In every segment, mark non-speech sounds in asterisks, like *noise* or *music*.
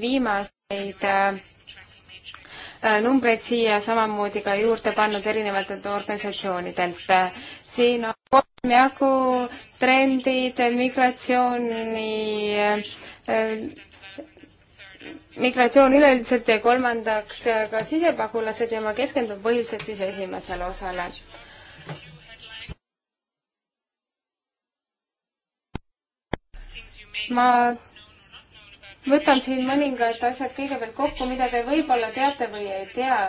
viimaseid äh, numbreid siia samamoodi ka juurde pannud erinevatelt organisatsioonidelt. siin on kolm jagu trendid, migratsiooni, äh, migratsioon üleüldiselt ja kolmandaks äh, ka sisepagulased ja ma keskendun põhiliselt siis esimesele osale ma võtan siin mõningad asjad kõigepealt kokku, mida te võib-olla teate või ei tea.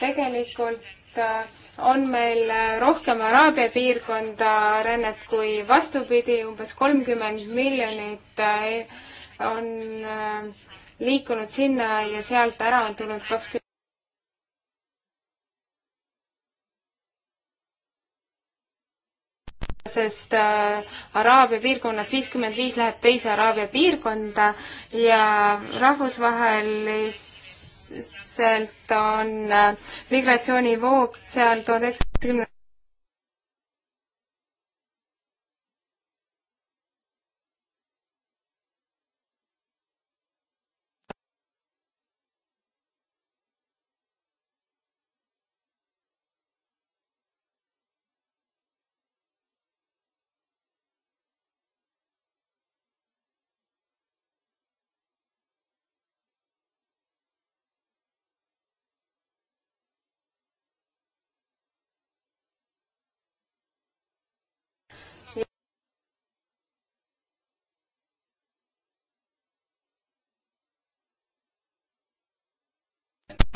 tegelikult äh, on meil äh, rohkem Araabia piirkonda rännet kui vastupidi, umbes kolmkümmend miljonit äh, on liikunud sinna ja sealt ära on tulnud kakskümmend sest äh, Araabia piirkonnas viiskümmend viis läheb teise Araabia piirkonda ja rahvusvaheliselt on äh, migratsioonivoog seal tuhande üheksasaja kümne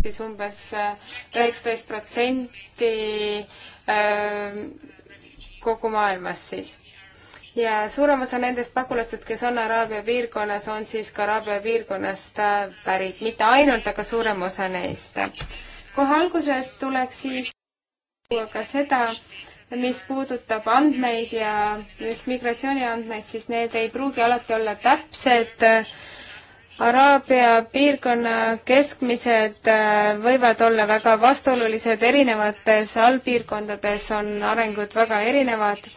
siis umbes äh, üheksateist protsenti äh, kogu maailmas siis. ja suurem osa nendest pagulastest, kes on Araabia piirkonnas, on siis ka Araabia piirkonnast äh, pärit, mitte ainult, aga suurem osa neist. kohe alguses tuleks siis tuua ka seda, mis puudutab andmeid ja just migratsiooniandmeid, siis need ei pruugi alati olla täpsed Araabia piirkonna keskmised äh, võivad olla väga vastuolulised, erinevates allpiirkondades on arengud väga erinevad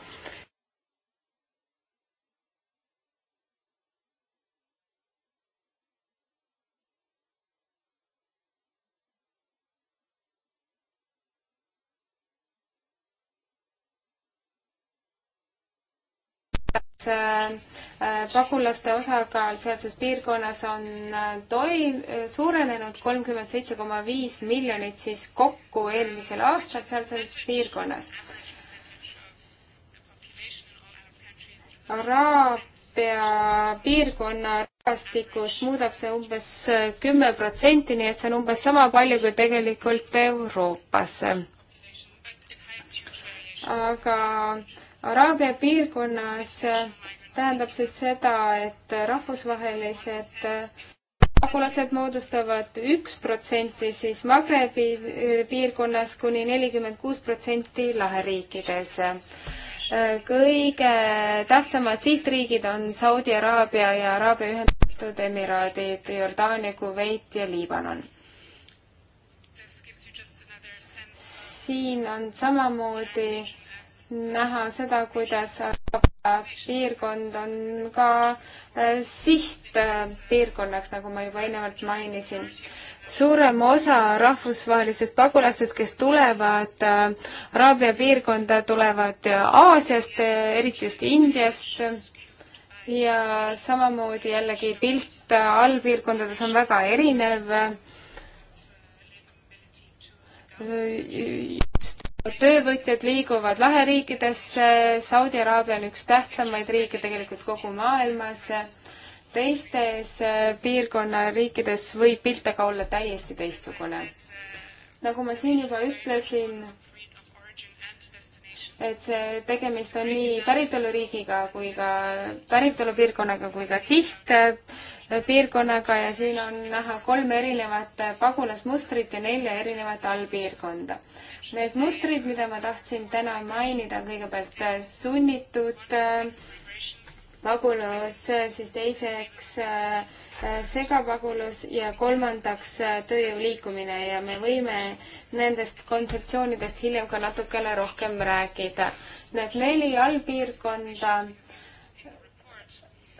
Äh, äh, pagulaste osakaal sealses piirkonnas on äh, toim-, suurenenud kolmkümmend seitse koma viis miljonit siis kokku eelmisel aastal sealses piirkonnas. Araabia piirkonna rahvastikust muudab see umbes kümme protsenti, nii et see on umbes sama palju kui tegelikult Euroopas. aga Araabia piirkonnas tähendab see seda, et rahvusvahelised pagulased moodustavad üks protsenti, siis Magrebi piirkonnas kuni nelikümmend kuus protsenti laheriikides. kõige tähtsamad sihtriigid on Saudi Araabia ja Araabia Ühendatud Emiraadid, Jordaania, Kuveit ja Liibanon. siin on samamoodi näha seda, kuidas piirkond on ka äh, sihtpiirkonnaks, äh, nagu ma juba eelnevalt mainisin. suurem osa rahvusvahelistest pagulastest, kes tulevad äh, Araabia piirkonda, tulevad Aasiast, eriti just Indiast ja samamoodi jällegi pilt allpiirkondades on väga erinev töövõtjad liiguvad laheriikidesse, Saudi Araabia on üks tähtsamaid riike tegelikult kogu maailmas. teistes äh, piirkonna riikides võib pilt aga olla täiesti teistsugune. nagu ma siin juba ütlesin, et see tegemist on nii päritoluriigiga kui ka päritolupiirkonnaga kui ka siht piirkonnaga ja siin on näha kolme erinevat pagulasmustrit ja nelja erinevat allpiirkonda. Need mustrid, mida ma tahtsin täna mainida, on kõigepealt sunnitud äh, pagulus, äh, siis teiseks äh, segapagulus ja kolmandaks tööjõu liikumine ja me võime nendest kontseptsioonidest hiljem ka natukene rohkem rääkida. Need neli allpiirkonda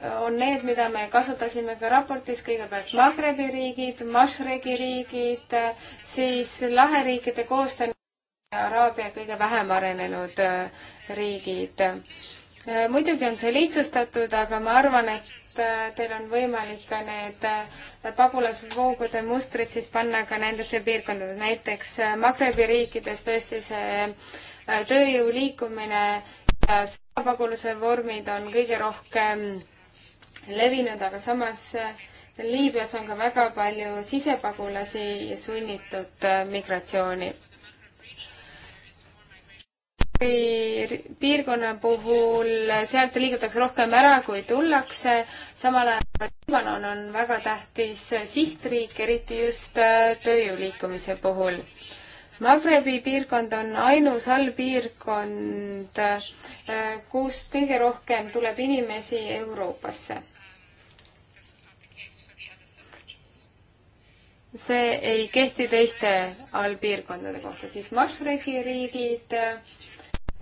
on need, mida me kasutasime ka raportis, kõigepealt Magrebi riigid, Mašregi riigid, siis laheriikide koostöö ja Araabia kõige vähem arenenud äh, riigid. Äh, muidugi on see lihtsustatud, aga ma arvan, et äh, teil on võimalik ka need pagulasvoogude mustrid siis panna ka nendesse piirkondadesse, näiteks Magrebi riikides tõesti see tööjõu liikumine ja sõjapaguluse vormid on kõige rohkem levinud, aga samas äh, Liibüas on ka väga palju sisepagulasi ja sunnitud äh, migratsiooni. kui piirkonna puhul äh, sealt liigutakse rohkem ära, kui tullakse, samal ajal Liibanon on väga tähtis sihtriik, eriti just tööjõu liikumise puhul Magrebi piirkond on ainus allpiirkond, kust kõige rohkem tuleb inimesi Euroopasse. see ei kehti teiste allpiirkondade kohta, siis Mašreki riigid,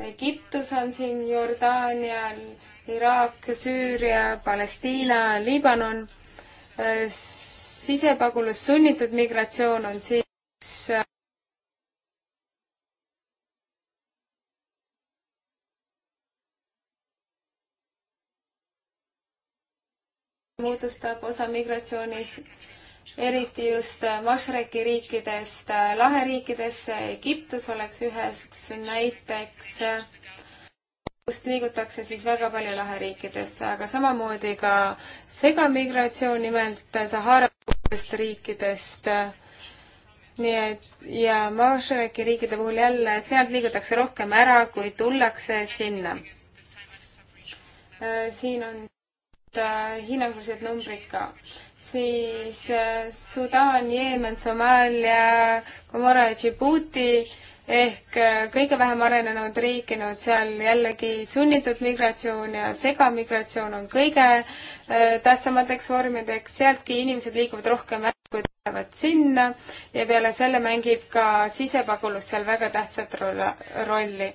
Egiptus on siin, Jordaanial, Iraak, Süüria, Palestiina, Liibanon, sisepagulus, sunnitud migratsioon on siis moodustab osa migratsioonis eriti just Mašreki riikidest äh, laheriikidesse, Egiptus oleks üheks näiteks, kust liigutakse siis väga palju laheriikidesse, aga samamoodi ka segamigratsioon nimelt Sahara riikidest nii et ja Mašreki riikide puhul jälle, sealt liigutakse rohkem ära, kui tullakse sinna. Äh, siin on äh, hinnangulised numbrid ka siis eh, Sudaan, Jeemen, Somaalia, Komora ja Djibouti ehk eh, kõige vähem arenenud riikinud, seal jällegi sunnitud migratsioon ja segamigratsioon on kõige eh, tähtsamateks vormideks, sealtki inimesed liiguvad rohkem ära, kui tulevad sinna ja peale selle mängib ka sisepagulus seal väga tähtsat rolli.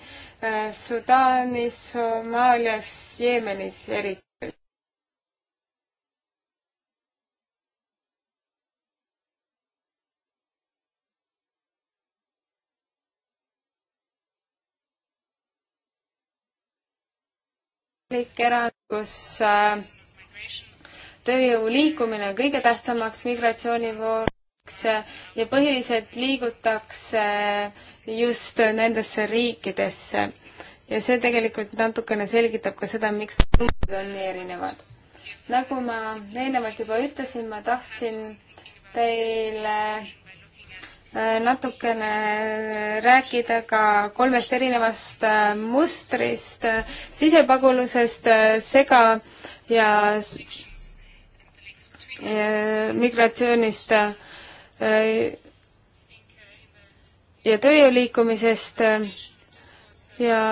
Sudaanis, Somaalias, Jeemenis eriti riik era, kus äh, tööjõu liikumine on kõige tähtsamaks migratsioonivooks äh, ja põhiliselt liigutakse äh, just nendesse riikidesse. ja see tegelikult natukene selgitab ka seda, miks numbrid on nii erinevad. nagu ma eelnevalt juba ütlesin, ma tahtsin teile Äh, natukene rääkida ka kolmest erinevast äh, mustrist, äh, sisepagulusest, sega ja migratsioonist ja tööjõu liikumisest ja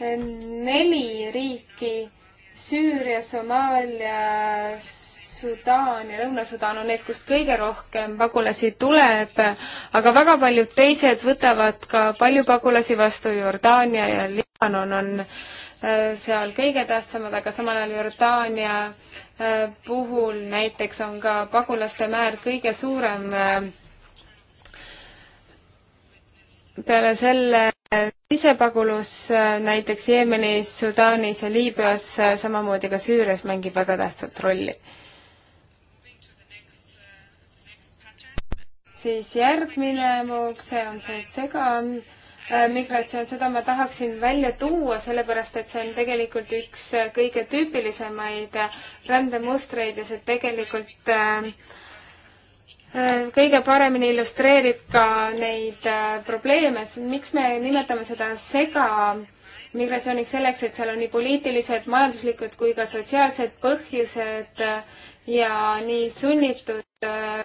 neli riiki, Süüria, Somaalia, Sudaan ja Lõuna-Sudaan on need, kust kõige rohkem pagulasi tuleb, aga väga paljud teised võtavad ka palju pagulasi vastu, Jordaania ja Libanon on äh, seal kõige tähtsamad, aga samal ajal Jordaania äh, puhul näiteks on ka pagulaste määr kõige suurem äh, peale selle sisepagulus näiteks Jeemenis, Sudaanis ja Liibüas, samamoodi ka Süürias mängib väga tähtsat rolli. siis järgmine mu, see on see segamigratsioon, äh, migratsioon, seda ma tahaksin välja tuua, sellepärast et see on tegelikult üks kõige tüüpilisemaid rändemustreid ja see tegelikult äh, kõige paremini illustreerib ka neid äh, probleeme, miks me nimetame seda segamigratsiooniks selleks, et seal on nii poliitilised, majanduslikud kui ka sotsiaalsed põhjused äh, ja nii sunnitud äh,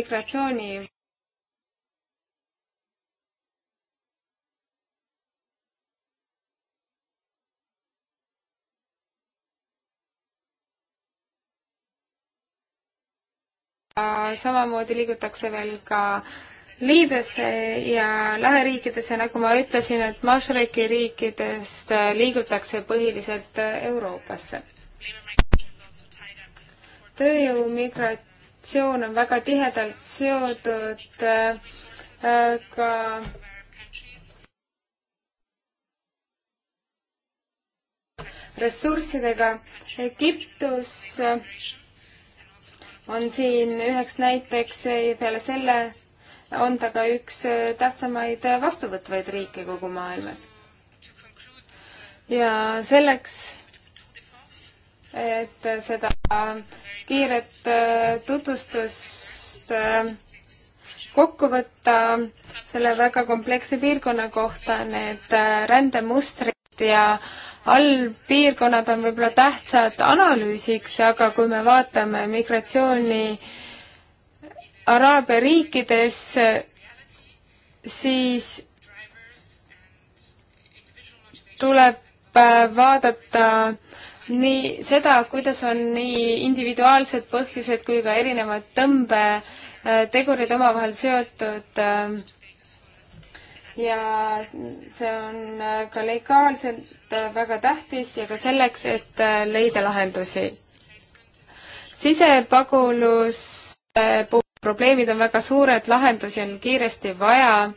migratsiooni samamoodi liigutakse veel ka Liibüasse ja läheriikidesse, nagu ma ütlesin, et Mašreki riikidest liigutakse põhiliselt Euroopasse. tööjõumigrat-, korruptsioon on väga tihedalt seotud äh, ka ressurssidega. Egiptus on siin üheks näiteks, peale selle on ta ka üks äh, tähtsamaid vastuvõtvaid riike kogu maailmas. ja selleks, et seda kiiret äh, tutvustust äh, kokku võtta selle väga kompleksse piirkonna kohta, need äh, rändemustrid ja allpiirkonnad on võib-olla tähtsad analüüsiks, aga kui me vaatame migratsiooni Araabia riikides, siis tuleb vaadata äh, nii seda, kuidas on nii individuaalsed põhjused kui ka erinevad tõmbetegurid äh, omavahel seotud äh, ja see on äh, ka legaalselt väga tähtis ja ka selleks, et leida lahendusi. sisepagulus probleemid on väga suured, lahendusi on kiiresti vaja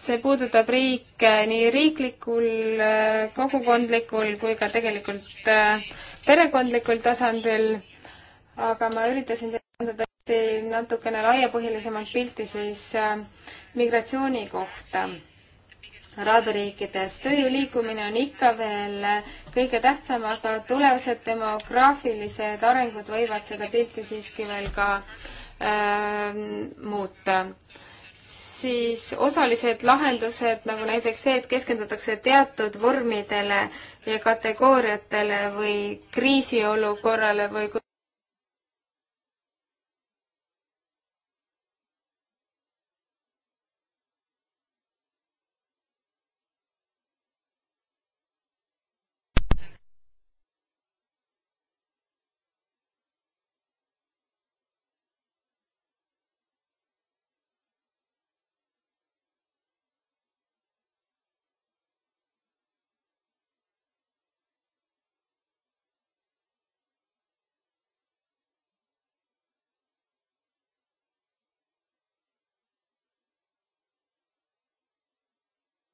see puudutab riike nii riiklikul, äh, kogukondlikul kui ka tegelikult äh, perekondlikul tasandil, aga ma üritasin teile anda tõesti natukene laiapõhjalisemalt pilti siis äh, migratsiooni kohta. Araabia riikides tööjõu liikumine on ikka veel kõige tähtsam, aga tulevased demograafilised arengud võivad seda pilti siiski veel ka äh, muuta siis osalised lahendused, nagu näiteks see, et keskendutakse teatud vormidele ja kategooriatele või kriisiolukorrale või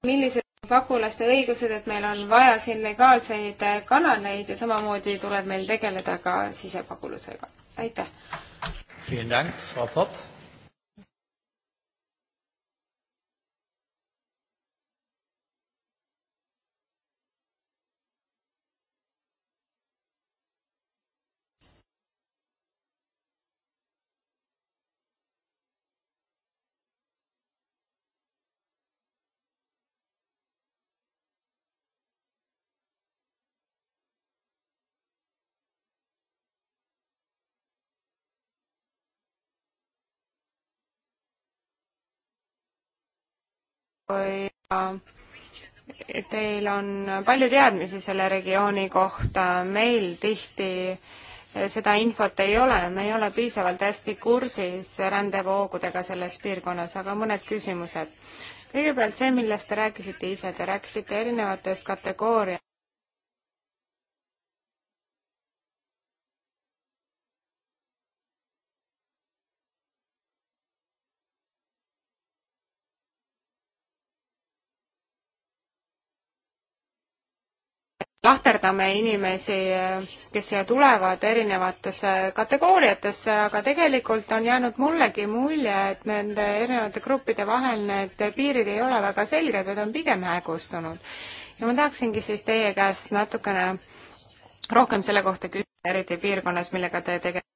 millised pagulaste õigused, et meil on vaja siin legaalseid kanaleid ja samamoodi tuleb meil tegeleda ka sisepagulusega. aitäh! ja teil on palju teadmisi selle regiooni kohta, meil tihti seda infot ei ole, me ei ole piisavalt hästi kursis rändevoogudega selles piirkonnas, aga mõned küsimused. kõigepealt see, millest te rääkisite ise, te rääkisite erinevatest kategooriatest jagame inimesi, kes siia tulevad, erinevatesse kategooriatesse, aga tegelikult on jäänud mullegi mulje, et nende erinevate gruppide vahel need piirid ei ole väga selged, need on pigem hägustunud. ja ma tahaksingi siis teie käest natukene rohkem selle kohta küsida, eriti piirkonnas, millega te tegelete.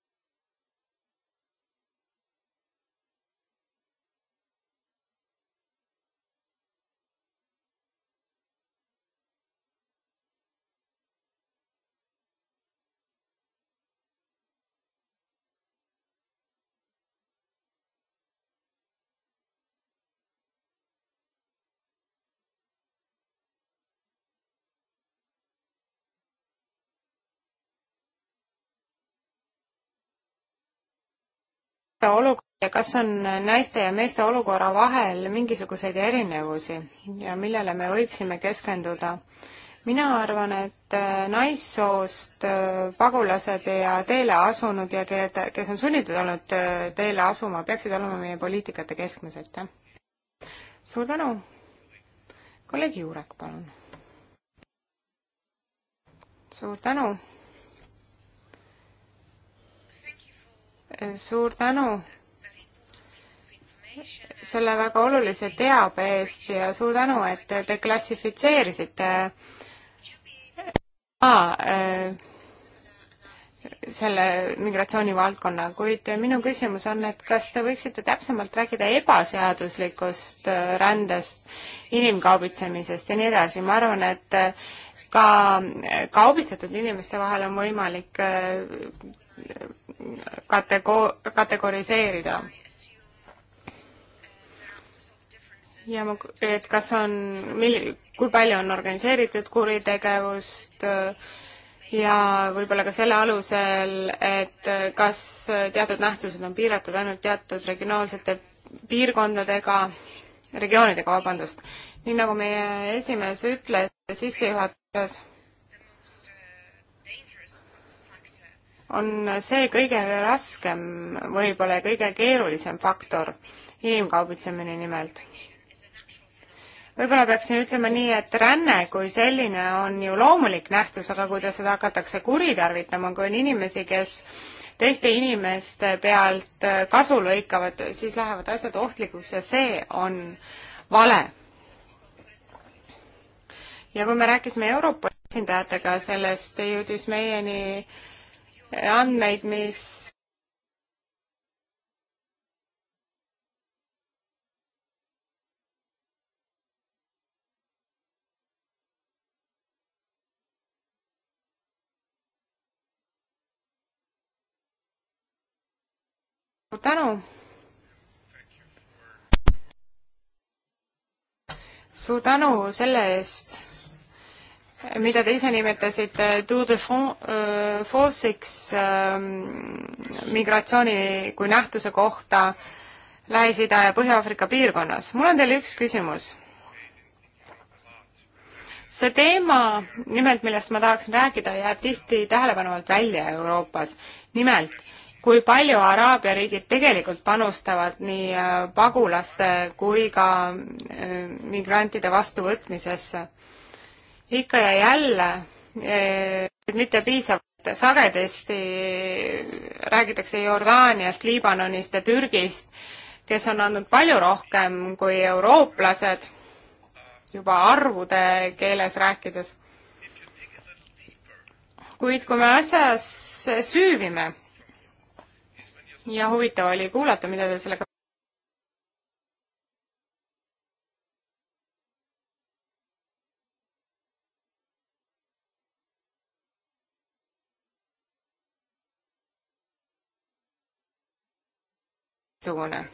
olukord ja kas on naiste ja meeste olukorra vahel mingisuguseid erinevusi ja millele me võiksime keskenduda? mina arvan, et äh, naissoost äh, pagulased ja teele asunud ja keda, kes on sunnitud olnud äh, teele asuma, peaksid olema meie poliitikate keskmes, aitäh. suur tänu. kolleeg Juurek, palun. suur tänu suur tänu selle väga olulise teabe eest ja suur tänu, et te klassifitseerisite ah, selle migratsioonivaldkonna, kuid minu küsimus on, et kas te võiksite täpsemalt rääkida ebaseaduslikust äh, rändest, inimkaubitsemisest ja nii edasi, ma arvan, et äh, ka kaubitsetud inimeste vahel on võimalik kategoo-, kategoriseerida. ja ma, et kas on, mil-, kui palju on organiseeritud kuritegevust ja võib-olla ka selle alusel, et kas teatud nähtused on piiratud ainult teatud regionaalsete piirkondadega, regioonidega, vabandust. nii nagu meie esimees ütles sissejuhatuses on see kõige raskem, võib-olla kõige keerulisem faktor, inimkaubitsemine nimelt. võib-olla peaksin ütlema nii, et ränne kui selline on ju loomulik nähtus, aga kui ta seda hakatakse kuritarvitama, kui on inimesi, kes teiste inimeste pealt kasu lõikavad, siis lähevad asjad ohtlikuks ja see on vale. ja kui me rääkisime Euroopa esindajatega sellest, jõudis meieni äh, andmeid, mis suur tänu. suur tänu selle eest mida te ise nimetasite Tour de Force'iks äh, ähm, migratsiooni kui nähtuse kohta Lähis-Ida ja Põhja-Aafrika piirkonnas. mul on teile üks küsimus. see teema, nimelt millest ma tahaksin rääkida, jääb tihti tähelepanu alt välja Euroopas. nimelt, kui palju Araabia riigid tegelikult panustavad nii äh, pagulaste kui ka äh, migrantide vastuvõtmisesse ikka ja jälle e, mitte piisavalt sagedasti räägitakse Jordaaniast, Liibanonist ja Türgist, kes on andnud palju rohkem kui eurooplased, juba arvude keeles rääkides. kuid kui me asjasse süüvime ja huvitav oli kuulata, mida te sellega sugune.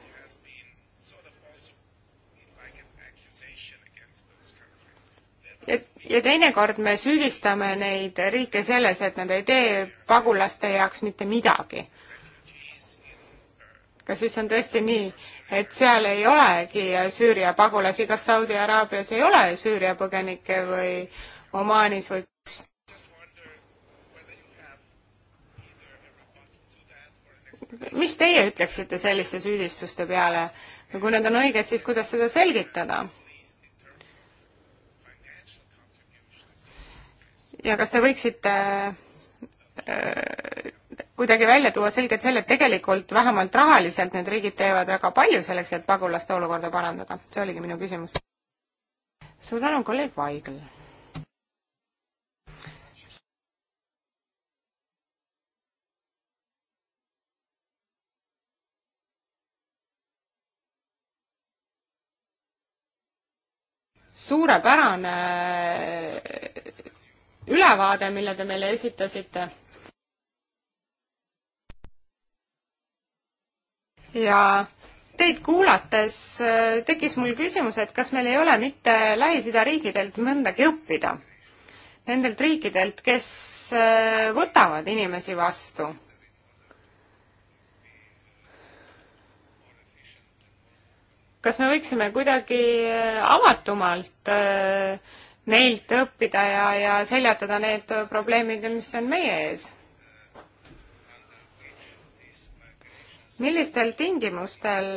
ja, ja teinekord me süüdistame neid riike selles, et nad ei tee pagulaste heaks mitte midagi. kas siis on tõesti nii, et seal ei olegi Süüria pagulasi, kas Saudi Araabias ei ole Süüria põgenikke või Omaanis või kus? mis teie ütleksite selliste süüdistuste peale ja kui need on õiged, siis kuidas seda selgitada? ja kas te võiksite äh, kuidagi välja tuua selgelt selle, et tegelikult vähemalt rahaliselt need riigid teevad väga palju selleks, et pagulaste olukorda parandada. see oligi minu küsimus. suur tänu, kolleeg Vaigel suurepärane äh, ülevaade, mille te meile esitasite. ja teid kuulates äh, tekkis mul küsimus, et kas meil ei ole mitte Lähis-Ida riikidelt mõndagi õppida? Nendelt riikidelt, kes äh, võtavad inimesi vastu kas me võiksime kuidagi äh, avatumalt äh, neilt õppida ja, ja seljatada need probleemid, mis on meie ees? millistel tingimustel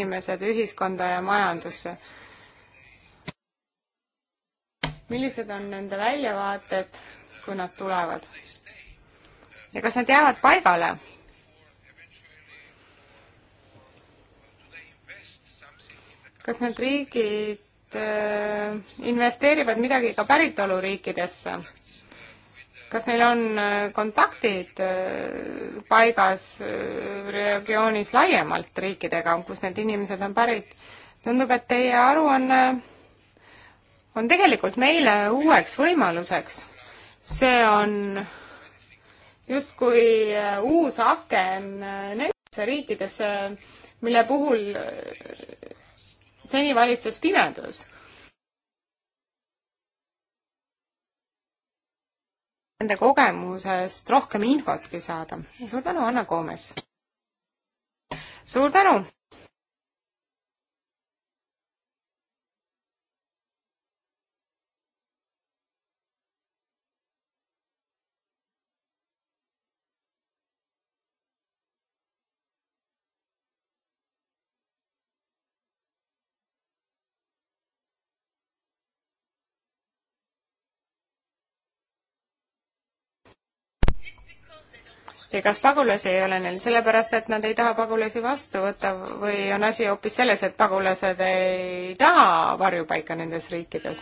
inimesed ühiskonda ja majandusse. millised on nende väljavaated, kui nad tulevad? ja kas nad jäävad paigale? kas need riigid äh, investeerivad midagi ka päritoluriikidesse? kas neil on äh, kontaktid äh, paigas äh, regioonis laiemalt riikidega, kust need inimesed on pärit? tundub, et teie aruanne on, on tegelikult meile uueks võimaluseks. see on justkui uus aken nendesse riikidesse, mille puhul seni valitses pimedus nende kogemusest rohkem infotki saada. suur tänu, Anna Koomes! suur tänu! ja kas pagulasi ei ole neil, sellepärast et nad ei taha pagulasi vastu võtta või on asi hoopis selles, et pagulased ei taha varjupaika nendes riikides?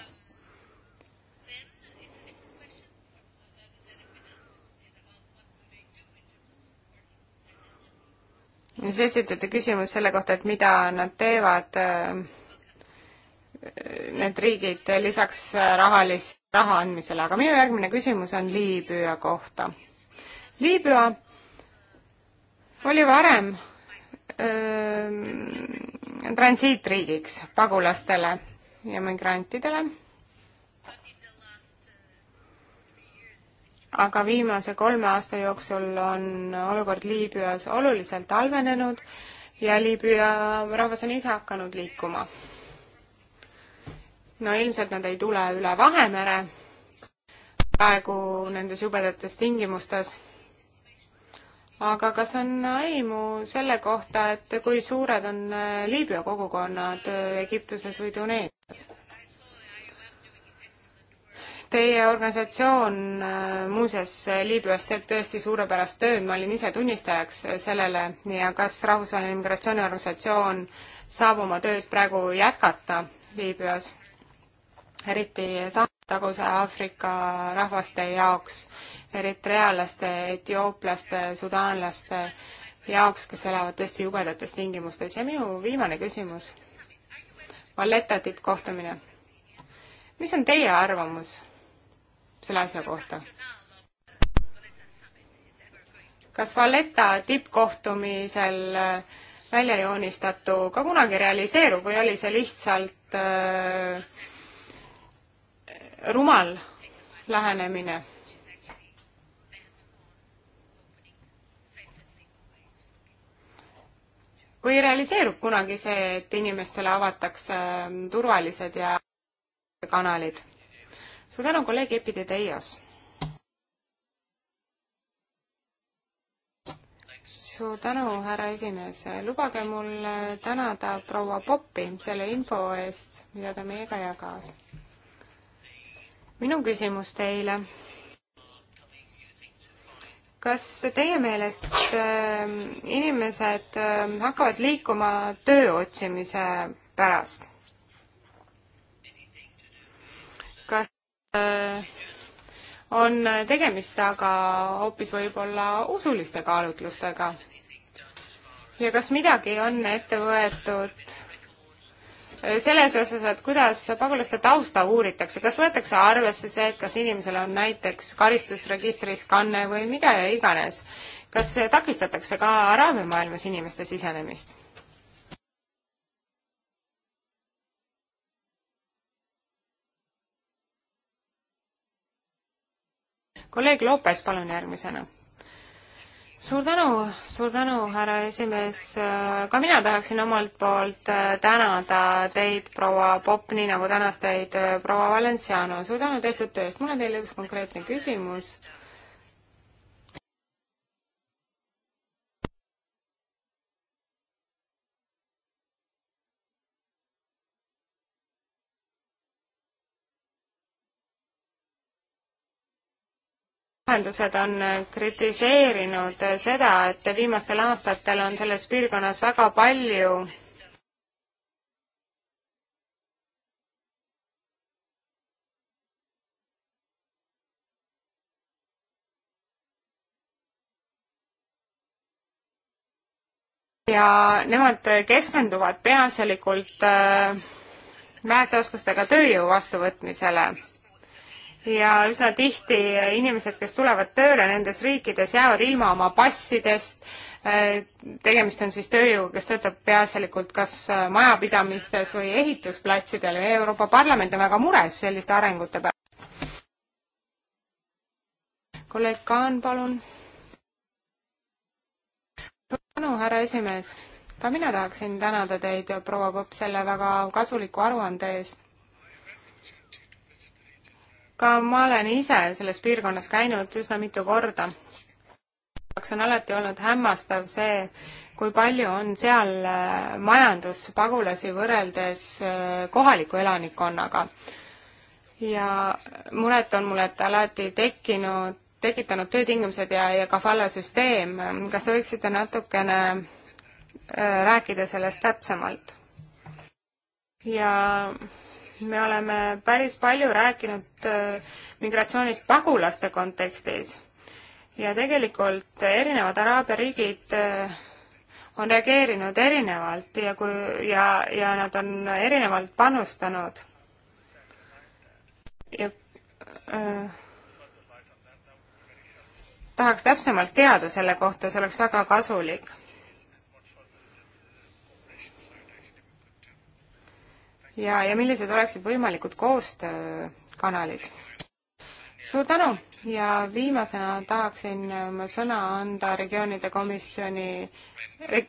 siis esitati küsimus selle kohta, et mida nad teevad, äh, need riigid, lisaks rahalist, raha andmisele, aga minu järgmine küsimus on Liibüa kohta. Liibüa oli varem öö, ähm, transiitriigiks pagulastele ja migrantidele. aga viimase kolme aasta jooksul on olukord Liibüas oluliselt halvenenud ja Liibüa rahvas on ise hakanud liikuma. no ilmselt nad ei tule üle Vahemere praegu nendes jubedates tingimustes aga kas on aimu selle kohta, et kui suured on äh, Liibüa kogukonnad äh, Egiptuses või Tuneesias? Teie organisatsioon äh, muuseas Liibüas teeb tõesti suurepärast tööd, ma olin ise tunnistajaks sellele ja kas Rahvusvaheline Migratsiooniorganisatsioon saab oma tööd praegu jätkata Liibüas, eriti taguse Aafrika rahvaste jaoks eritrealaste, etiooplaste, sudaanlaste jaoks, kes elavad tõesti jubedates tingimustes. ja minu viimane küsimus, Valletta tippkohtumine. mis on teie arvamus selle asja kohta? kas Valletta tippkohtumisel äh, välja joonistatu ka kunagi realiseerub või oli see lihtsalt äh, rumal lähenemine? või realiseerub kunagi see, et inimestele avatakse ähm, turvalised ja kanalid? suur tänu, kolleeg Epide Teios. suur tänu, härra esimees. lubage mul äh, tänada proua Poppi selle info eest, mida ta meiega jagas. minu küsimus teile kas teie meelest ähm, inimesed ähm, hakkavad liikuma töö otsimise pärast? kas äh, on tegemist aga hoopis võib-olla usuliste kaalutlustega? ja kas midagi on ette võetud selles osas, et kuidas pagulaste tausta uuritakse, kas võetakse arvesse see, et kas inimesel on näiteks karistusregistris kanne või mida iganes. kas takistatakse ka araabia maailmas inimeste sisenemist? kolleeg Lopes, palun järgmisena suur tänu, suur tänu, härra esimees. ka mina tahaksin omalt poolt äh, tänada teid, proua Popp, nii nagu tänas teid äh, proua Valenciano. suur tänu tehtud töö eest. mul on teile üks konkreetne küsimus vahendused on kritiseerinud seda, et viimastel aastatel on selles piirkonnas väga palju ja nemad keskenduvad peaasjalikult äh, väheoskustega tööjõu vastuvõtmisele ja üsna tihti inimesed, kes tulevad tööle nendes riikides, jäävad ilma oma passidest, tegemist on siis tööjõuga, kes töötab peaasjalikult kas majapidamistes või ehitusplatsidel ja Euroopa Parlament on väga mures selliste arengute pärast. kolleeg Kaan, palun. suur tänu, härra esimees. ka mina tahaksin tänada teid, proua Popp, selle väga kasuliku aruande eest ka ma olen ise selles piirkonnas käinud üsna mitu korda. jaoks on alati olnud hämmastav see, kui palju on seal äh, majanduspagulasi võrreldes äh, kohaliku elanikkonnaga. ja muret on mul, et alati tekkinud, tekitanud töötingimused ja, ja kafala süsteem. kas te võiksite natukene äh, rääkida sellest täpsemalt? ja me oleme päris palju rääkinud äh, migratsioonist pagulaste kontekstis ja tegelikult erinevad Araabia riigid äh, on reageerinud erinevalt ja kui ja, ja nad on erinevalt panustanud. ja äh, tahaks täpsemalt teada selle kohta, see oleks väga kasulik ja, ja millised oleksid võimalikud koostöökanalid? suur tänu ja viimasena tahaksin ma sõna anda regioonide komisjoni reg,,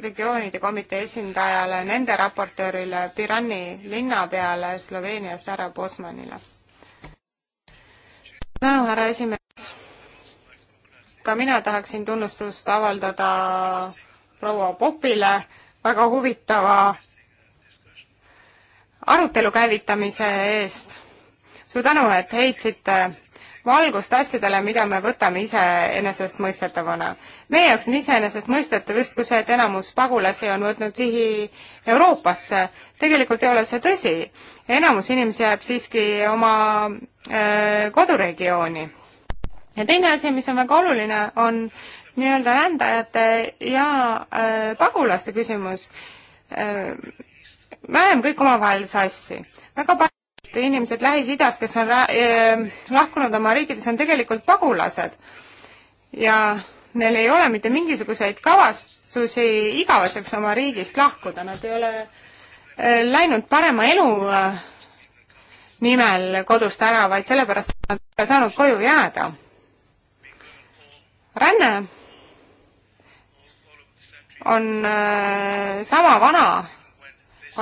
regioonide komitee esindajale, nende raportöörile, Pirani linnapeale Sloveeniast, härra Bosmanile. tänu, härra esimees. ka mina tahaksin tunnustust avaldada proua Popile väga huvitava arutelu käivitamise eest. suur tänu, et heitsite valgust asjadele, mida me võtame iseenesestmõistetavana. meie jaoks on iseenesestmõistetav justkui see, et enamus pagulasi on võtnud sihi Euroopasse. tegelikult ei ole see tõsi. enamus inimesi jääb siiski oma öö, äh, koduregiooni. ja teine asi, mis on väga oluline, on nii-öelda rändajate ja öö, äh, pagulaste küsimus öö, äh, me ajame kõik omavahel sassi. väga paljud inimesed Lähis-Idast, kes on äh, lahkunud oma riikides, on tegelikult pagulased. ja neil ei ole mitte mingisuguseid kavatsusi igaveseks oma riigist lahkuda, nad ei ole äh, läinud parema elu äh, nimel kodust ära, vaid sellepärast, et nad ei ole saanud koju jääda. ränne on äh, sama vana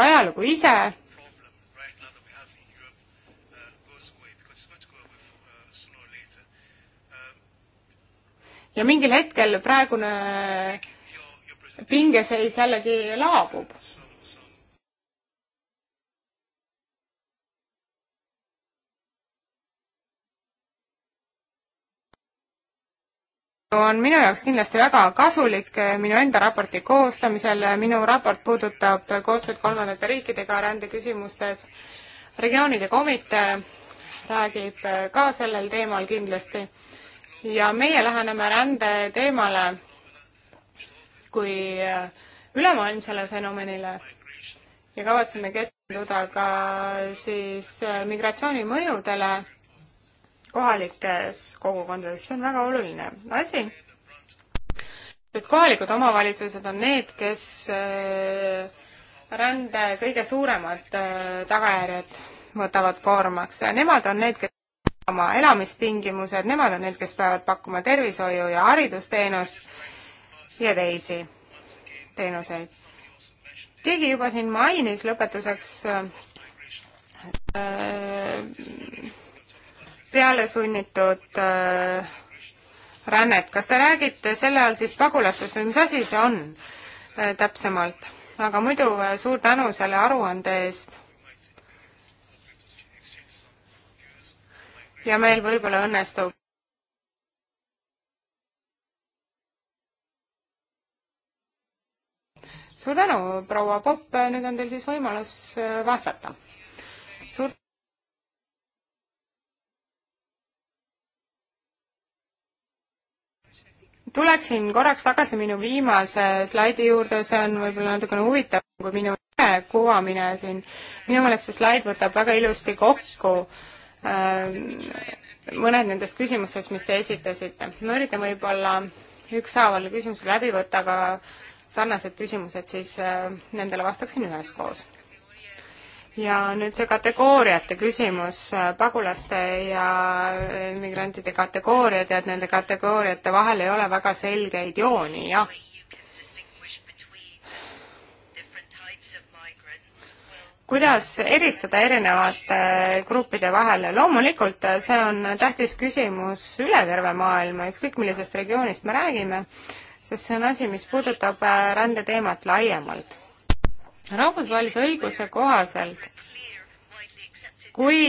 ajalugu ise ja mingil hetkel praegune pingeseis jällegi laabub. on minu jaoks kindlasti väga kasulik eh, minu enda raporti koostamisel. minu raport puudutab eh, koostööd kolmandate riikidega rändeküsimustes. regioonide komitee räägib eh, ka sellel teemal kindlasti. ja meie läheneme rände teemale kui ülemaailmsele fenomenile ja kavatseme keskenduda ka siis migratsiooni mõjudele kohalikes kogukondades, see on väga oluline asi. sest kohalikud omavalitsused on need, kes äh, rände kõige suuremad äh, tagajärjed võtavad koormaks ja nemad on need, kes oma elamistingimused, nemad on need, kes peavad pakkuma tervishoiu ja haridusteenust ja teisi teenuseid. keegi juba siin mainis lõpetuseks äh, peale sunnitud äh, rännet. kas te räägite selle all siis pagulastest või mis asi see on äh, täpsemalt? aga muidu äh, suur tänu selle aruande eest. ja meil võib-olla õnnestub suur tänu, proua Popp, nüüd on teil siis võimalus vastata. suur tuleksin korraks tagasi minu viimase slaidi juurde, see on võib-olla natukene huvitav kui minu kuvamine siin. minu meelest see slaid võtab väga ilusti kokku ähm, mõned nendest küsimustest, mis te esitasite. ma üritan võib-olla ükshaaval küsimuse läbi võtta, aga sarnased küsimused siis äh, nendele vastaksin üheskoos ja nüüd see kategooriate küsimus, pagulaste ja immigrantide kategooriad ja et nende kategooriate vahel ei ole väga selgeid jooni, jah. kuidas eristada erinevate gruppide vahel, loomulikult see on tähtis küsimus üle terve maailma, ükskõik millisest regioonist me räägime, sest see on asi, mis puudutab rändeteemat laiemalt rahvusvahelise õiguse kohaselt kui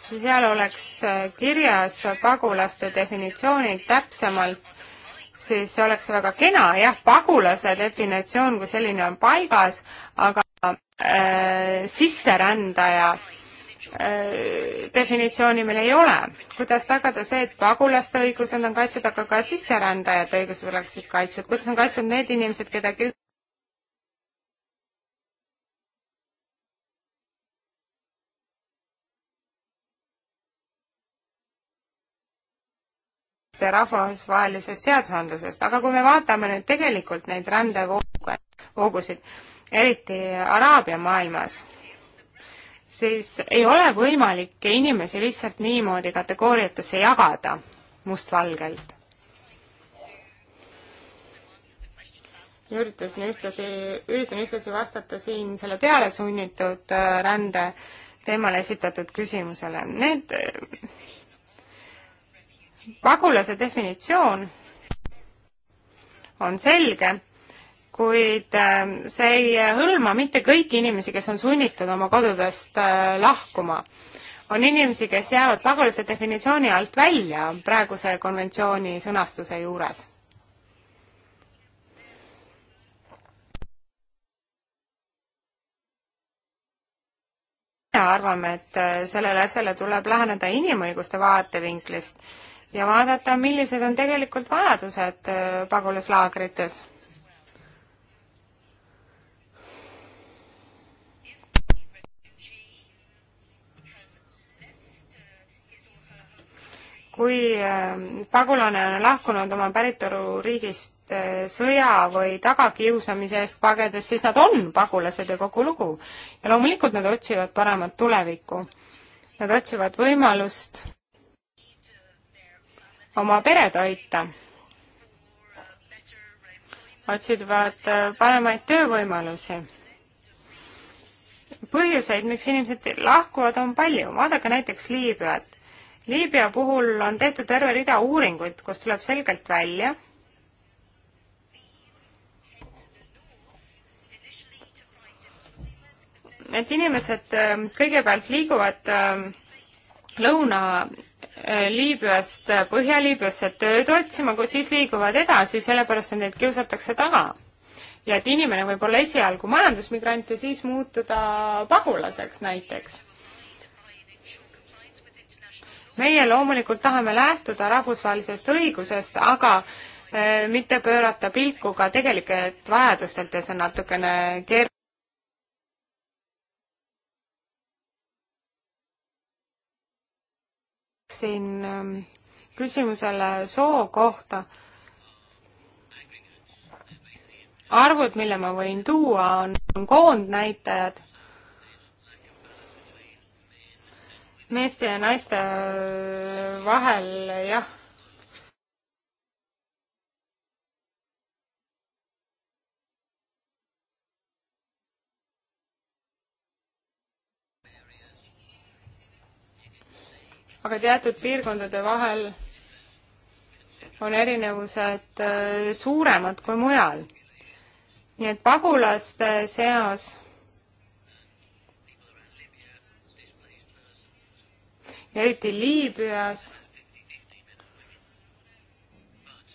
seal oleks kirjas pagulaste definitsioonid täpsemalt, siis oleks see väga kena, jah, pagulase definitsioon kui selline on paigas, aga äh, sisserändaja äh, definitsiooni meil ei ole. kuidas tagada see, et pagulaste õigused on kaitstud, aga ka sisserändajate õigused oleksid kaitstud, kuidas on kaitstud need inimesed, keda sellest rahvusvahelisest seadusandlusest, aga kui me vaatame nüüd tegelikult neid rändevoogusid, eriti Araabia maailmas, siis ei ole võimalik inimesi lihtsalt niimoodi kategooriatesse jagada mustvalgelt. üritasin ühtlasi, üritan ühtlasi vastata siin selle pealesunnitud äh, rände teemal esitatud küsimusele. Need pagulase definitsioon on selge, kuid äh, see ei hõlma mitte kõiki inimesi, kes on sunnitud oma kodudest äh, lahkuma. on inimesi, kes jäävad pagulase definitsiooni alt välja praeguse konventsiooni sõnastuse juures. meie arvame, et äh, sellele asjale tuleb läheneda inimõiguste vaatevinklist ja vaadata, millised on tegelikult vajadused äh, pagulaslaagrites. kui äh, pagulane on lahkunud oma päritoluriigist äh, sõja või tagakiusamise eest pagedes, siis nad on pagulased ja kogu lugu. ja loomulikult nad otsivad paremat tulevikku. Nad otsivad võimalust oma pere toita. otsivad äh, paremaid töövõimalusi. põhjuseid, miks inimesed lahkuvad, on palju, vaadake näiteks Liibüat. Liibüa puhul on tehtud terve rida uuringuid, kus tuleb selgelt välja, et inimesed äh, kõigepealt liiguvad äh, Lõuna-Liibüast äh, äh, Põhja-Liibüasse tööd otsima, kuid siis liiguvad edasi, sellepärast et neid kiusatakse taga. ja et inimene võib olla esialgu majandusmigrant ja siis muutuda pagulaseks näiteks. meie loomulikult tahame lähtuda rahvusvahelisest õigusest, aga äh, mitte pöörata pilku ka tegelikelt vajadustelt ja see on natukene keeruline. vastaksin ähm, küsimusele soo kohta. arvud, mille ma võin tuua, on, on koondnäitajad. meeste ja naiste vahel jah aga teatud piirkondade vahel on erinevused äh, suuremad kui mujal. nii et pagulaste seas eriti Liibüas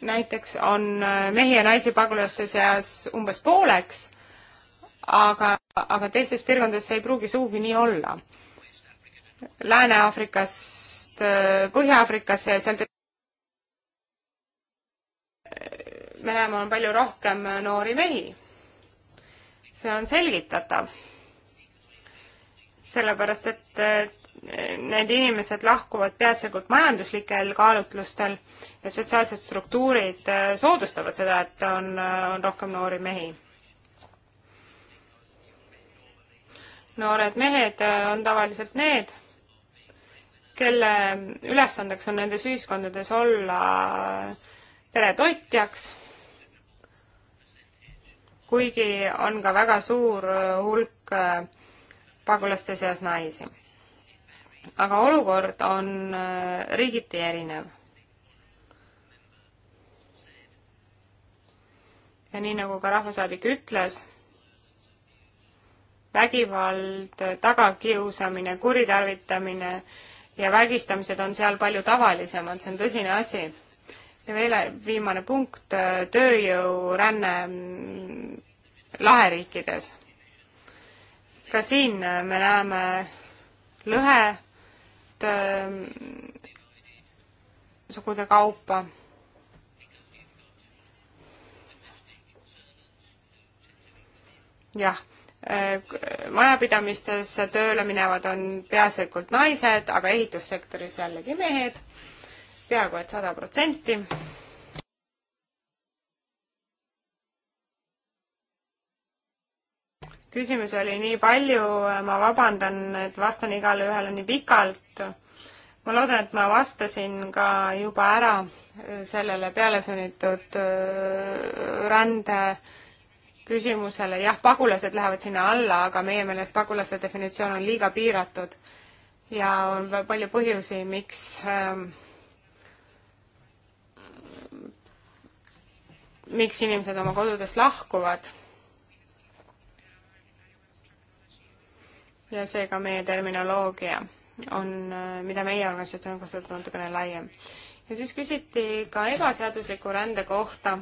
näiteks on äh, mehi ja naisi pagulaste seas umbes pooleks, aga, aga teistes piirkondades see ei pruugi sugugi nii olla. Lääne-Aafrikast äh, Põhja-Aafrikasse ja sealt Venemaal on palju rohkem noori mehi. see on selgitatav. sellepärast, et äh, need inimesed lahkuvad peaasjalikult majanduslikel kaalutlustel ja sotsiaalsed struktuurid äh, soodustavad seda, et on, on rohkem noori mehi noored mehed on tavaliselt need, kelle ülesandeks on nendes ühiskondades olla peretoitjaks, kuigi on ka väga suur hulk äh, pagulaste seas naisi. aga olukord on äh, riigiti erinev. ja nii, nagu ka rahvasaadik ütles vägivald, tagakiusamine, kuritarvitamine ja vägistamised on seal palju tavalisemad, see on tõsine asi. ja veel viimane punkt, tööjõuränne laheriikides. ka siin me näeme lõhet ähm, sugude kaupa jah, Äh, majapidamistesse tööle minevad on peaasjalikult naised, aga ehitussektoris jällegi mehed, peaaegu et sada protsenti. küsimusi oli nii palju, ma vabandan, et vastan igale ühele nii pikalt. ma loodan, et ma vastasin ka juba ära sellele pealesunnitud äh, rände äh, küsimusele, jah, pagulased lähevad sinna alla, aga meie meelest pagulaste definitsioon on liiga piiratud ja on palju põhjusi, miks ähm, miks inimesed oma kodudest lahkuvad. ja seega meie terminoloogia on, äh, mida meie organisatsioon kasutab, natukene laiem. ja siis küsiti ka ebaseadusliku rände kohta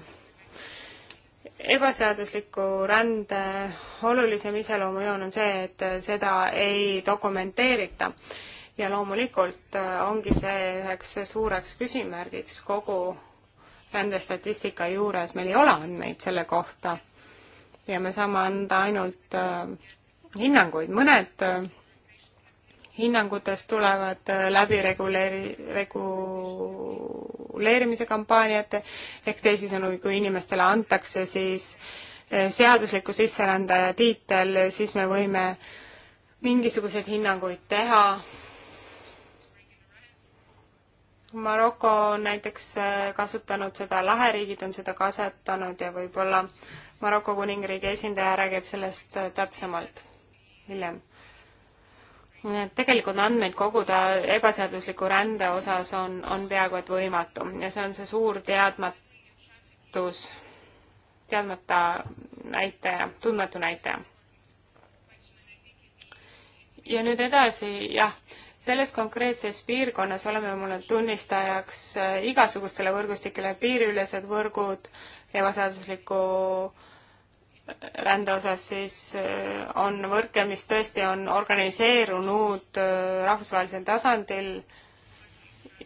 ebaseadusliku rände olulisem iseloomujoon on see, et seda ei dokumenteerita. ja loomulikult äh, ongi see üheks suureks küsimärgiks kogu rändestatistika juures, meil ei ole andmeid selle kohta ja me saame anda ainult äh, hinnanguid, mõned äh, hinnangutest tulevad läbi reguleeri-, regu-, reguleerimise kampaaniat, ehk teisisõnu, kui inimestele antakse siis eh, seadusliku sisserändaja tiitel, siis me võime mingisuguseid hinnanguid teha. Maroko on näiteks eh, kasutanud seda, laheriigid on seda kasutanud ja võib-olla Maroko kuningriigi esindaja räägib sellest eh, täpsemalt hiljem tegelikult andmeid koguda ebaseadusliku rände osas on, on peaaegu et võimatu ja see on see suur teadmatus, teadmata näitaja, tundmatu näitaja. ja nüüd edasi, jah, selles konkreetses piirkonnas oleme mulle tunnistajaks äh, igasugustele võrgustikele, piiriülesed võrgud, ebaseadusliku äh, rände osas, siis äh, on võrke, mis tõesti on organiseerunud äh, rahvusvahelisel tasandil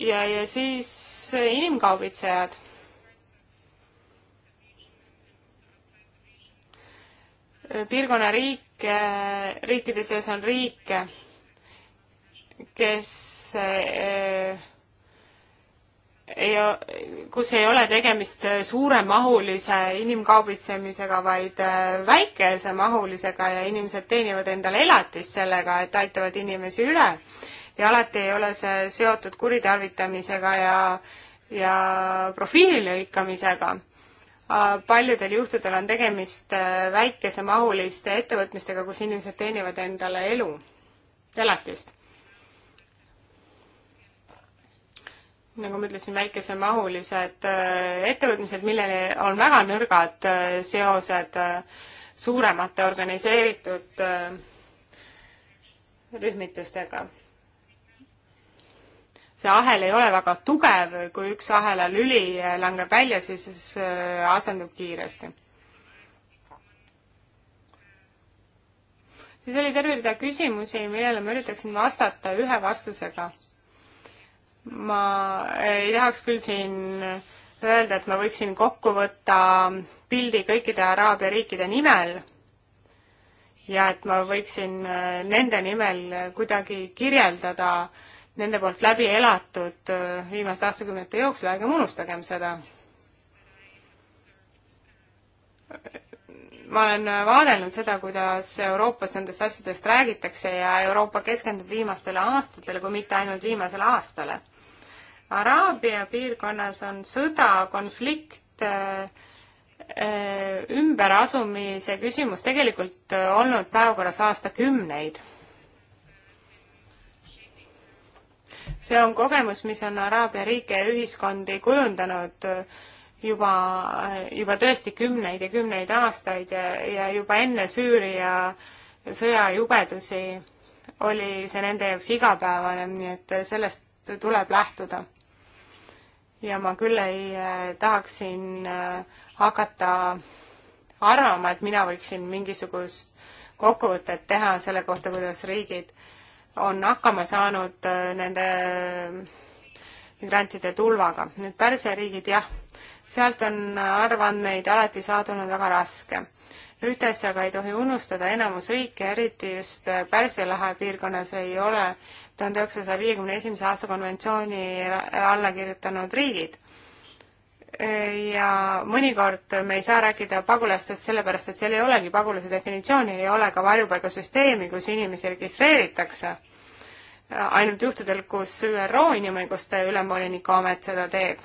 ja, ja siis äh, inimkaubitsejad. piirkonna riike, riikide sees on riike, kes äh, ei, kus ei ole tegemist suuremahulise inimkaubitsemisega, vaid äh, väikesemahulise,mahulisega ja inimesed teenivad endale elatist sellega, et aitavad inimesi üle. ja alati ei ole see seotud kuritarvitamisega ja, ja profiili lõikamisega äh, paljudel juhtudel on tegemist äh, väikesemahuliste ettevõtmistega, kus inimesed teenivad endale elu, elatist. nagu ma ütlesin, väikesemahulised äh, ettevõtmised, millel on väga nõrgad äh, seosed äh, suuremate organiseeritud rühmitustega. see ahel ei ole väga tugev, kui üks ahela lüli langeb välja, siis asendub kiiresti. siis oli terve rida küsimusi, millele ma üritaksin vastata ühe vastusega ma ei tahaks küll siin öelda, et ma võiksin kokku võtta pildi kõikide Araabia riikide nimel ja et ma võiksin äh, nende nimel kuidagi kirjeldada nende poolt läbi elatud äh, viimaste aastakümnete jooksul, ärgem unustagem seda. ma olen äh, vaadelnud seda, kuidas Euroopas nendest asjadest räägitakse ja Euroopa keskendub viimastele aastatele, kui mitte ainult viimasele aastale Araabia piirkonnas on sõda, konflikt, äh, äh, ümberasumise küsimus tegelikult äh, olnud päevakorras aastakümneid. see on kogemus, mis on Araabia riike ja ühiskondi kujundanud juba, juba tõesti kümneid ja kümneid aastaid ja, ja juba enne Süüria sõja jubedusi oli see nende jaoks igapäevane, nii et sellest tuleb lähtuda ja ma küll ei äh, tahaks siin äh, hakata arvama, et mina võiksin mingisugust kokkuvõtet teha selle kohta, kuidas riigid on hakkama saanud äh, nende migrantide tulvaga. nüüd Pärsia riigid, jah, sealt on arvandmeid alati saadunud väga raske. ühte asja aga ei tohi unustada, enamus riike, eriti just Pärsia lahe piirkonnas, ei ole tuhande üheksasaja viiekümne esimese aasta konventsiooni alla kirjutanud riigid. ja mõnikord me ei saa rääkida pagulastest sellepärast, et seal ei olegi pagulase definitsiooni, ei ole ka varjupaigasüsteemi, kus inimesi registreeritakse. ainult juhtudel, kus ÜRO inimõiguste ülemvoliniku amet seda teeb.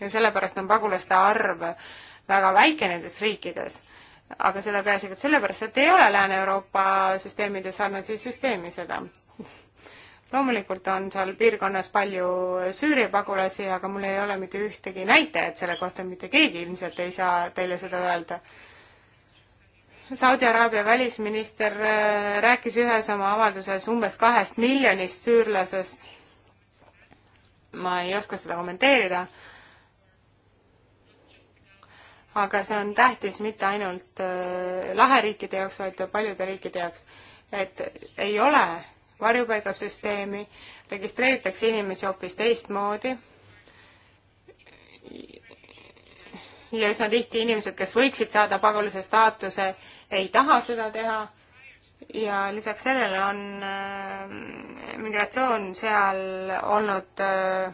ja sellepärast on pagulaste arv väga väike nendes riikides aga seda peaasjalikult sellepärast, et ei ole Lääne-Euroopa süsteemide sarnase süsteemi seda loomulikult on seal piirkonnas palju Süüria pagulasi, aga mul ei ole mitte ühtegi näitajat selle kohta, mitte keegi ilmselt ei saa teile seda öelda. Saudi Araabia välisminister äh, rääkis ühes oma avalduses umbes kahest miljonist süürlasest. ma ei oska seda kommenteerida aga see on tähtis mitte ainult äh, laheriikide jaoks, vaid paljude riikide jaoks. et ei ole varjupaigasüsteemi, registreeritakse inimesi hoopis teistmoodi. ja üsna tihti inimesed, kes võiksid saada pagulase staatuse, ei taha seda teha ja lisaks sellele on äh, migratsioon seal olnud äh,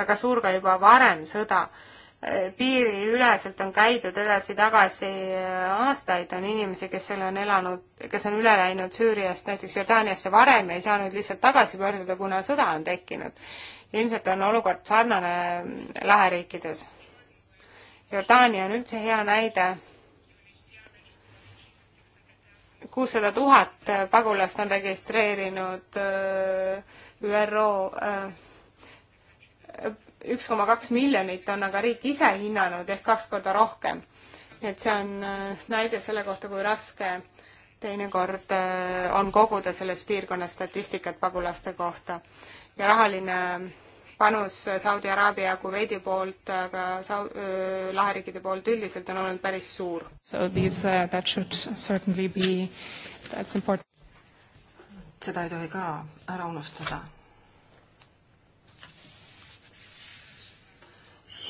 väga suur ka juba varem sõda äh, piiriüleselt on käidud edasi-tagasi äh, aastaid, on inimesi, kes seal on elanud, kes on üle läinud Süüriast näiteks Jordaaniasse varem ja ei saa nüüd lihtsalt tagasi pöörduda, kuna sõda on tekkinud. ilmselt on olukord sarnane mm, läheriikides. Jordaania on üldse hea näide. kuussada tuhat pagulast on registreerinud äh, ÜRO öö, äh, üks koma kaks miljonit on aga riik ise hinnanud ehk kaks korda rohkem. et see on äh, näide selle kohta, kui raske teinekord äh, on koguda selles piirkonnas statistikat pagulaste kohta ja rahaline panus Saudi Araabia ja Kuveidi poolt, aga Sau-, äh, laheriikide poolt üldiselt on olnud päris suur. So these uh,, that should certainly be, that's important. seda ei tohi ka ära unustada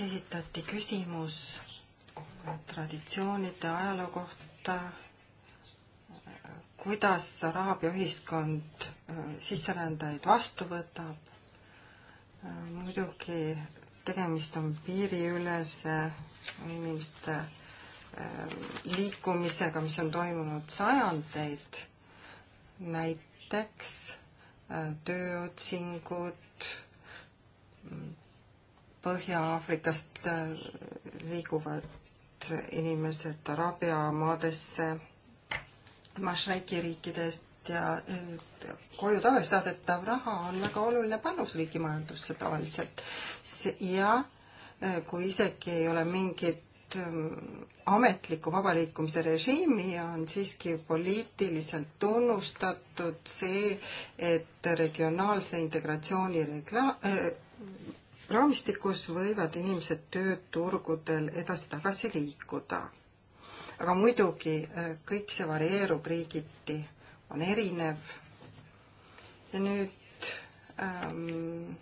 esitati küsimus traditsioonide ajaloo kohta, kuidas Araabia ühiskond äh, sisserändajaid vastu võtab. Äh, muidugi tegemist on piiriülese inimeste äh, liikumisega, mis on toimunud sajandeid. näiteks tööotsingud, Põhja-Aafrikast äh, liiguvad inimesed Araabia maadesse, Mašreki riikidest ja äh, koju tagasi saadetav raha on väga oluline panus riigi majandusse tavaliselt. ja äh, kui isegi ei ole mingit ähm, ametlikku vaba liikumise režiimi on siiski poliitiliselt tunnustatud see, et regionaalse integratsiooni regla-, raamistikus võivad inimesed tööturgudel edasi-tagasi liikuda. aga muidugi äh, kõik see varieerub riigiti, on erinev. ja nüüd ähm,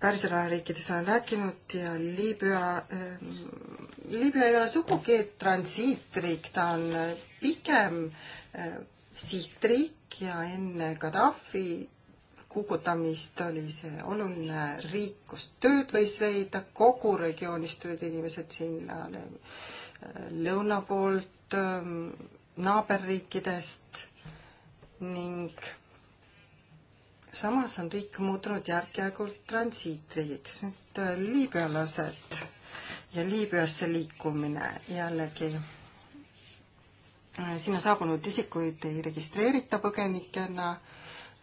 Pärsia riikides olen rääkinud ja Liibüa ähm,, Liibüa ei ole sugugi transiitriik, ta on äh, pigem äh, sihtriik ja enne Gaddafi kukutamist, oli see oluline riik, kus tööd võis leida, kogu regioonist tulid inimesed sinna äh, lõuna poolt, ähm, naaberriikidest ning samas on riik muutunud järk-järgult transiitriigiks, nüüd äh, liibüalased ja Liibüasse liikumine jällegi äh, sinna saabunud isikuid ei registreerita põgenikena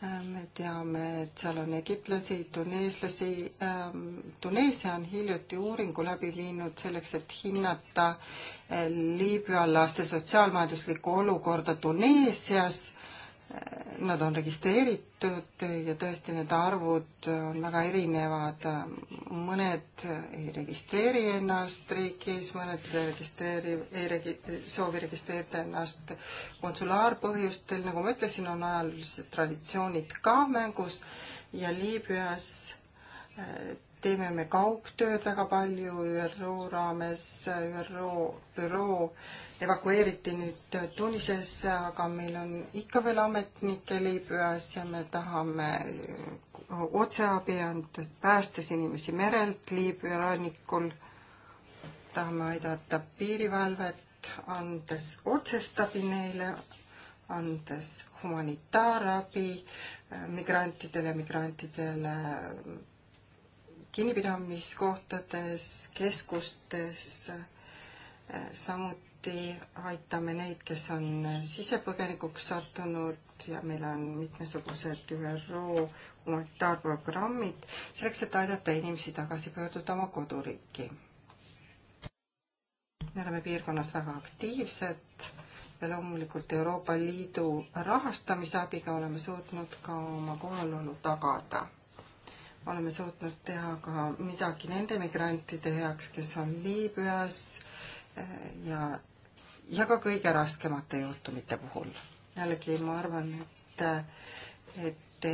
me teame, et seal on egiptlasi, tuneeslasi. Ähm, Tuneesia on hiljuti uuringu läbi viinud selleks, et hinnata äh, Liibüa laste sotsiaalmajanduslikku olukorda Tuneesias nad on registreeritud ja tõesti need arvud on väga erinevad. mõned ei registreeri ennast riigis, mõned registreeri, ei regi-, soovi registreerida ennast konsulaarpõhjustel, nagu ma ütlesin, on ajalised traditsioonid ka mängus ja Liibüas eh, teeme me kaugtööd väga palju ÜRO raames, ÜRO büroo evakueeriti nüüd Tunisesse, aga meil on ikka veel ametnikke Liibüas ja me tahame otseabi anda, päästes inimesi merelt Liibüa rannikul. tahame aidata piirivalvet, andes otsest abi neile, andes humanitaarabi migrantidele, migrantidele kinnipidamiskohtades, keskustes, äh, samuti aitame neid, kes on sisepõgenikuks sattunud ja meil on mitmesugused ÜRO humanitaarprogrammid selleks, et aidata inimesi tagasi pöörduda oma koduriiki. me oleme piirkonnas väga aktiivsed ja loomulikult Euroopa Liidu rahastamise abiga oleme suutnud ka oma kohalolu tagada oleme suutnud teha ka midagi nende migrantide heaks, kes on Liibüas eh, ja, ja ka kõige raskemate juhtumite puhul. jällegi ma arvan, et, et,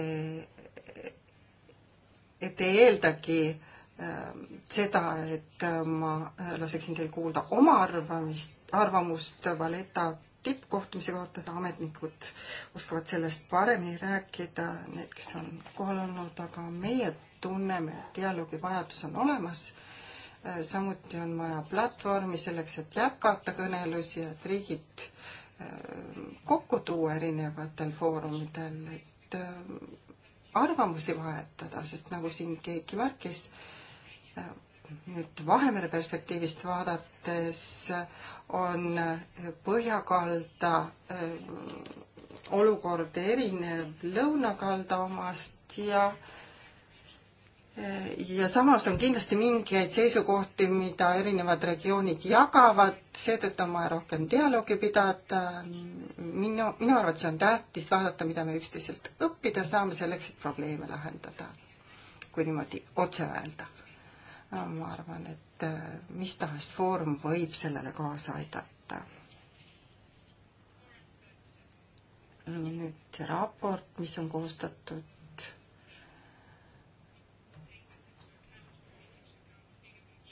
et ei eeldagi eh, seda, et ma laseksin teil kuulda oma arvamist, arvamust Valeta tippkohtumise kohta, ametnikud oskavad sellest paremini rääkida, need, kes on kohal olnud, aga meie tunneme, et dialoogi vajadus on olemas. Äh, samuti on vaja platvormi selleks, et jätkata kõnelusi, et riigid äh, kokku tuua erinevatel foorumitel, et äh, arvamusi vahetada, sest nagu siin keegi märkis, nüüd Vahemere perspektiivist vaadates on põhjakalda äh, olukord erinev lõunakalda omast ja äh, ja samas on kindlasti mingeid seisukohti, mida erinevad regioonid jagavad, seetõttu on vaja rohkem dialoogi pidada. minu, minu arvates on tähtis vaadata, mida me üksteiselt õppida saame selleks, et probleeme lahendada. kui niimoodi otse öelda ma arvan, et äh, mis tahes foorum võib sellele kaasa aidata. nüüd see raport, mis on koostatud,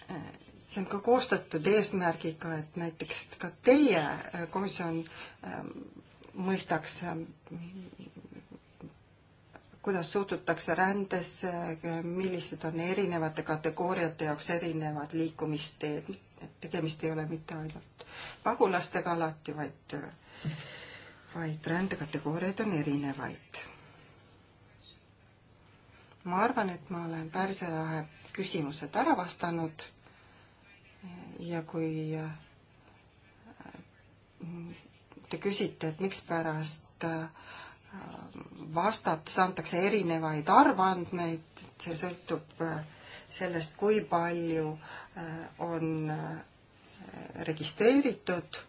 äh, see on ka koostatud eesmärgiga, et näiteks ka teie äh, komisjon ähm, mõistaks, ähm, kuidas suhtutakse rändesse, millised on erinevate kategooriate jaoks erinevad liikumisteed. tegemist ei ole mitte ainult pagulastega alati, vaid, vaid rändekategooriaid on erinevaid. ma arvan, et ma olen Pärsia lahe küsimused ära vastanud ja kui äh, te küsite, et mikspärast äh, vastates antakse erinevaid arvandmeid, see sõltub äh, sellest, kui palju äh, on äh, registreeritud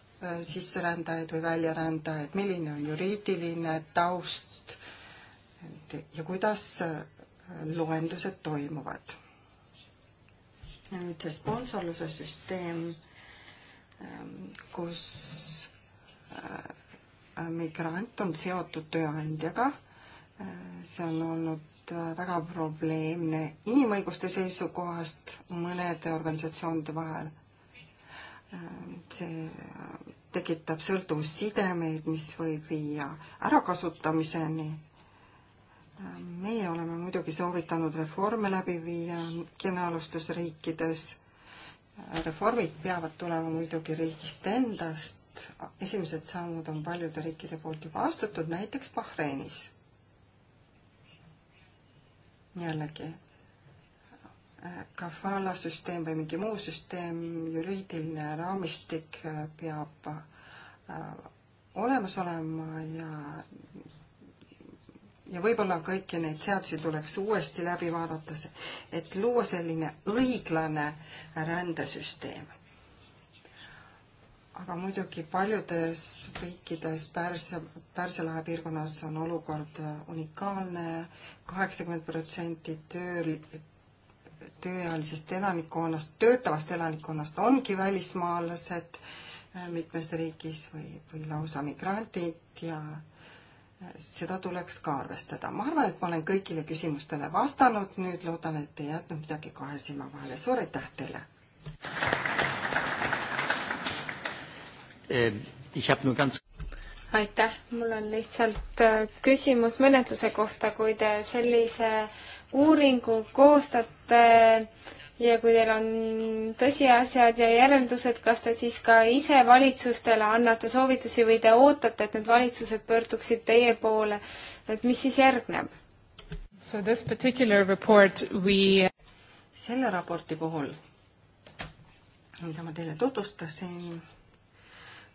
sisserändajaid või väljarändajaid, milline on juriidiline taust ja kuidas loendused toimuvad. nüüd see sponsorluse süsteem, ähm, kus migrant on seotud tööandjaga, see on olnud äh, väga probleemne inimõiguste seisukohast mõnede organisatsioonide vahel. Äh, see äh, tekitab sõltuvussidemeid, mis võib viia ärakasutamiseni. meie oleme muidugi soovitanud reforme läbi viia kõnealustes riikides reformid peavad tulema muidugi riigist endast, sammud, esimesed sammud on paljude riikide poolt juba astutud, näiteks Bahreinis. jällegi, äh, kafala süsteem või mingi muu süsteem, juriidiline raamistik äh, peab äh, olemas olema ja ja võib-olla kõiki neid seadusi tuleks uuesti läbi vaadata, et luua selline õiglane rändesüsteem aga muidugi paljudes riikides Pärsia, Pärsia lahe piirkonnas on olukord unikaalne, kaheksakümmend protsenti tööl, tööealisest elanikkonnast, töötavast elanikkonnast ongi välismaalased äh, mitmes riigis või, või lausa migrandid ja äh, seda tuleks ka arvestada. ma arvan, et ma olen kõigile küsimustele vastanud, nüüd loodan, et ei jätnud midagi kahe silma vahele. suur aitäh teile! Ähm, aitäh, mul on lihtsalt äh, küsimus menetluse kohta, kui te sellise uuringu koostate ja kui teil on tõsiasjad ja järeldused, kas te siis ka ise valitsustele annate soovitusi või te ootate, et need valitsused pöörduksid teie poole, et mis siis järgneb? So this particular report we selle raporti puhul, mida ma teile tutvustasin,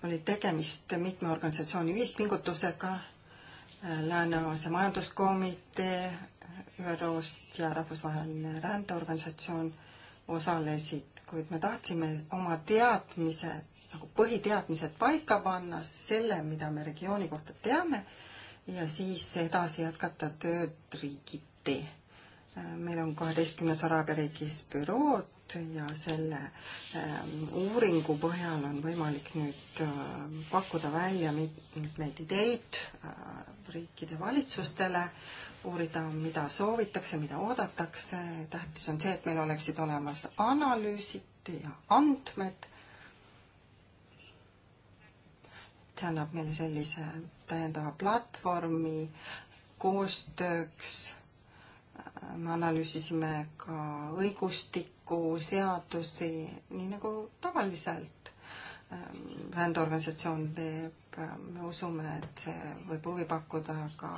oli tegemist mitme organisatsiooni ühispingutusega, äh, Lääne-Aasia Majanduskomitee ÜRO-st ja Rahvusvaheline Rändeorganisatsioon osalesid, kuid me tahtsime oma teadmised, nagu põhiteadmised paika panna, selle, mida me regiooni kohta teame, ja siis edasi jätkata tööd riigiti. Äh, meil on kaheteistkümnes Araabia riigis bürood, tehtud ja selle ähm, uuringu põhjal on võimalik nüüd ähm, pakkuda välja mitmeid ideid äh, riikide valitsustele, uurida, mida soovitakse, mida oodatakse, tähtis on see, et meil oleksid olemas analüüsid ja andmed. see annab meile sellise täiendava platvormi koostööks äh, me analüüsisime ka õigustikku, nõukogu seadusi, nii nagu tavaliselt ähm, rändeorganisatsioon teeb, me usume, et see võib huvi pakkuda ka,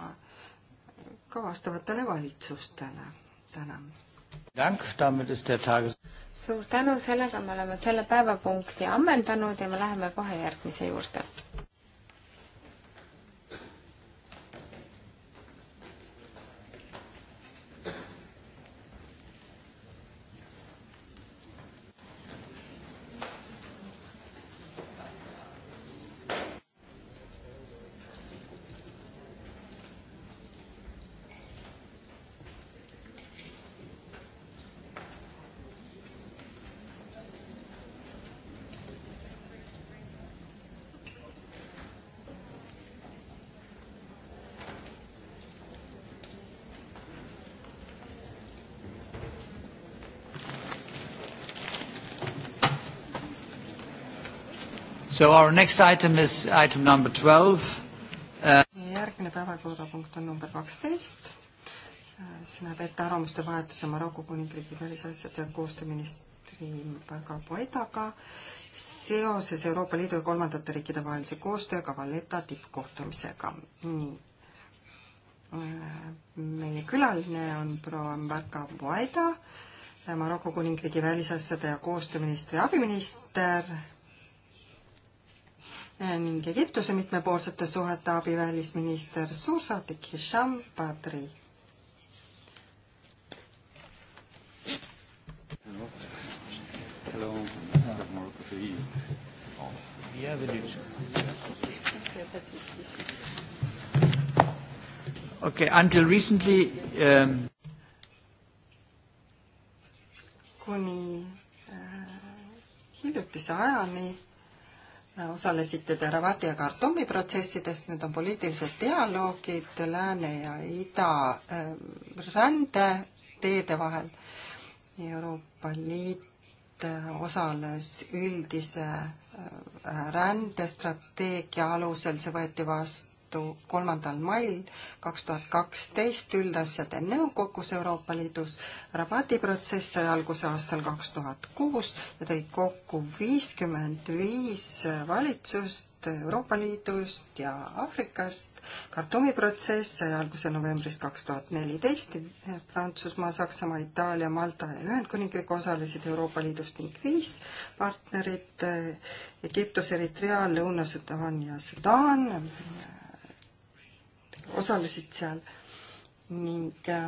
ka vastavatele valitsustele. tänan. suur tänu, sellega me oleme selle päevapunkti ammendanud ja me läheme kohe järgmise juurde So our next item is item number 12. Uh... järgmine päevakorrapunkt on number kaksteist. see näeb ette arvamuste vahetuse Maroko Kuningriigi välisasjade koostööministri Barga Poedaga seoses Euroopa Liidu ja kolmandate riikide vahelise koostööga Valletta tippkohtumisega. nii meie külaline on proua Mbarka Boeda, Maroko Kuningriigi välisasjade ja koostööministri abiminister Äh, ning Egiptuse mitmepoolsete suhete abivälisminister suursaadik Hisham Badri. Okay, until recently um... kuni äh, hiljutise ajani osalesite Teravati ja Khartoumi protsessidest, need on poliitilised dialoogid lääne ja ida ähm, rändeteede vahel. Euroopa Liit äh, osales üldise äh, rändestrateegia alusel, see võeti vastu vastu kolmandal mail kaks tuhat kaksteist üldasjade nõukogus Euroopa Liidus. rabati protsess sai alguse aastal kaks tuhat kuus ja tõi kokku viiskümmend viis valitsust Euroopa Liidust ja Aafrikast. Khartoumi protsess sai alguse novembris kaks tuhat neliteist. Prantsusmaa, Saksamaa, Itaalia, Malta ja Ühendkuningriik osalesid Euroopa Liidust ning viis partnerit Egiptus, Eritrea, Lõuna-Sudaan ja Sudaan osalesid seal ning äh,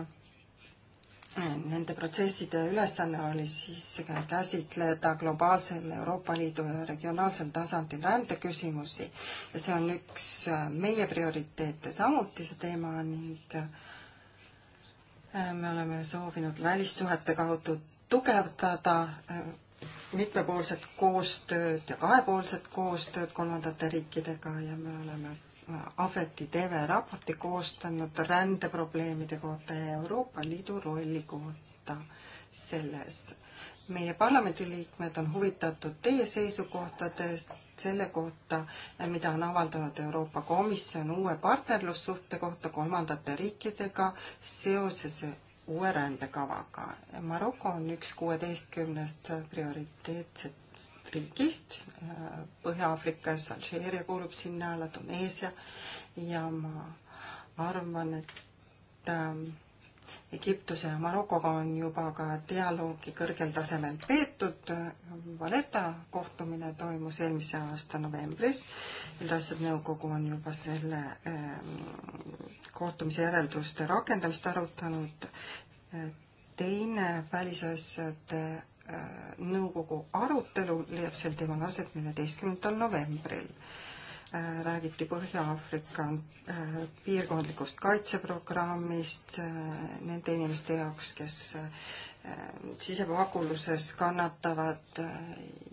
nende protsesside ülesanne oli siis käsitleda globaalsel Euroopa Liidu ja regionaalsel tasandil rändeküsimusi ja see on üks äh, meie prioriteete samuti see teema ning äh, me oleme soovinud välissuhete kaudu tugevdada mitmepoolset koostööd ja kahepoolset koostööd kolmandate riikidega ja me oleme Afeti TV raporti koostanud rändeprobleemide kohta ja Euroopa Liidu rolli kohta selles. meie parlamendiliikmed on huvitatud teie seisukohtadest selle kohta, mida on avaldanud Euroopa Komisjon uue partnerlussuhte kohta kolmandate riikidega seoses uue rändekavaga. Maroko on üks kuueteistkümnest prioriteetset riigist Põhja-Aafrikas, Alžeeria kuulub sinna alla, Tuneesia ja ma arvan, et ähm, Egiptuse ja Marokoga on juba ka dialoogi kõrgel tasemel peetud. Valeta kohtumine toimus eelmise aasta novembris. üldasjad nõukogu on juba selle ähm, kohtumise järelduste rakendamist arutanud. teine välisasjade Äh, nõukogu arutelu leiab sel teemal aset neljateistkümnendal novembril. Äh, räägiti Põhja-Aafrika äh, piirkondlikust kaitseprogrammist nende inimeste jaoks, kes sisepaguluses kannatavad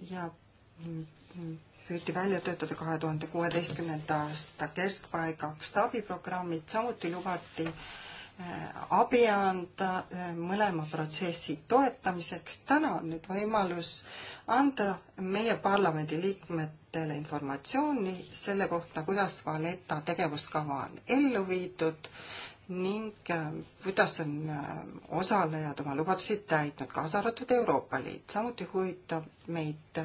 ja püüti välja töötada kahe tuhande kuueteistkümnenda aasta keskpaigaks abiprogrammid, samuti lubati äh, Äh, abi anda äh, mõlema protsessi toetamiseks. täna on nüüd võimalus anda meie parlamendiliikmetele informatsiooni selle kohta, kuidas Valeta tegevuskava on ellu viidud ning äh, kuidas on osalejad oma lubadusi täitnud, kaasa arvatud Euroopa Liit. samuti huvitab meid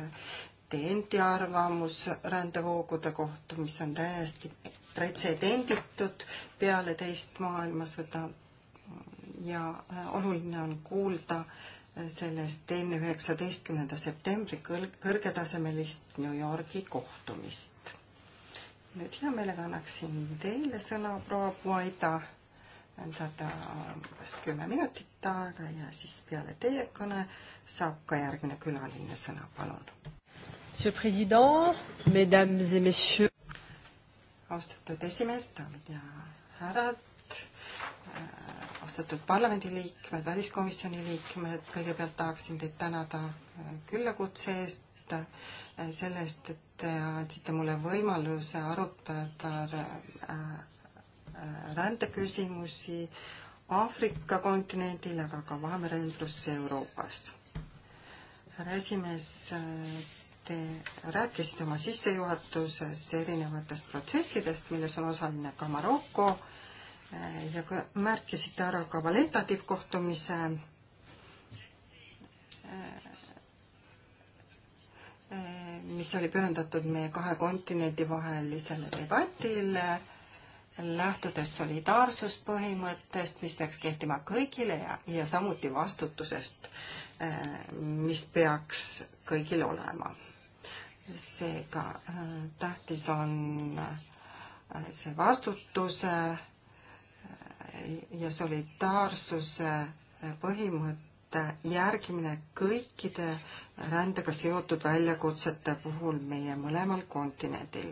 teie endi arvamus rändevoogude kohta, mis on täiesti pretsedenditud peale teist maailmasõda ja äh, oluline on kuulda äh, sellest enne üheksateistkümnenda septembri kõrgetasemelist New Yorgi kohtumist. nüüd hea meelega annaksin teile sõna, proua Puaida. saate umbes äh, kümme minutit aega ja siis peale teie kõne saab ka järgmine külaline sõna, palun. Monsieur le Président, Mesdames et Messieurs austatud esimees, daamid ja härrad, äh, austatud parlamendiliikmed, väliskomisjoni liikmed, kõigepealt tahaksin teid tänada äh, küllakutse eest, äh, selle eest, et te andsite mulle võimaluse arutada rändeküsimusi Aafrika kontinendil, aga ka Vahemere ümbruses Euroopas. härra esimees, Te rääkisite oma sissejuhatuses erinevatest protsessidest, milles on osaline ka Maroko eh, ja ka märkisite ära ka Valeta tippkohtumise. Eh, eh, mis oli pühendatud meie kahe kontinendi vahelisele debatile lähtudes solidaarsuspõhimõttest, mis peaks kehtima kõigile ja, ja samuti vastutusest, mis peaks kõigil olema seega äh, tähtis on äh, see vastutuse äh, ja solidaarsuse põhimõtte järgimine kõikide rändega seotud väljakutsete puhul meie mõlemal kontinendil.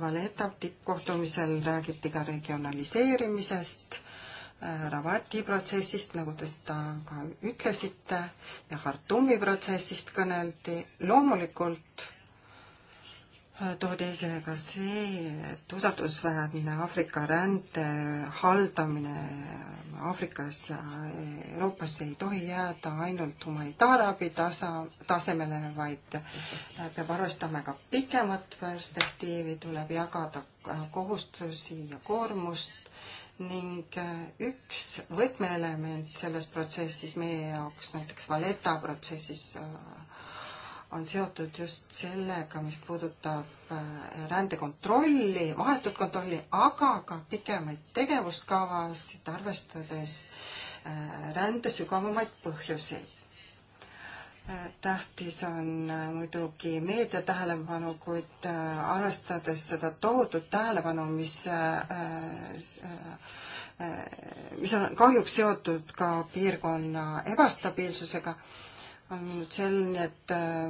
Valeta tippkohtumisel räägiti ka regionaliseerimisest, Ravati protsessist, nagu te seda ka ütlesite, ja Hartumi protsessist kõneldi. loomulikult toodi esile ka see, et usaldusväärne Aafrika rände haldamine Aafrikas ja Euroopas ei tohi jääda ainult humanitaarabi tasa, tasemele, vaid peab arvestama ka pikemat perspektiivi, tuleb jagada kohustusi ja koormust ning üks võtmeelement selles protsessis meie jaoks, näiteks Valeta protsessis on seotud just sellega, mis puudutab äh, rändekontrolli, vahetut kontrolli, aga ka pikemaid tegevuskavasid, arvestades äh, rände sügavamaid põhjuseid. Äh, tähtis on muidugi meedia tähelepanu, kuid arvestades seda tohutut tähelepanu, mis mis on kahjuks seotud ka piirkonna ebastabiilsusega, on nüüd selline, et äh,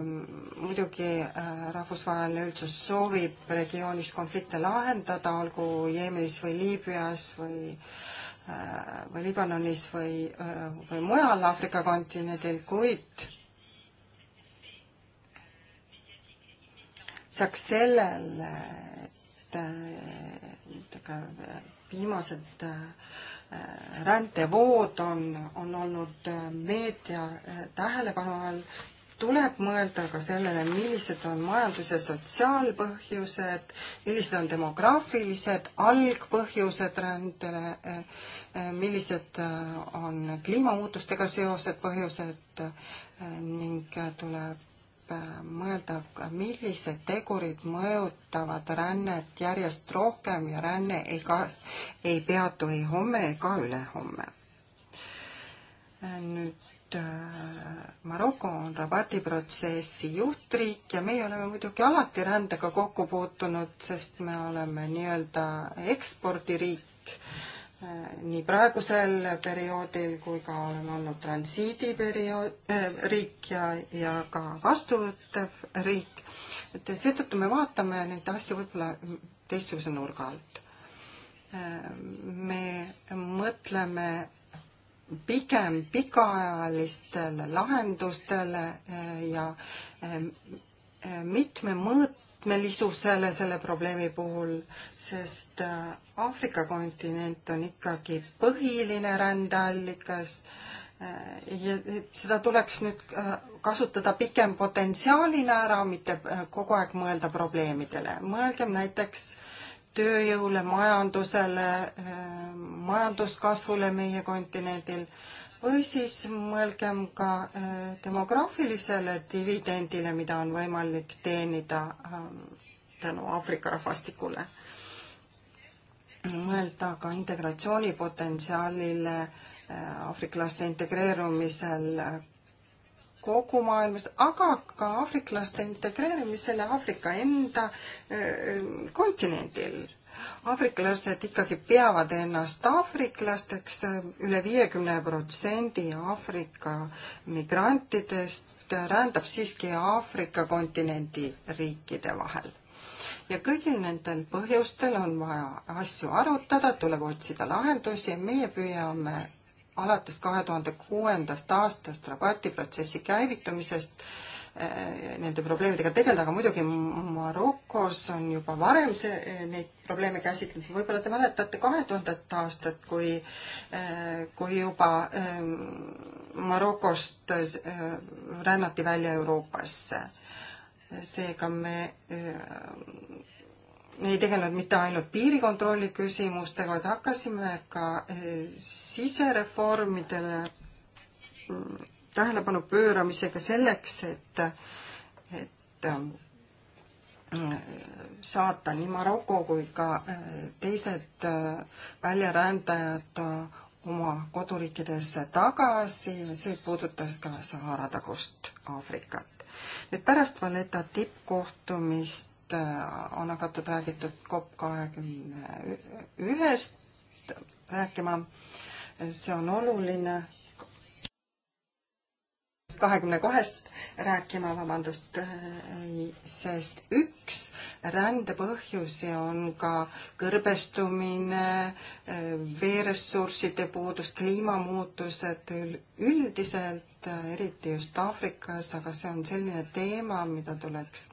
muidugi äh, rahvusvaheline üldsus soovib regioonis konflikte lahendada, olgu Jeemenis või Liibüas või äh, või Liibanonis või äh,, või mujal Aafrika kontinendil, kuid lisaks sellele, et äh, viimased äh, rändevood on, on olnud äh, meedia äh, tähelepanu all, tuleb mõelda ka sellele, millised on majandus- ja sotsiaalpõhjused, millised on demograafilised algpõhjused rändele, äh, millised on kliimamuutustega seosed põhjused ning tuleb mõelda, millised tegurid mõjutavad rännet järjest rohkem ja ränne ei ka, ei peatu ei homme ega ülehomme. nüüd äh, Maroko on Rabati protsessi juhtriik ja meie oleme muidugi alati rändega kokku puutunud, sest me oleme nii-öelda ekspordiriik Äh, nii praegusel perioodil kui ka oleme olnud transiidiperiood äh,, riik ja, ja ka vastuvõttev riik. et seetõttu me vaatame neid asju võib-olla teistsuguse nurga alt. Äh, me mõtleme pigem pikaajalistele lahendustele äh, ja mitme mõõt-, mitmelisusele selle probleemi puhul, sest äh, Aafrika kontinent on ikkagi põhiline rändeallikas äh, ja seda tuleks nüüd äh, kasutada pikem potentsiaalina ära, mitte kogu aeg mõelda probleemidele. mõelgem näiteks tööjõule, majandusele, majanduskasvule meie kontinendil või siis mõelgem ka äh, demograafilisele dividendile, mida on võimalik teenida ähm, tänu Aafrika rahvastikule. mõelda ka integratsioonipotentsiaalile, äh, aafriklaste integreerumisel äh, kogu maailmas, aga ka aafriklaste integreerimisele Aafrika enda kontinendil aafriklased ikkagi peavad ennast aafriklasteks, üle viiekümne protsendi Aafrika migrantidest rändab siiski Aafrika kontinendi riikide vahel. ja kõigil nendel põhjustel on vaja asju arutada, tuleb otsida lahendusi ja meie püüame alates kahe tuhande kuuendast aastast rabatiprotsessi käivitumisest äh, Äh, nende probleemidega tegeleda, aga muidugi Marokos on juba varem see, äh, neid probleeme käsitletud, võib-olla te mäletate kahe tuhandet aastat, kui, äh, kui juba Marokost rännati välja Euroopasse. seega me me ei tegelenud mitte ainult piirikontrolli küsimustega, vaid hakkasime ka sisereformidele mm, tähelepanu pööramisega selleks, et, et ähm, saata nii Maroko kui ka äh, teised äh, väljarändajad äh, oma koduriikidesse tagasi ja see puudutas ka Sahara tagust Aafrikat. nüüd pärast Valletta tippkohtumist on hakatud räägitud COP kahekümne ühest rääkima. see on oluline kahekümne kahest rääkima, vabandust, sest üks rände põhjusi on ka kõrbestumine, veeressursside puudus, kliimamuutused üldiselt, eriti just Aafrikas, aga see on selline teema, mida tuleks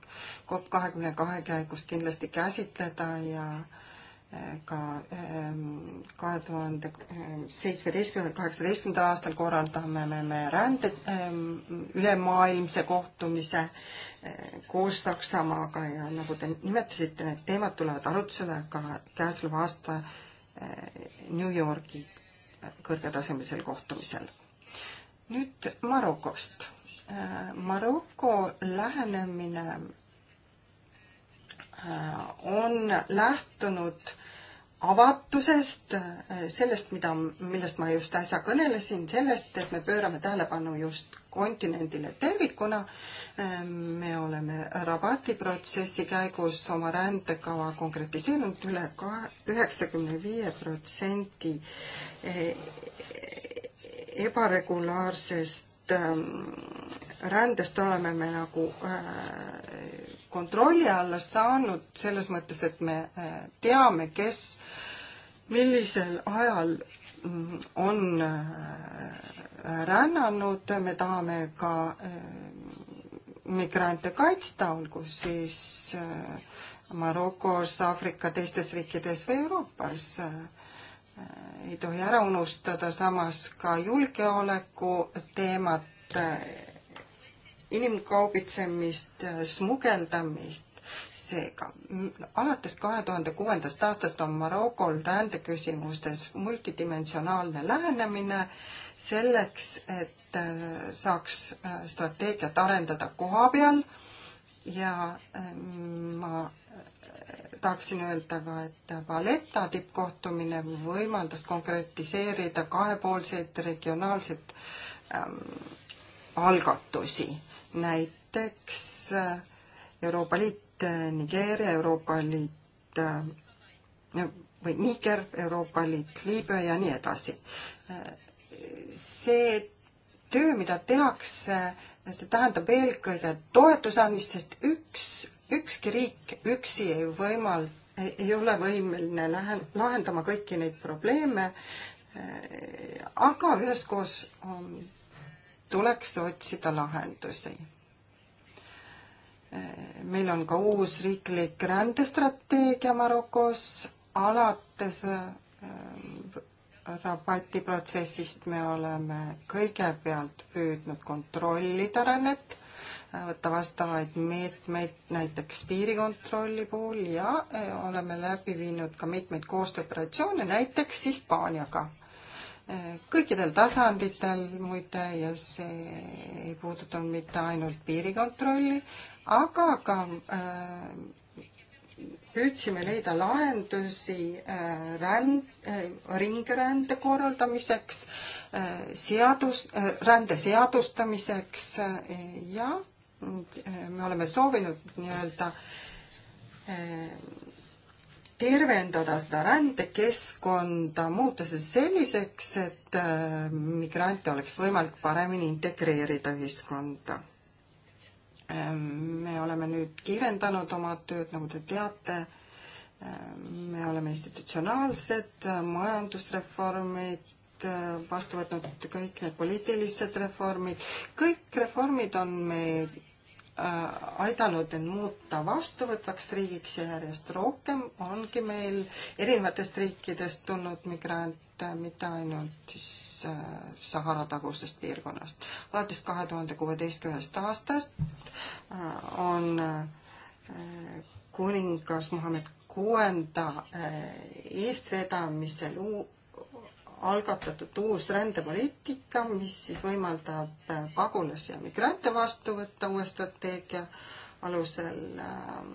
COP kahekümne kahe käigus kindlasti käsitleda ja äh, ka ähm, kahe tuhande ähm, seitsmeteistkümnendal, kaheksateistkümnendal aastal korraldame me, me rände ähm, ülemaailmse kohtumise äh, koos Saksamaaga ja nagu te nimetasite, need teemad tulevad arutusele ka käesoleva aasta äh, New Yorgi äh, kõrgetasemelisel kohtumisel. nüüd Marokost. Maroko lähenemine on lähtunud avatusest, sellest, mida, millest ma just äsja kõnelesin, sellest, et me pöörame tähelepanu just kontinendile tervikuna. me oleme Rabati protsessi käigus oma rändekava konkretiseerinud üle üheksakümne viie protsendi ebaregulaarsest ehm, rändest oleme me nagu äh, kontrolli alla saanud selles mõttes, et me äh, teame, kes millisel ajal mm, on äh, rännanud, me tahame ka äh, migrante kaitsta, olgu siis Marokos, Aafrika teistes riikides või Euroopas. ei tohi ära unustada samas ka julgeoleku teemat inimkaubitsemist, smugeldamist. seega alates kahe tuhande kuuendast aastast on Marokol rändeküsimustes multidimensionaalne lähenemine selleks, et äh, saaks äh, strateegiat arendada koha peal ja äh, ma tahaksin öelda ka, et Valetta tippkohtumine võimaldas konkretiseerida kahepoolseid regionaalseid ähm, algatusi näiteks äh, Euroopa Liit, äh, Nigeeria, Euroopa Liit äh, või Niger, Euroopa Liit, Liibüa ja nii edasi. see töö, mida tehakse, see tähendab eelkõige toetuse andmist, sest üks, ükski riik üksi ei võimal-, ei ole võimeline lähen-, lahendama kõiki neid probleeme, aga üheskoos on tuleks otsida lahendusi. meil on ka uus riiklik rändestrateegia Marokos, alates ähm, rabati protsessist me oleme kõigepealt püüdnud kontrollida rännet, võtta vastavaid meetmeid näiteks piirikontrolli puhul ja äh, oleme läbi viinud ka mitmeid koostööoperatsioone, näiteks Hispaaniaga kõikidel tasanditel muide ja see ei puudutanud mitte ainult piirikontrolli, aga ka äh, püüdsime leida lahendusi äh, ränd, äh, ringrände korraldamiseks, seadus, rände seadustamiseks ja me oleme soovinud nii-öelda tervendada seda rändekeskkonda, muuta see selliseks, et äh, migrante oleks võimalik paremini integreerida ühiskonda. Ähm, me oleme nüüd kiirendanud oma tööd, nagu te teate, ähm, me oleme institutsionaalsed, äh, majandusreformid, äh, vastu võtnud kõik need poliitilised reformid, kõik reformid on meil Äh, aidanud end muuta vastuvõtvaks riigiks ja järjest rohkem ongi meil erinevatest riikidest tulnud migrante, äh, mitte ainult siis äh, Sahara tagusest piirkonnast. alates kahe tuhande kuueteistkümnendast aastast on kuningas Muhamed kuuenda eestvedamisel algatatud uus rändepoliitika, mis siis võimaldab äh, pagulasi ja migrante vastu võtta uue strateegia alusel. Ähm,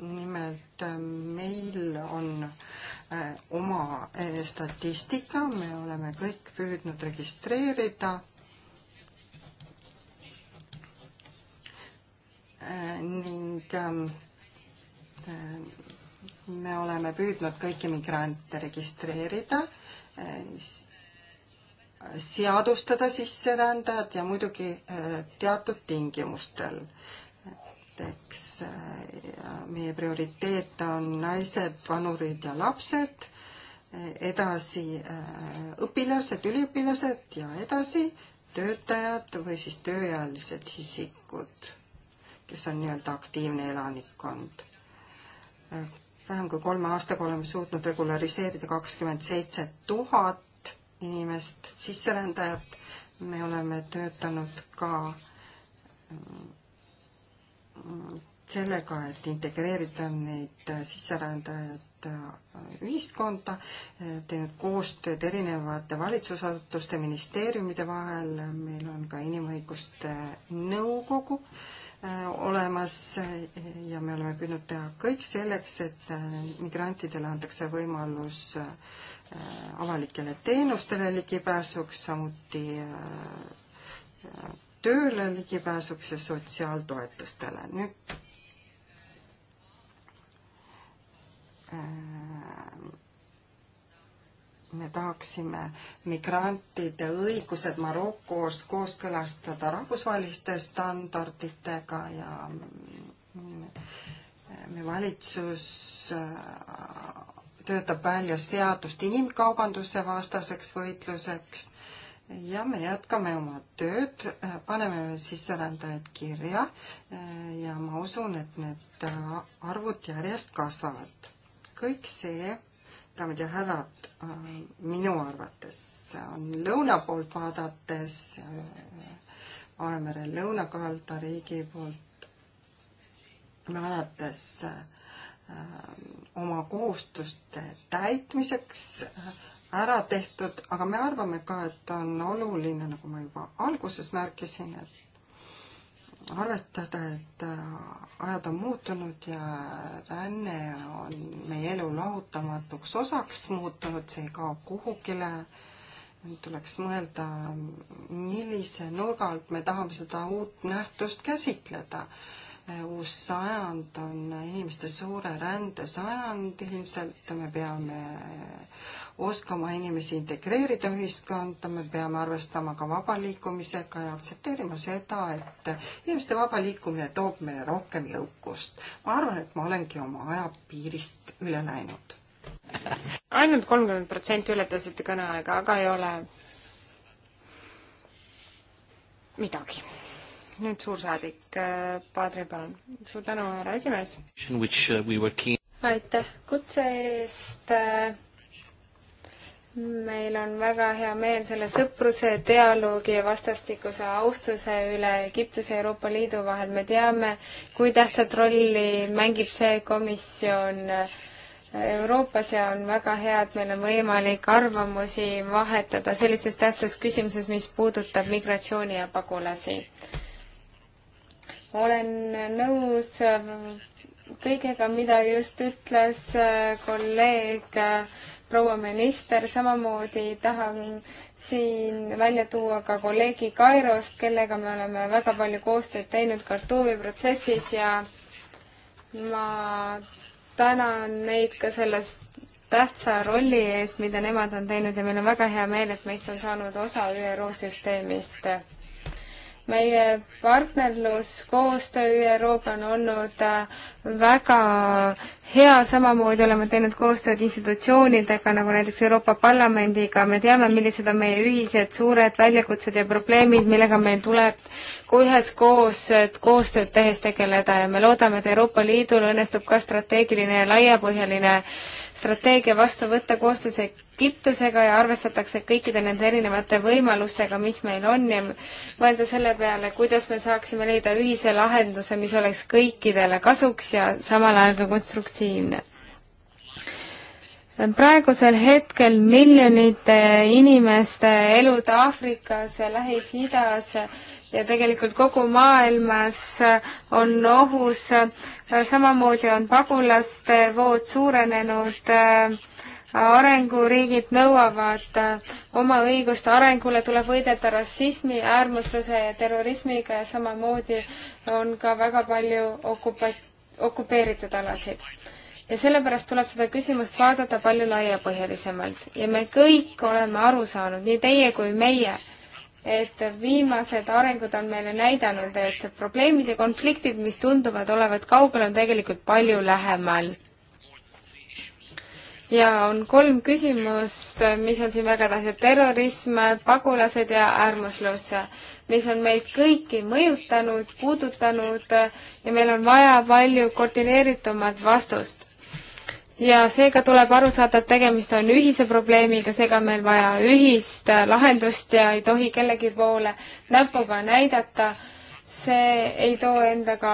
nimelt äh, meil on äh, oma statistika, me oleme kõik püüdnud registreerida ning ähm, me oleme püüdnud kõiki migrante registreerida, eh, eh, seadustada sisserändajad ja muidugi eh, teatud tingimustel. näiteks meie prioriteet on naised, vanurid ja lapsed, edasi õpilased, üliõpilased ja edasi töötajad või siis tööealised isikud, kes on nii-öelda aktiivne elanikkond vähem kui kolme aastaga oleme suutnud regulariseerida kakskümmend seitse tuhat inimest, sisserändajat. me oleme töötanud ka mm, sellega, et integreerida neid sisserändajaid äh, ühiskonda, teinud koostööd erinevate valitsusasutuste, ministeeriumide vahel, meil on ka inimõiguste nõukogu äh,, Äh, olemas äh, ja me oleme püüdnud teha kõik selleks, et äh, migrantidele antakse võimalus avalikele teenustele ligipääsuks, samuti tööle ligipääsuks ja sotsiaaltoetustele. nüüd me tahaksime migrantide õigused Marokos kooskõlastada rahvusvaheliste standarditega ja me valitsus äh, töötab välja seadust inimkaubanduse vastaseks võitluseks ja me jätkame oma tööd, paneme sisserändajad kirja äh, ja ma usun, et need arvud järjest kasvavad. kõik see daamid ja härrad, minu arvates on lõuna poolt vaadates Vahemere lõunakalda riigi poolt vaadates oma kohustuste täitmiseks ära tehtud, aga me arvame ka, et on oluline, nagu ma juba alguses märkisin, et arvestada, et äh, ajad on muutunud ja ränne on meie elu lahutamatuks osaks muutunud, see ei kao kuhugile. tuleks mõelda, millise nurga alt me tahame seda uut nähtust käsitleda. uus sajand on inimeste suure rände sajand ilmselt, me peame oskama inimesi integreerida ühiskonda, me peame arvestama ka vaba liikumisega ja aktsepteerima seda, et inimeste vaba liikumine toob meile rohkem jõukust. ma arvan, et ma olengi oma aja piirist üle läinud. ainult kolmkümmend protsenti ületasite kõneaega, aga ei ole midagi nüüd suursaadik äh, Padri, palun. suur tänu, härra esimees. Uh, aitäh kutse eest äh, meil on väga hea meel selle sõpruse, dialoogi ja vastastikuse austuse üle Egiptuse ja Euroopa Liidu vahel. me teame, kui tähtsat rolli mängib see komisjon Euroopas ja on väga hea, et meil on võimalik arvamusi vahetada sellises tähtsas küsimuses, mis puudutab migratsiooni ja pagulasi. olen nõus kõigega, mida just ütles kolleeg proua minister, samamoodi tahan siin välja tuua ka kolleegi Kairost, kellega me oleme väga palju koostööd teinud Khartoumi protsessis ja ma tänan neid ka selles tähtsa rolli eest, mida nemad on teinud ja meil on väga hea meel, et meist on saanud osa ÜRO süsteemist meie partnerlus, koostöö ÜRO-ga on olnud äh, väga hea, samamoodi oleme teinud koostööd institutsioonidega, nagu näiteks Euroopa Parlamendiga, me teame, millised on meie ühised suured väljakutsed ja probleemid, millega meil tuleb üheskoos koostööd tehes tegeleda ja me loodame, et Euroopa Liidul õnnestub ka strateegiline ja laiapõhjaline strateegia vastu võtta koostöös Egiptusega ja arvestatakse kõikide nende erinevate võimalustega, mis meil on ja mõelda selle peale, kuidas me saaksime leida ühise lahenduse, mis oleks kõikidele kasuks ja samal ajal ka konstruktiivne. praegusel hetkel miljonite inimeste elud Aafrikas ja Lähis-Idas ja tegelikult kogu maailmas on ohus. samamoodi on pagulaste vood suurenenud. arenguriigid nõuavad oma õigust arengule, tuleb võidelda rassismi, äärmusluse ja terrorismiga ja samamoodi on ka väga palju okupa-, okupeeritud alasid ja sellepärast tuleb seda küsimust vaadata palju laiapõhjalisemalt ja me kõik oleme aru saanud, nii teie kui meie, et viimased arengud on meile näidanud, et probleemid ja konfliktid, mis tunduvad olevat kaugel, on tegelikult palju lähemal. ja on kolm küsimust, mis on siin väga tähtsad, terrorism, pagulased ja äärmuslus, mis on meid kõiki mõjutanud, puudutanud ja meil on vaja palju koordineeritumat vastust ja seega tuleb aru saada, et tegemist on ühise probleemiga, seega on meil vaja ühist äh, lahendust ja ei tohi kellegi poole näpuga näidata. see ei too endaga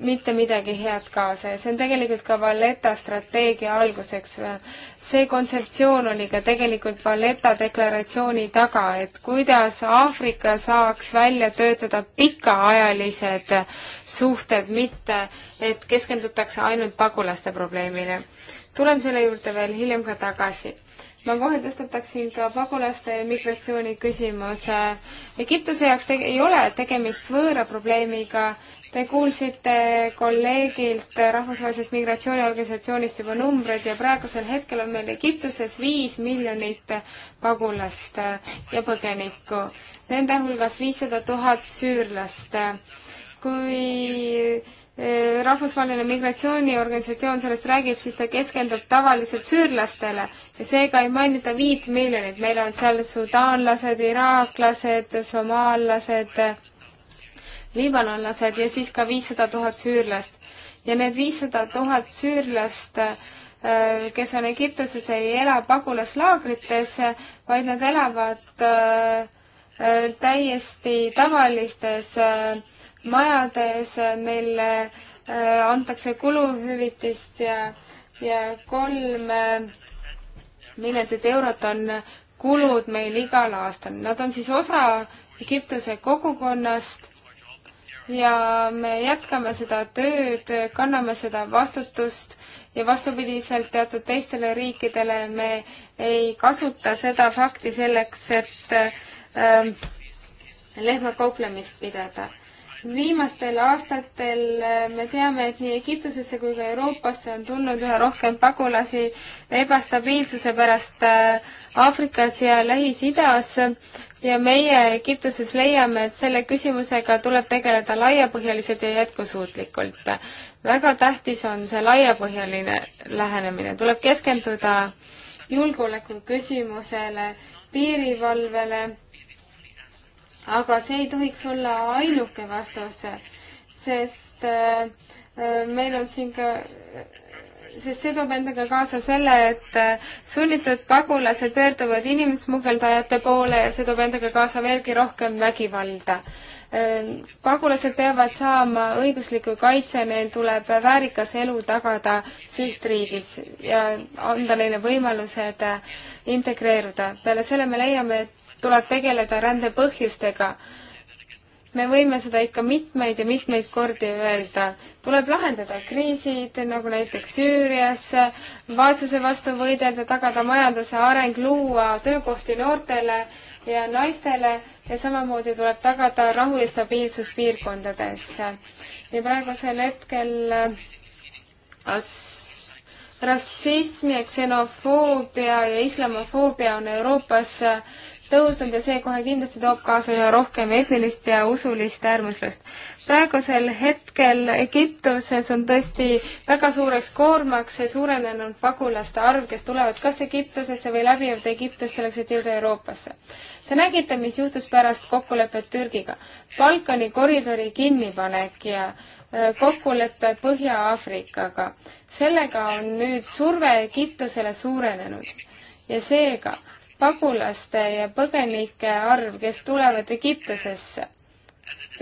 mitte midagi head kaasa ja see on tegelikult ka Valletta strateegia alguseks. see kontseptsioon oli ka tegelikult Valletta deklaratsiooni taga, et kuidas Aafrika saaks välja töötada pikaajalised suhted, mitte et keskendutakse ainult pagulaste probleemile. tulen selle juurde veel hiljem ka tagasi ma kohe tõstataksin ka pagulaste ja migratsiooni küsimuse. Egiptuse jaoks ei ole tegemist võõra probleemiga, Te kuulsite kolleegilt Rahvusvahelisest Migratsiooniorganisatsioonist juba numbreid ja praegusel hetkel on meil Egiptuses viis miljonit pagulast ja põgenikku, nende hulgas viissada tuhat süürlast. kui eh, rahvusvaheline migratsiooniorganisatsioon sellest räägib, siis ta keskendub tavaliselt süürlastele ja seega ei mainita viit miljonit, meil on seal sudaanlased, iraaklased, somaallased liibanonlased ja siis ka viissada tuhat süürlast. ja need viissada tuhat süürlast, äh, kes on Egiptuses, ei ela pagulaslaagrites, vaid nad elavad äh, äh, täiesti tavalistes majades, neile antakse kuluhüvitist ja, ja kolm miljardit eurot on kulud meil igal aastal. Nad on siis osa Egiptuse kogukonnast ja me jätkame seda tööd, kanname seda vastutust ja vastupidiselt teatud teistele riikidele me ei kasuta seda fakti selleks, et äh, lehmakauplemist pidada. viimastel aastatel äh, me teame, et nii Egiptusesse kui ka Euroopasse on tulnud üha rohkem pagulasi ebastabiilsuse pärast äh, Aafrikas ja Lähis-Idas ja meie Egiptuses leiame, et selle küsimusega tuleb tegeleda laiapõhjaliselt ja jätkusuutlikult. väga tähtis on see laiapõhjaline lähenemine, tuleb keskenduda julgeoleku küsimusele, piirivalvele, aga see ei tohiks olla ainuke vastus, sest äh, äh, meil on siin ka sest see toob endaga kaasa selle, et äh, sunnitud pagulased pöörduvad inimsmugeldajate poole ja see toob endaga kaasa veelgi rohkem vägivalda. Ähm, pagulased peavad saama õigusliku kaitse, neil tuleb väärikas elu tagada sihtriigis ja anda neile võimalused äh, integreeruda. peale selle me leiame, et tuleb tegeleda rände põhjustega me võime seda ikka mitmeid ja mitmeid kordi öelda. tuleb lahendada kriisid, nagu näiteks Süürias, vaesuse vastu võidelda, tagada majanduse areng, luua töökohti noortele ja naistele ja samamoodi tuleb tagada rahu ja stabiilsus piirkondades. ja praegusel hetkel as-, rassism ja ksenofoobia ja islamofoobia on Euroopas tõusnud ja see kohe kindlasti toob kaasa üha rohkem etnilist ja usulist äärmuslust. praegusel hetkel Egiptuses on tõesti väga suureks koormaks suurenenud pagulaste arv, kes tulevad kas Egiptusesse või läbivad Egiptust selleks, et jõuda Euroopasse. Te nägite, mis juhtus pärast kokkulepet Türgiga. Balkani koridori kinnipanek ja äh, kokkulepe Põhja-Aafrikaga. sellega on nüüd surve Egiptusele suurenenud ja seega pagulaste ja põgenike arv, kes tulevad Egiptusesse.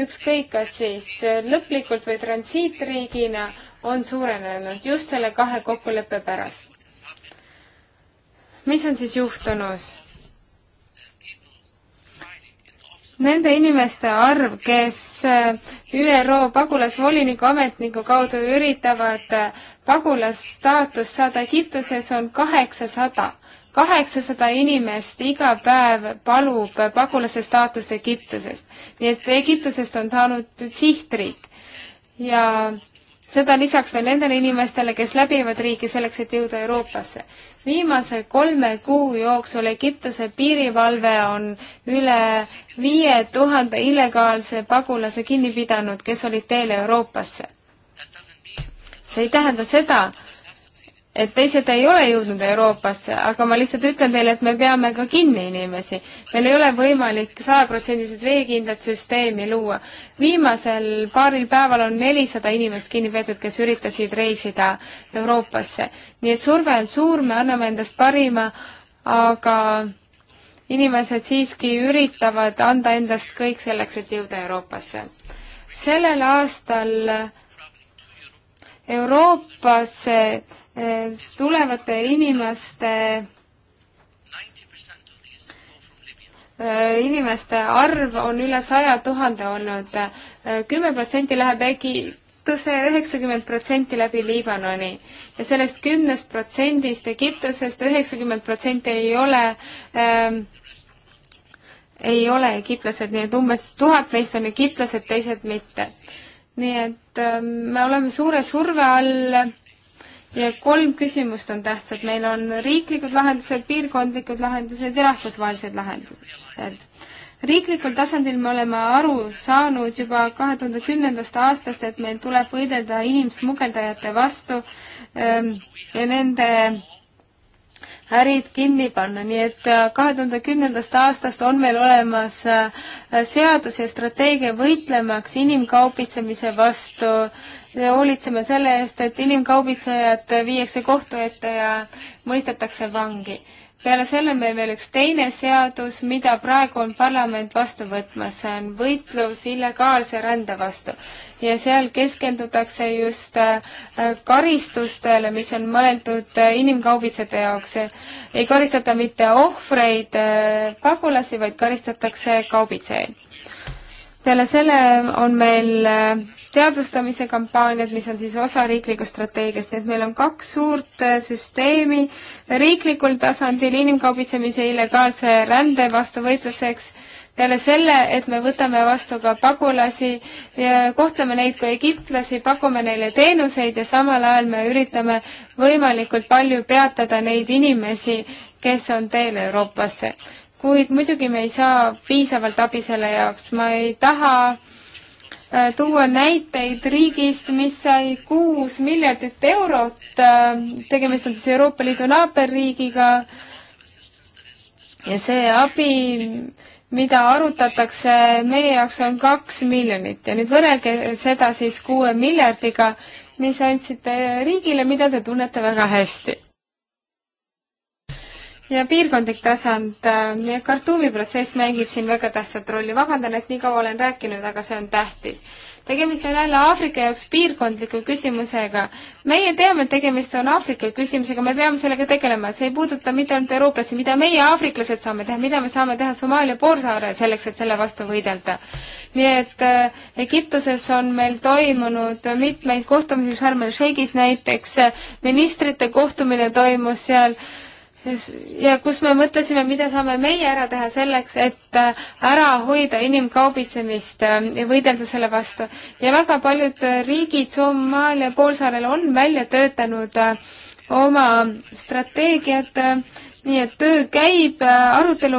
ükskõik, kas siis lõplikult või transiitriigina on suurenenud just selle kahe kokkuleppe pärast. mis on siis juhtunud? nende inimeste arv, kes äh, ÜRO pagulasvoliniku ametniku kaudu üritavad äh, pagulasstaatust saada Egiptuses, on kaheksasada kaheksasada inimest iga päev palub pagulase staatust Egiptusest. nii et Egiptusest on saanud sihtriik ja seda lisaks veel nendele inimestele, kes läbivad riiki selleks, et jõuda Euroopasse. viimase kolme kuu jooksul Egiptuse piirivalve on üle viie tuhande illegaalse pagulase kinni pidanud, kes olid teel Euroopasse. see ei tähenda seda, et teised ei ole jõudnud Euroopasse, aga ma lihtsalt ütlen teile, et me peame ka kinni inimesi. meil ei ole võimalik sajaprotsendiliselt veekindlat süsteemi luua. viimasel paaril päeval on nelisada inimest kinni peetud, kes üritasid reisida Euroopasse. nii et surve on suur, me anname endast parima, aga inimesed siiski üritavad anda endast kõik selleks, et jõuda Euroopasse. sellel aastal Euroopasse tulevate inimeste äh, inimeste arv on üle saja tuhande olnud. kümme protsenti läheb Egiptuse, üheksakümmend protsenti läbi Liibanoni ja sellest kümnest protsendist Egiptusest üheksakümmend protsenti ei ole ähm, ei ole egiptlased, nii et umbes tuhat neist on egiptlased, teised mitte. nii et ähm, me oleme suure surve all ja kolm küsimust on tähtsad, meil on riiklikud lahendused, piirkondlikud lahendused ja rahvusvahelised lahendused. riiklikul tasandil me oleme aru saanud juba kahe tuhande kümnendast aastast, et meil tuleb võidelda inimsmugeldajate vastu ähm, ja nende ärid kinni panna, nii et äh, kahe tuhande kümnendast aastast on meil olemas äh, seadus ja strateegia võitlemaks inimkaubitsemise vastu äh, hoolitseme selle eest, et inimkaubitsejad viiakse kohtu ette ja mõistetakse vangi. peale selle on meil veel üks teine seadus, mida praegu on parlament vastu võtmas, see on võitlus illegaalse rände vastu. ja seal keskendutakse just äh, karistustele, mis on mõeldud äh, inimkaubitsejate jaoks. ei karistata mitte ohvreid, äh, pagulasi, vaid karistatakse kaubitsejaid peale selle on meil äh, teadvustamise kampaaniad, mis on siis osa riiklikust strateegiast, nii et meil on kaks suurt äh, süsteemi riiklikul tasandil inimkaubitsemise illegaalse rände vastu võitluseks, peale selle, et me võtame vastu ka pagulasi, kohtleme neid kui egiptlasi, pakume neile teenuseid ja samal ajal me üritame võimalikult palju peatada neid inimesi, kes on teel Euroopasse kuid muidugi me ei saa piisavalt abi selle jaoks, ma ei taha äh, tuua näiteid riigist, mis sai kuus miljardit eurot, äh, tegemist on siis Euroopa Liidu naaberriigiga ja see abi, mida arutatakse, meie jaoks on kaks miljonit ja nüüd võrrelge seda siis kuue miljardiga, mis andsite riigile, mida te tunnete väga hästi ja piirkondlik tasand, äh, Khartoumi protsess mängib siin väga tähtsat rolli, vabandan, et nii kaua olen rääkinud, aga see on tähtis tegemist on jälle Aafrika jaoks piirkondliku küsimusega. meie teame, et tegemist on Aafrika küsimusega, me peame sellega tegelema, see ei puuduta mitte ainult eurooplasi, mida meie, aafriklased, saame teha, mida me saame teha Somaalia poolsaare selleks, et selle vastu võidelda. nii et äh, Egiptuses on meil toimunud mitmeid kohtumisi, Sharm el-Sheikhis näiteks äh, ministrite kohtumine toimus seal äh, ja kus me mõtlesime, mida saame meie ära teha selleks, et äh, ära hoida inimkaubitsemist äh, ja võidelda selle vastu. ja väga paljud äh, riigid Somaalia poolsaarel on välja töötanud oma strateegiad nii et töö käib, äh, arutelu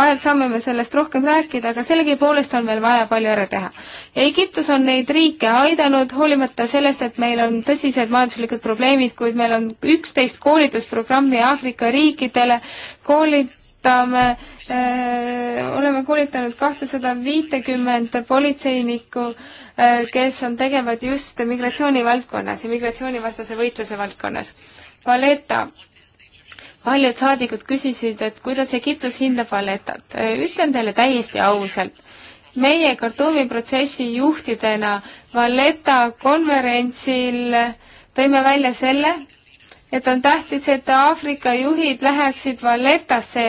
ajal saame me sellest rohkem rääkida, aga sellegipoolest on veel vaja palju ära teha. ja Egiptus on neid riike aidanud, hoolimata sellest, et meil on tõsised majanduslikud probleemid, kuid meil on üksteist koolitusprogrammi Aafrika riikidele, koolitame äh,, oleme koolitanud kahtesada viitekümmet politseinikku äh,, kes on tegevad just migratsioonivaldkonnas ja migratsioonivastase võitluse valdkonnas. Valeta paljud saadikud küsisid, et kuidas Egiptus hindab Aletat. ütlen teile täiesti ausalt, meie Khartoumi protsessi juhtidena Valletta konverentsil tõime välja selle, et on tähtis, et Aafrika juhid läheksid Vallettasse,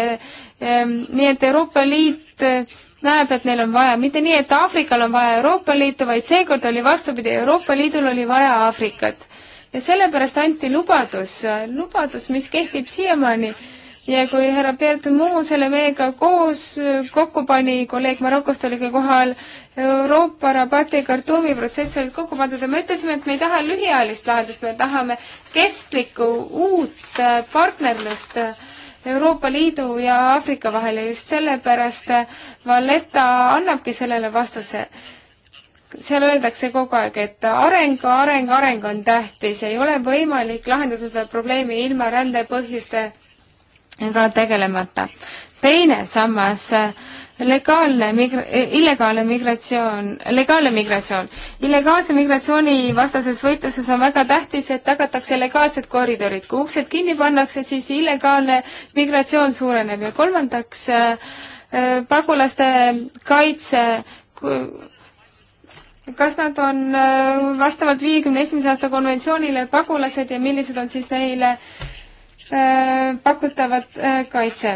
ehm, nii et Euroopa Liit eh, näeb, et neil on vaja, mitte nii, et Aafrikal on vaja Euroopa Liitu, vaid seekord oli vastupidi, Euroopa Liidul oli vaja Aafrikat ja sellepärast anti lubadus, lubadus, mis kehtib siiamaani ja kui härra Bert Muu selle meiega koos kokku pani, kolleeg Marokost oli ka kohal, Euroopa Rabati Khartoumi protsess olid kokku pandud ja me ütlesime, et me ei taha lühiajalist lahendust, me tahame kestlikku uut partnerlust Euroopa Liidu ja Aafrika vahel ja just sellepärast Valletta annabki sellele vastuse seal öeldakse kogu aeg, et areng, areng, areng on tähtis, ei ole võimalik lahendada seda probleemi ilma rändepõhjustega tegelemata. teine sammas, legaalne migra-, illegaalne migratsioon, legaalne migratsioon. illegaalse migratsiooni vastases võitluses on väga tähtis, et tagatakse legaalsed koridorid. kui uksed kinni pannakse, siis illegaalne migratsioon suureneb ja kolmandaks äh, äh pagulaste kaitse kui kas nad on äh, vastavalt viiekümne esimese aasta konventsioonile pagulased ja millised on siis neile äh, pakutavad äh, kaitse?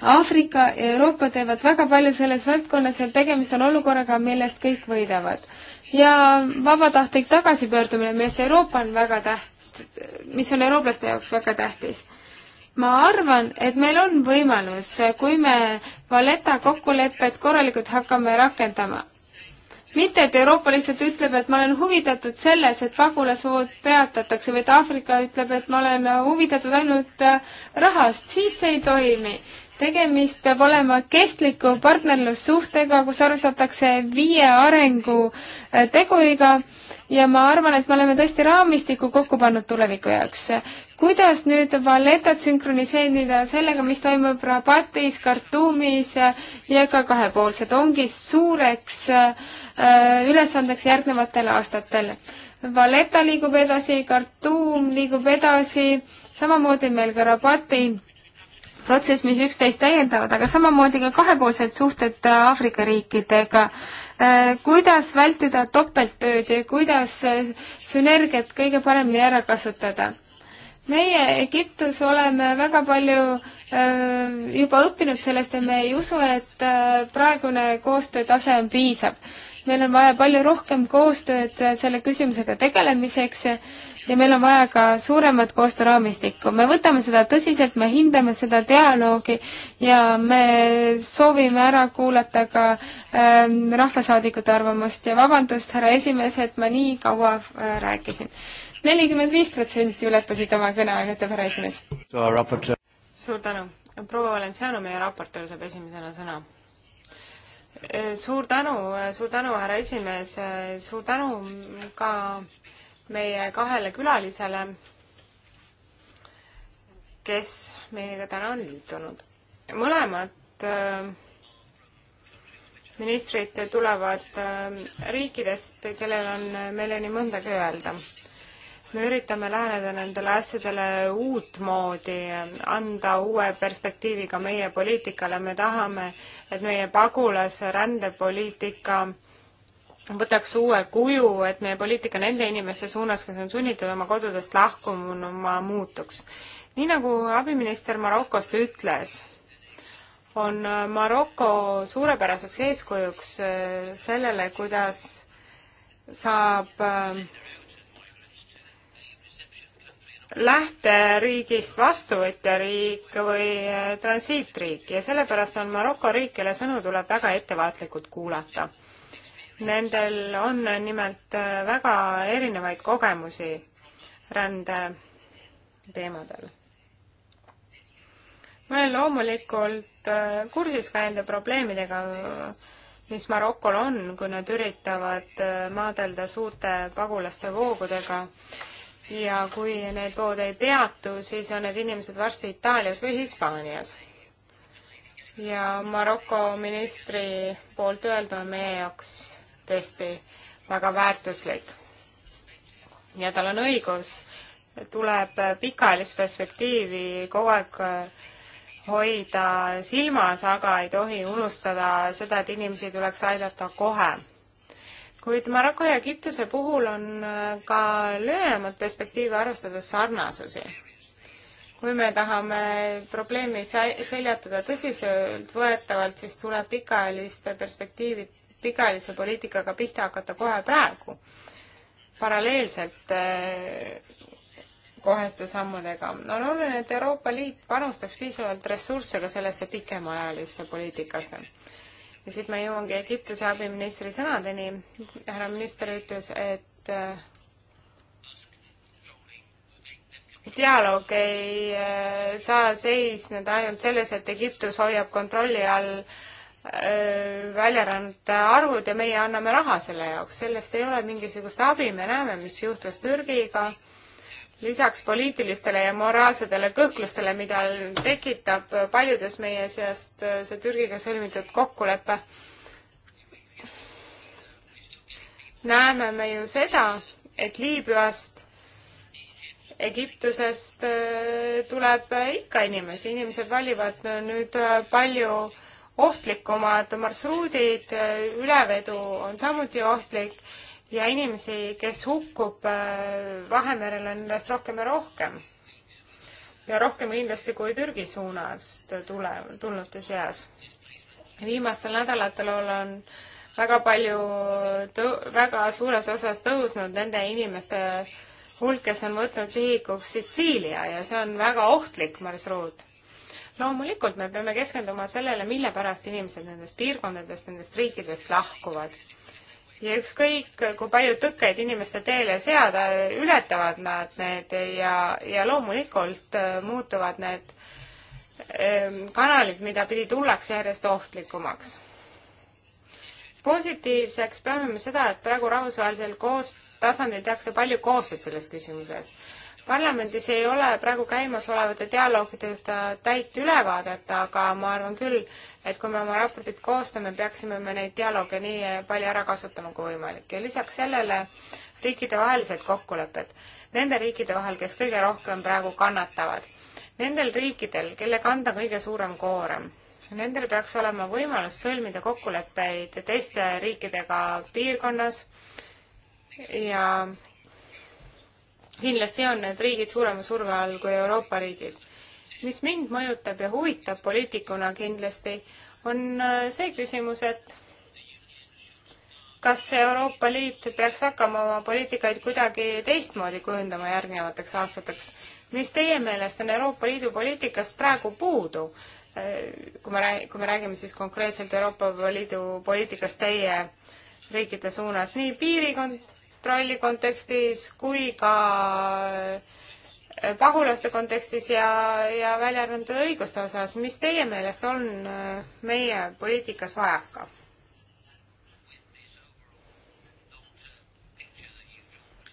Aafrika ja Euroopa teevad väga palju selles valdkonnas ja tegemist on olukorraga, millest kõik võidavad. ja vabatahtlik tagasipöördumine, millest Euroopa on väga täht-, mis on eurooplaste jaoks väga tähtis ma arvan, et meil on võimalus, kui me Valeta kokkulepet korralikult hakkame rakendama mitte, et Euroopa lihtsalt ütleb, et ma olen huvitatud selles, et pagulasvood peatatakse või et Aafrika ütleb, et ma olen huvitatud ainult äh, rahast, siis see ei toimi. tegemist peab olema kestliku partnerlussuhtega, kus arvestatakse viie arenguteguriga äh, ja ma arvan, et me oleme tõesti raamistiku kokku pannud tuleviku jaoks kuidas nüüd Valletat sünkroniseerida sellega, mis toimub Rabatis, Khartoumis ja ka kahepoolselt, ongi suureks äh, ülesandeks järgnevatel aastatel. Valletta liigub edasi, Khartoum liigub edasi, samamoodi meil ka Rabati protsess, mis üksteist täiendavad, aga samamoodi ka kahepoolsed suhted Aafrika riikidega. Äh, kuidas vältida topelttööd ja kuidas sünergiat kõige paremini ära kasutada? meie Egiptus oleme väga palju äh, juba õppinud sellest ja me ei usu, et äh, praegune koostöötase on piisav. meil on vaja palju rohkem koostööd äh, selle küsimusega tegelemiseks ja meil on vaja ka suuremat koostööraamistikku. me võtame seda tõsiselt, me hindame seda dialoogi ja me soovime ära kuulata ka äh, rahvasaadikute arvamust ja vabandust, härra esimees, et ma nii kaua äh, rääkisin nelikümmend viis protsenti ületasid oma kõneaega, ütleb härra esimees. suur tänu. proua Valenciano, meie raportöör, saab esimesena sõna. Äh, suur tänu, äh, suur tänu, härra esimees, äh, suur tänu ka meie kahele külalisele, kes meiega täna on liitunud. mõlemad äh, ministrid tulevad riikidest, kellel on meile nii mõndagi öelda me üritame läheneda nendele asjadele uutmoodi, anda uue perspektiivi ka meie poliitikale, me tahame, et meie pagulase rändepoliitika võtaks uue kuju, et meie poliitika nende inimeste suunas, kes on sunnitud oma kodudest lahkuma, muutuks. nii nagu abiminister Marokost ütles, on Maroko suurepäraseks eeskujuks äh, sellele, kuidas saab äh, lähteriigist vastuvõtja riik või eh, transiitriik ja sellepärast on Maroko riik, kelle sõnu tuleb väga ettevaatlikult kuulata. Nendel on nimelt eh, väga erinevaid kogemusi rände teemadel. ma olen loomulikult eh, kursis ka nende probleemidega, mis Marokol on, kui nad üritavad maadelda suurte pagulaste voogudega ja kui need pood ei peatu, siis on need inimesed varsti Itaalias või Hispaanias. ja Maroko ministri poolt öeldu on meie jaoks tõesti väga väärtuslik. ja tal on õigus, tuleb pikaajalist perspektiivi kogu aeg hoida silmas, aga ei tohi unustada seda, et inimesi tuleks aidata kohe kuid Maroko ja Egiptuse puhul on äh, ka lühemat perspektiivi arvestades sarnasusi. kui me tahame probleemi seljatada tõsiseltvõetavalt, siis tuleb pikaajaliste perspektiivi, pikaajalise poliitikaga pihta hakata kohe praegu, paralleelselt äh, koheste sammudega. on oluline, et Euroopa Liit panustaks piisavalt ressursse ka sellesse pikemaajalisse poliitikasse ja siit ma jõuangi Egiptuse abiministri sõnadeni. härra minister ütles, et äh, dialoog ei äh, saa seisneda ainult selles, et Egiptus hoiab kontrolli all äh, väljarännute arvud ja meie anname raha selle jaoks, sellest ei ole mingisugust abi, me näeme, mis juhtus Türgiga lisaks poliitilistele ja moraalsetele kõhklustele, mida tekitab paljudes meie seast äh, see Türgiga sõlmitud kokkulepe, näeme me ju seda, et Liibüast, Egiptusest äh, tuleb ikka inimesi, inimesed valivad nüüd äh, palju ohtlikumad marsruudid, ülevedu on samuti ohtlik ja inimesi, kes hukkub äh, Vahemerel, on järjest rohkem ja rohkem. ja rohkem kindlasti kui Türgi suunast tule, tulnute seas. viimastel nädalatel olen väga palju, väga suures osas tõusnud nende inimeste hulk, kes on võtnud sihikuks Sitsiilia ja see on väga ohtlik marsruut loomulikult me peame keskenduma sellele, mille pärast inimesed nendest piirkondadest, nendest riikidest lahkuvad ja ükskõik, kui palju tõkkeid inimeste teele seada, ületavad nad need ja, ja loomulikult äh, muutuvad need ähm, kanalid, mida pidi tullakse järjest ohtlikumaks. positiivseks peame me seda, et praegu rahvusvahelisel koos-, tasandil tehakse palju koostööd selles küsimuses parlamendis ei ole praegu käimasolevate dialoogide ühte täit ülevaadet, aga ma arvan küll, et kui me oma raportit koostame, peaksime me neid dialoogi nii palju ära kasutama kui võimalik ja lisaks sellele riikidevahelised kokkulepped nende riikide vahel, kes kõige rohkem praegu kannatavad. Nendel riikidel, kelle kanda kõige suurem koorem, nendel peaks olema võimalus sõlmida kokkuleppeid teiste riikidega piirkonnas ja kindlasti on need riigid suurema surve all kui Euroopa riigid. mis mind mõjutab ja huvitab poliitikuna kindlasti, on äh, see küsimus, et kas Euroopa Liit peaks hakkama oma poliitikaid kuidagi teistmoodi kujundama järgnevateks aastateks? mis teie meelest on Euroopa Liidu poliitikast praegu puudu, äh, kui me räägime, kui me räägime siis konkreetselt Euroopa Liidu poliitikast teie riikide suunas, nii piirikond, trolli kontekstis kui ka äh, pagulaste kontekstis ja, ja välja arvatud õiguste osas, mis teie meelest on äh, meie poliitikas vajaka?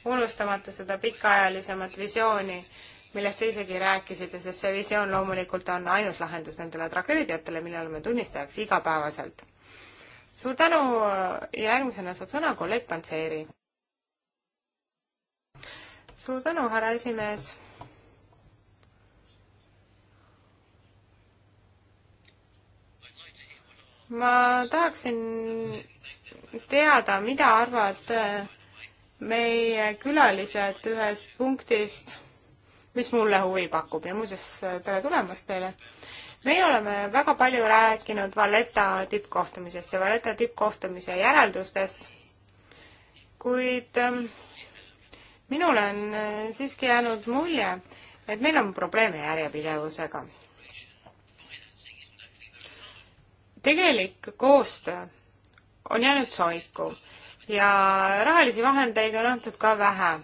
unustamata seda pikaajalisemat visiooni, millest te isegi rääkisite, sest see visioon loomulikult on ainus lahendus nendele tragöödiatele, mille oleme tunnistajaks igapäevaselt. suur tänu, järgmisena saab sõna kolleeg Pantseeri suur tänu, härra esimees. ma tahaksin teada, mida arvad äh, meie külalised ühest punktist, mis mulle huvi pakub ja muuseas, äh, tere tulemast teile. meie oleme väga palju rääkinud Valletta tippkohtumisest ja Valletta tippkohtumise järeldustest, kuid ähm, minul on äh, siiski jäänud mulje, et meil on probleeme järjepidevusega. tegelik koostöö on jäänud soiku ja rahalisi vahendeid on antud ka vähe.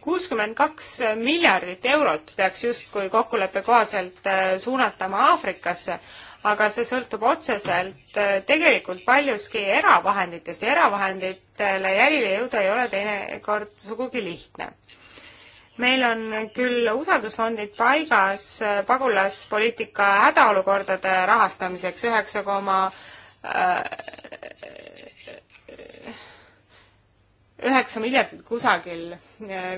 kuuskümmend kaks miljardit eurot peaks justkui kokkuleppe kohaselt äh, suunatama Aafrikasse, aga see sõltub otseselt äh, tegelikult paljuski eravahenditest ja eravahenditele jälile jõuda ei ole teinekord sugugi lihtne. meil on küll usaldusfondid paigas äh, pagulaspoliitika hädaolukordade rahastamiseks üheksa koma äh, üheksa miljardit kusagil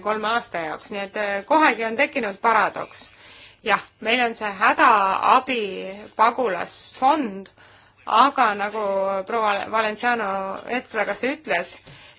kolme aasta jaoks, nii et kohegi on tekkinud paradoks jah, meil on see hädaabi pagulasfond, aga nagu proua Valenciano hetk tagasi ütles,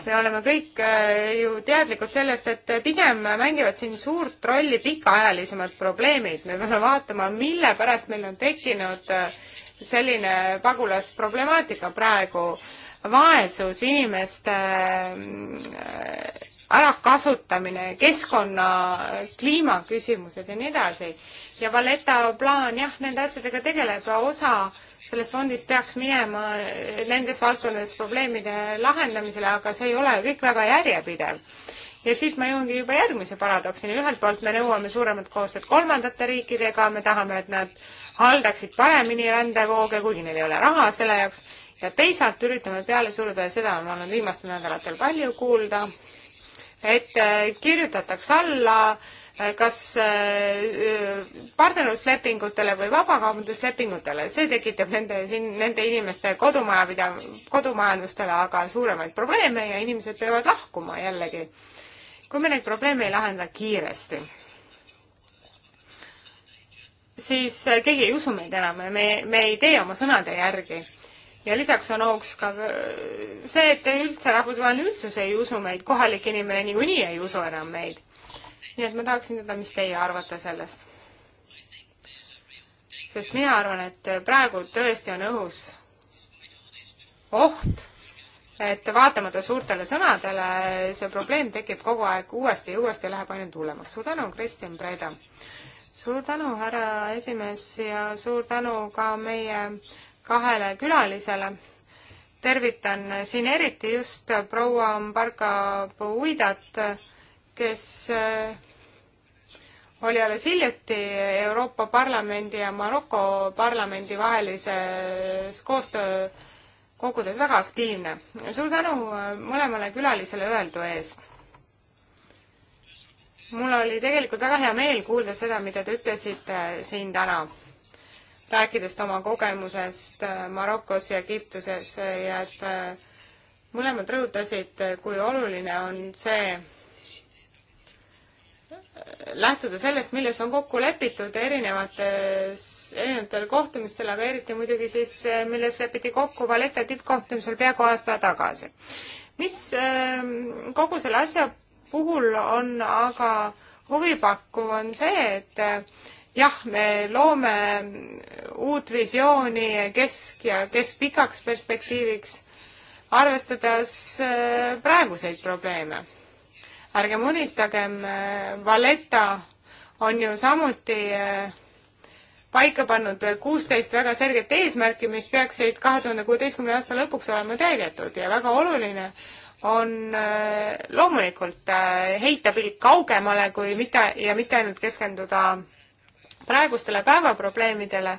me oleme kõik äh, ju teadlikud sellest, et pigem mängivad siin suurt rolli pikaajalisemad probleemid. me peame vaatama, mille pärast meil on tekkinud äh, selline pagulasproblemaatika praegu äh, vaesus, inimeste äh, ärakasutamine, keskkonna, äh, kliimaküsimused ja nii edasi. ja Valletta plaan jah, nende asjadega tegeleb, osa sellest fondist peaks minema äh, nendes valdkondades probleemide lahendamisele, aga see ei ole kõik väga järjepidev ja siit ma jõuangi juba järgmise paradoksini, ühelt poolt me nõuame suuremat koostööd kolmandate riikidega, me tahame, et nad haldaksid paremini rändevooge, kuigi neil ei ole raha selle jaoks, ja teisalt üritame peale suruda ja seda on olnud viimastel nädalatel palju kuulda, et äh, kirjutatakse alla äh, kas äh, partnerluslepingutele või vabakaubanduslepingutele, see tekitab nende siin, nende inimeste kodumajapida-, kodumajandustele aga suuremaid probleeme ja inimesed peavad lahkuma jällegi, kui me neid probleeme ei lahenda kiiresti siis keegi ei usu meid enam ja me, me ei tee oma sõnade järgi ja lisaks on ohuks ka äh, see, et üldse rahvusvaheline üldsus ei usu meid, kohalik inimene niikuinii ei usu enam meid. nii et ma tahaksin teada, mis teie arvate sellest. sest mina arvan, et praegu tõesti on õhus oht, et vaatamata suurtele sõnadele, see probleem tekib kogu aeg uuesti ja uuesti ja läheb ainult hullemaks. suur tänu, Kristjan Preda! suur tänu, härra esimees ja suur tänu ka meie kahele külalisele. tervitan siin eriti just proua Mbarka Puidat, kes äh, oli alles hiljuti Euroopa Parlamendi ja Maroko Parlamendi vahelises koostöö kogudes väga aktiivne. suur tänu äh, mõlemale külalisele öeldu eest. mul oli tegelikult väga hea meel kuulda seda, mida te ütlesite siin täna rääkides oma kogemusest äh, Marokos ja Egiptuses äh, ja et äh, mõlemad rõhutasid, kui oluline on see lähtuda sellest, milles on kokku lepitud erinevates, erinevatel kohtumistel, aga eriti muidugi siis, milles lepiti kokku Valeta tippkohtumisel peaaegu aasta tagasi. mis ähm, kogu selle asja puhul on aga huvipakkuv, on see, et jah, me loome uut visiooni kesk- ja keskpikaks perspektiiviks, arvestades äh, praeguseid probleeme. ärgem unistagem, äh, Valletta on ju samuti äh, paika pannud kuusteist väga selget eesmärki, mis peaksid kahe tuhande kuueteistkümnenda aasta lõpuks olema täidetud ja väga oluline on loomulikult heita pilk kaugemale kui mitte ja mitte ainult keskenduda praegustele päevaprobleemidele,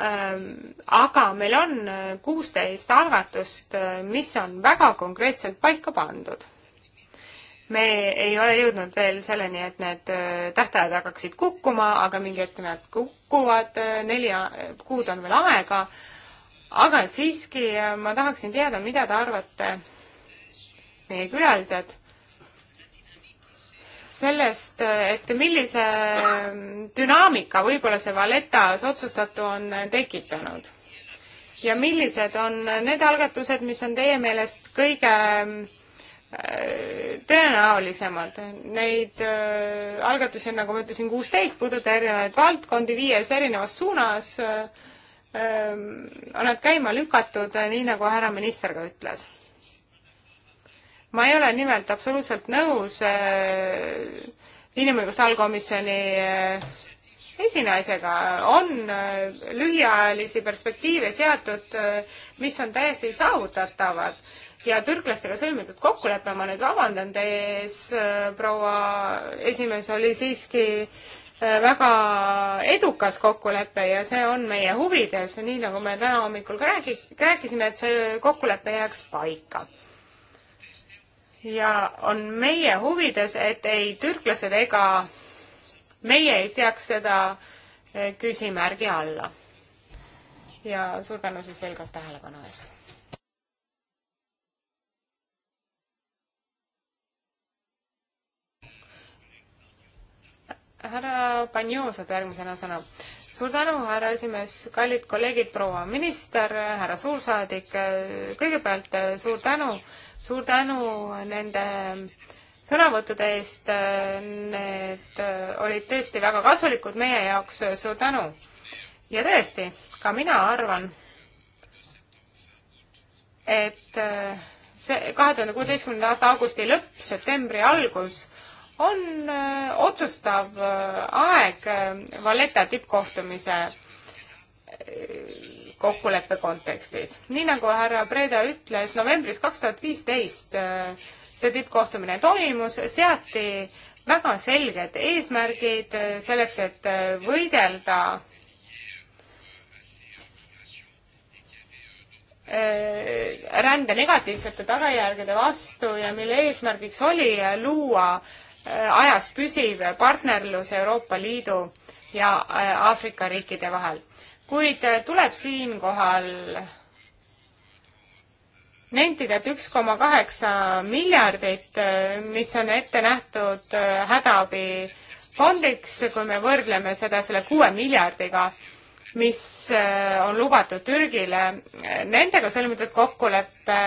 ähm, aga meil on äh, kuusteist algatust, äh, mis on väga konkreetselt paika pandud. me ei ole jõudnud veel selleni, et need äh, tähtajad hakkaksid kukkuma, aga mingi hetk nad kukuvad, neli kuud on veel aega, aga siiski ma tahaksin teada, mida te arvate, meie külalised sellest, et millise dünaamika võib-olla see Valettas otsustatu on tekitanud ja millised on need algatused, mis on teie meelest kõige äh, tõenäolisemad. Neid äh, algatusi on, nagu ma ütlesin, kuusteist, puudutab erinevaid valdkondi viies erinevas suunas. Äh, on nad käima lükatud, nii nagu härra minister ka ütles ma ei ole nimelt absoluutselt nõus äh, inimõiguste allkomisjoni äh, esinaisega on äh, lühiajalisi perspektiive seatud, mis on täiesti saavutatavad ja türklastega sõlmitud kokkulepe, ma nüüd vabandan teie ees, proua esimees, oli siiski väga edukas kokkulepe ja see on meie huvides, nii nagu me täna hommikul ka räägi-, rääkisime, et see kokkulepe jääks paika ja on meie huvides, et ei türklased ega meie ei seaks seda eh, küsimärgi alla. ja suur tänu siis veel kord tähelepanu eest. härra Panjo saab järgmisena sõna suur tänu, härra esimees, kallid kolleegid, proua minister, härra suursaadik, kõigepealt eh, suur tänu, suur tänu nende sõnavõttude eest, need eh, olid tõesti väga kasulikud meie jaoks, suur tänu. ja tõesti, ka mina arvan, et eh, see kahe tuhande kuueteistkümnenda aasta augusti lõpp, septembri algus on äh, otsustav äh, aeg äh, Valletta tippkohtumise kokkuleppe kontekstis. nii nagu härra Preda ütles, novembris kaks tuhat viisteist see tippkohtumine toimus, seati väga selged eesmärgid selleks, et võidelda rände negatiivsete tagajärgede vastu ja mille eesmärgiks oli luua Äh, ajas püsiv partnerlus Euroopa Liidu ja äh, Aafrika riikide vahel. kuid äh, tuleb siinkohal nentida, et üks koma kaheksa miljardit, mis on ette nähtud hädaabifondiks, kui me võrdleme seda selle kuue miljardiga, mis on lubatud Türgile, nendega sõlmitud kokkulepe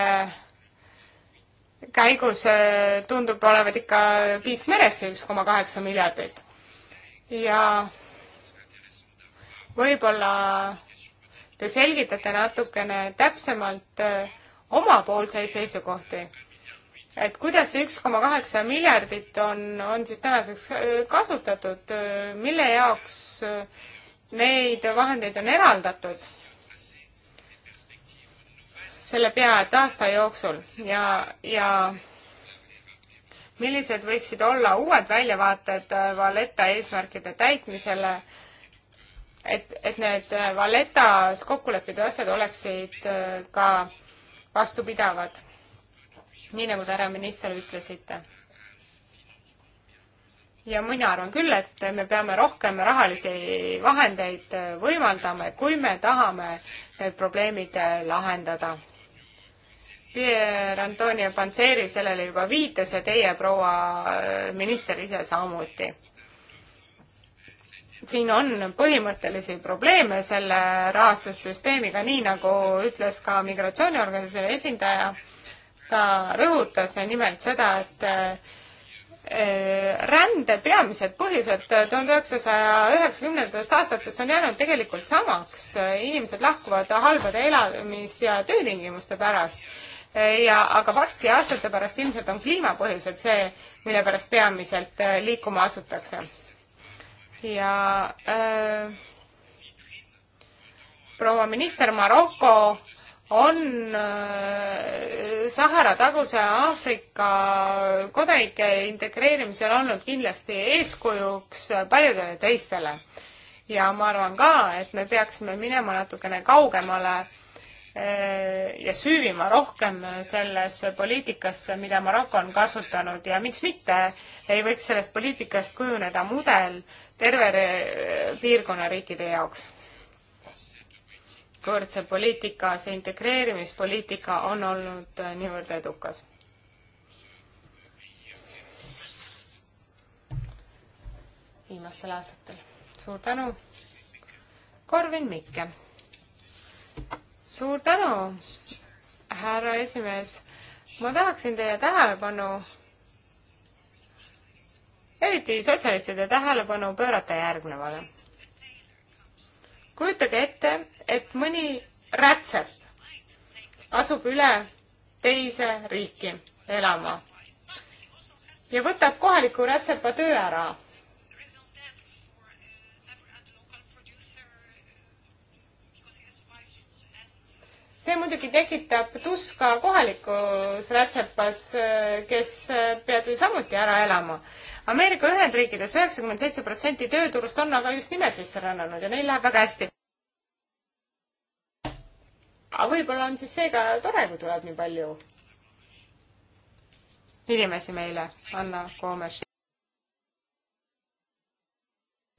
käigus äh, tundub olevat ikka piisk meresse üks koma kaheksa miljardit. ja võib-olla te selgitate natukene täpsemalt äh, omapoolseid seisukohti, et kuidas see üks koma kaheksa miljardit on, on siis tänaseks äh, kasutatud, mille jaoks neid vahendeid on eraldatud selle pea et aasta jooksul ja, ja millised võiksid olla uued väljavaated äh, Valeta eesmärkide täitmisele, et, et need äh, Valetas kokku lepitud asjad oleksid äh, ka vastupidavad, nii nagu te, härra minister, ütlesite. ja mina arvan küll, et me peame rohkem rahalisi vahendeid võimaldama, kui me tahame need probleemid lahendada Pierre Antonio Panseri sellele juba viitas ja teie, proua äh, minister, ise samuti. siin on põhimõttelisi probleeme selle rahastussüsteemiga, nii nagu ütles ka migratsiooniorganisatsiooni esindaja. ta rõhutas nimelt seda, et äh, äh, rände peamised põhjused tuhande üheksasaja üheksakümnendatest aastatest on jäänud tegelikult samaks. inimesed lahkuvad halbade elamis- ja töötingimuste pärast ja aga varsti aastate pärast ilmselt on kliimapõhjused see, mille pärast peamiselt äh, liikuma asutakse. ja äh, proua minister Maroko on äh, Sahara taguse Aafrika kodanike integreerimisel olnud kindlasti eeskujuks paljudele teistele. ja ma arvan ka, et me peaksime minema natukene kaugemale äh, Eh, ja süüvima rohkem sellesse poliitikasse, mida Maroko on kasutanud ja miks mitte ei võiks sellest poliitikast kujuneda mudel terve piirkonna riikide jaoks. kuivõrd see poliitika, see integreerimispoliitika on olnud niivõrd edukas. viimastel aastatel. suur tänu. Korvin Mikke suur tänu, härra esimees. ma tahaksin teie tähelepanu, eriti sotsialistide tähelepanu pöörata järgnevale. kujutage ette, et mõni rätsep asub üle teise riiki elama ja võtab kohaliku rätsepa töö ära see muidugi tekitab tuska kohalikus rätsepas, kes peab ju samuti ära elama. Ameerika Ühendriikides üheksakümmend seitse protsenti tööturust on aga just nimelt sisse rännanud ja neil läheb väga hästi. aga võib-olla on siis seega tore, kui tuleb nii palju inimesi meile, Anna Koomes.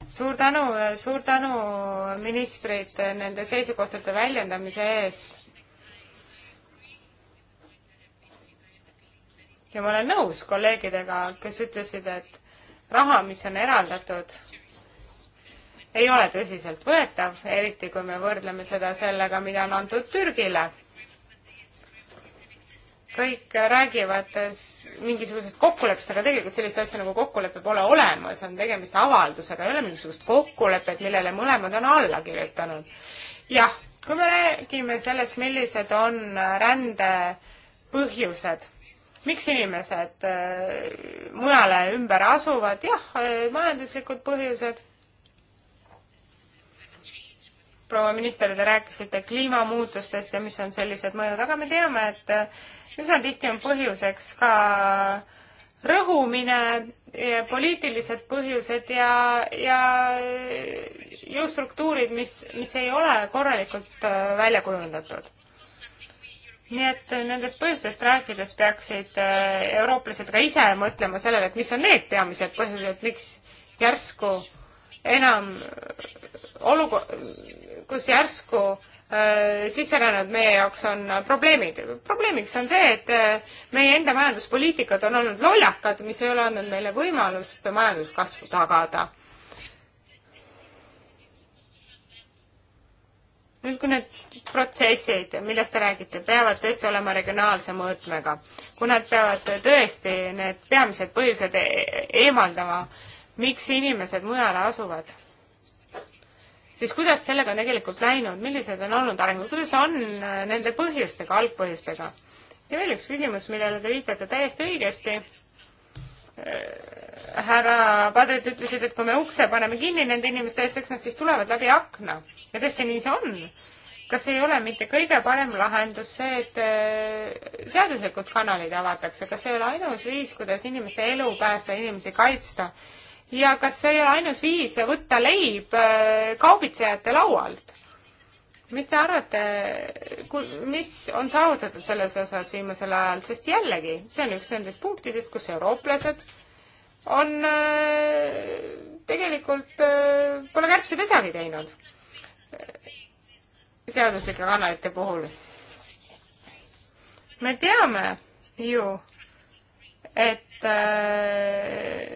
suur tänu, suur tänu ministrid nende seisukohtade väljendamise eest. ja ma olen nõus kolleegidega, kes ütlesid, et raha, mis on eraldatud, ei ole tõsiseltvõetav, eriti kui me võrdleme seda sellega, mida on antud Türgile. kõik räägivad mingisugusest kokkuleppest, aga tegelikult sellist asja nagu kokkulepe pole olemas, on tegemist avaldusega, ei ole mingisugust kokkulepet, millele mõlemad on alla kirjutanud. jah, kui me räägime sellest, millised on rände põhjused miks inimesed äh, mujale ümber asuvad, jah, äh, majanduslikud põhjused. proua minister, te rääkisite kliimamuutustest ja mis on sellised mõjud, aga me teame, et äh, üsna tihti on põhjuseks ka rõhumine, poliitilised põhjused ja, ja jõustruktuurid, mis, mis ei ole korralikult välja kujundatud nii et äh, nendest põhjustest rääkides peaksid äh, eurooplased ka ise mõtlema sellele, et mis on need peamised põhjused, miks järsku enam äh, olukord, kus järsku sisserännanud meie jaoks on probleemid. probleemiks on see, et meie enda majanduspoliitikad on olnud lollakad, mis ei ole andnud meile võimalust majanduskasvu tagada. nüüd, kui need protsessid, millest te räägite, peavad tõesti olema regionaalse mõõtmega, kui nad peavad tõesti need peamised põhjused e eemaldama, miks inimesed mujale asuvad, siis kuidas sellega on tegelikult läinud, millised on olnud arengud, kuidas on äh, nende põhjustega, algpõhjustega? ja veel üks küsimus, millele te viitate täiesti õigesti Äh, härra Padret ütlesid, et kui me ukse paneme kinni nende inimeste eest, eks nad siis tulevad läbi akna. ja tõesti nii see on. kas ei ole mitte kõige parem lahendus see, et äh, seaduslikud kanalid avatakse, kas see ei ole ainus viis, kuidas inimeste elu päästa, inimesi kaitsta? ja kas see ei ole ainus viis võtta leib äh, kaubitsejate laualt? mis te arvate, mis on saavutatud selles osas viimasel ajal, sest jällegi, see on üks nendest punktidest, kus eurooplased on äh, tegelikult, äh, pole kärbsepesagi teinud seaduslike kanalite puhul. me teame ju, et äh,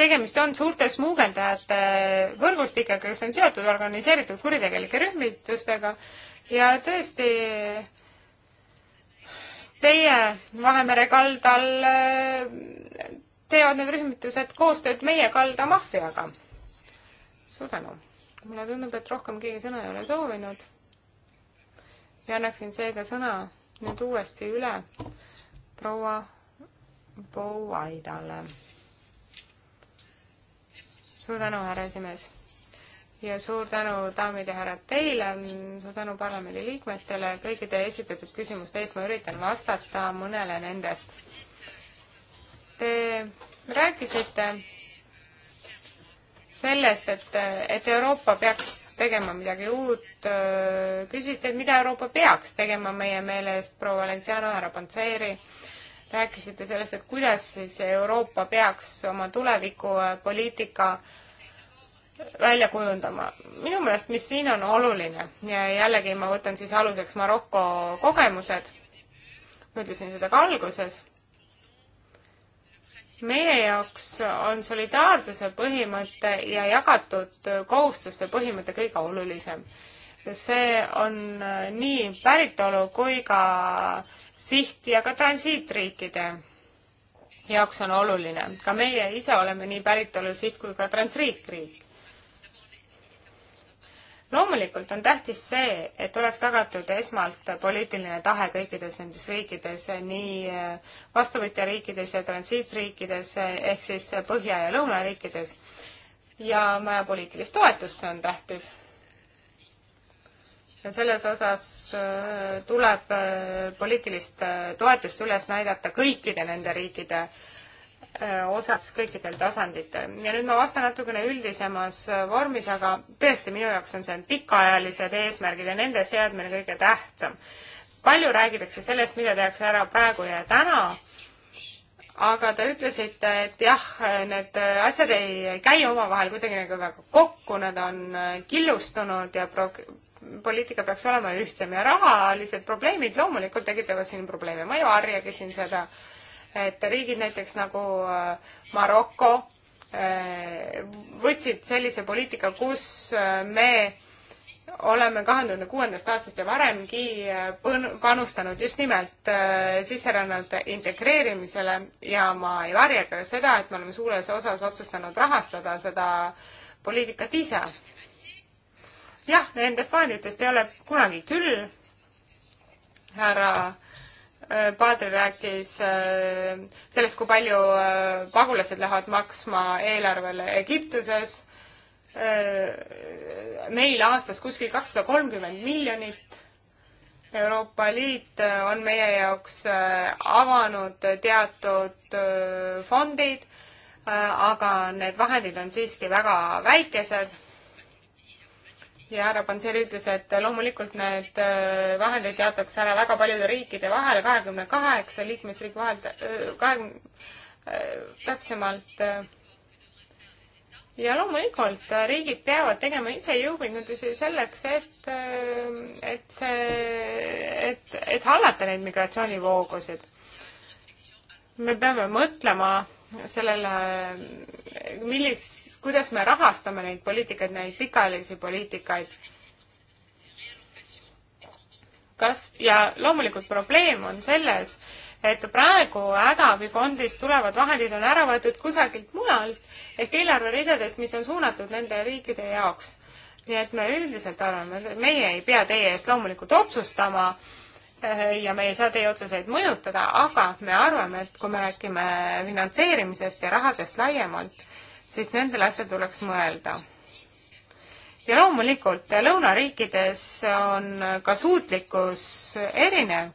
tegemist on suurte smuugeldajate võrgustikega, kes on seotud organiseeritud kuritegelike rühmitustega ja tõesti teie Vahemere kaldal eh, teevad need rühmitused koostööd meie kalda maffiaga. suur tänu. mulle tundub, et rohkem keegi sõna ei ole soovinud. ja annaksin seega sõna nüüd uuesti üle proua Pouaidale suur tänu, härra esimees! ja suur tänu, daamid ja härrad, teile, suur tänu parlamendi liikmetele kõikide esitatud küsimuste eest, ma üritan vastata mõnele nendest. Te rääkisite sellest, et, et Euroopa peaks tegema midagi uut, küsisite, et mida Euroopa peaks tegema meie meelest, proua Valenciano, härra Panseri äh,, rääkisite sellest, et kuidas siis Euroopa peaks oma tulevikupoliitika välja kujundama. minu meelest, mis siin on oluline ja jällegi ma võtan siis aluseks Maroko kogemused, ma ütlesin seda ka alguses, meie jaoks on solidaarsuse põhimõte ja jagatud kohustuste põhimõte kõige olulisem see on äh, nii päritolu kui ka siht- ja ka transiitriikide jaoks on oluline. ka meie ise oleme nii päritolu siht- kui ka transiitriik. loomulikult on tähtis see, et oleks tagatud esmalt poliitiline tahe kõikides nendes riikides, nii äh, vastuvõtja riikides ja transiitriikides ehk siis põhja- ja lõunariikides ja vaja poliitilist toetust, see on tähtis selles osas äh, tuleb äh, poliitilist äh, toetust üles näidata kõikide nende riikide osas kõikidel tasanditel. ja nüüd ma vastan natukene üldisemas vormis, aga tõesti, minu jaoks on see pikaajalised eesmärgid ja nende seadmine kõige tähtsam. palju räägitakse sellest, mida tehakse ära praegu ja täna, aga te ütlesite, et jah, need asjad ei käi omavahel kuidagi nagu väga kokku, nad on killustunud ja prog-, poliitika peaks olema ühtsem ja rahalised probleemid loomulikult tekitavad siin probleeme, ma ei varjagi siin seda, et riigid näiteks nagu äh, Maroko äh, võtsid sellise poliitika, kus äh, me oleme kahe tuhande kuuendast aastast ja varemgi panustanud just nimelt sisserännanute integreerimisele ja ma ei varja ka seda, et me oleme suures osas otsustanud rahastada seda poliitikat ise jah, nendest vahenditest ei ole kunagi küll. härra äh, Paadri rääkis äh, sellest, kui palju äh, pagulased lähevad maksma eelarvele Egiptuses. meil aastas kuskil kakssada kolmkümmend miljonit. Euroopa Liit on meie jaoks avanud teatud fondid, aga need vahendid on siiski väga väikesed ja härra Panseri ütles, et loomulikult need äh, vahendid jaotatakse ära väga paljude riikide vahel, kahekümne kaheksa liikmesriigi vahel, äh, kahekümne, äh, täpsemalt. ja loomulikult riigid peavad tegema ise jõupingutusi selleks, et, et see, et, et hallata neid migratsioonivoogusid. me peame mõtlema sellele, millist kuidas me rahastame neid poliitikaid, neid pikaajalisi poliitikaid. kas, ja loomulikult probleem on selles, et praegu hädaabifondist tulevad vahendid on ära võetud kusagilt mujalt ehk eelarveridades, mis on suunatud nende riikide jaoks. nii et me üldiselt arvame, et meie ei pea teie eest loomulikult otsustama eh, ja me ei saa teie otsuseid mõjutada, aga me arvame, et kui me räägime finantseerimisest ja rahadest laiemalt, siis nendele asjadele tuleks mõelda. ja loomulikult lõunariikides on ka suutlikkus erinev.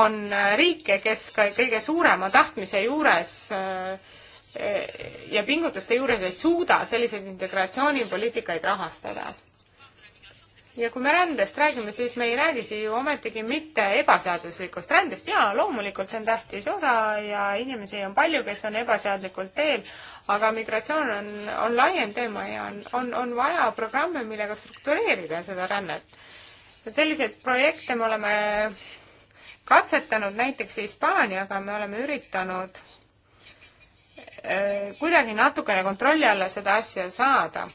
on riike, kes ka kõige suurema tahtmise juures eh, ja pingutuste juures ei suuda selliseid integratsioonipoliitikaid rahastada ja kui me rändest räägime, siis me ei räägi siin ju ometigi mitte ebaseaduslikust rändest. jaa, loomulikult see on tähtis osa ja inimesi on palju, kes on ebaseaduslikult teel, aga migratsioon on, on laiem teema ja on, on, on vaja programme, millega struktureerida seda rännet. selliseid projekte me oleme katsetanud näiteks Hispaaniaga, me oleme üritanud äh, kuidagi natukene kontrolli alla seda asja saada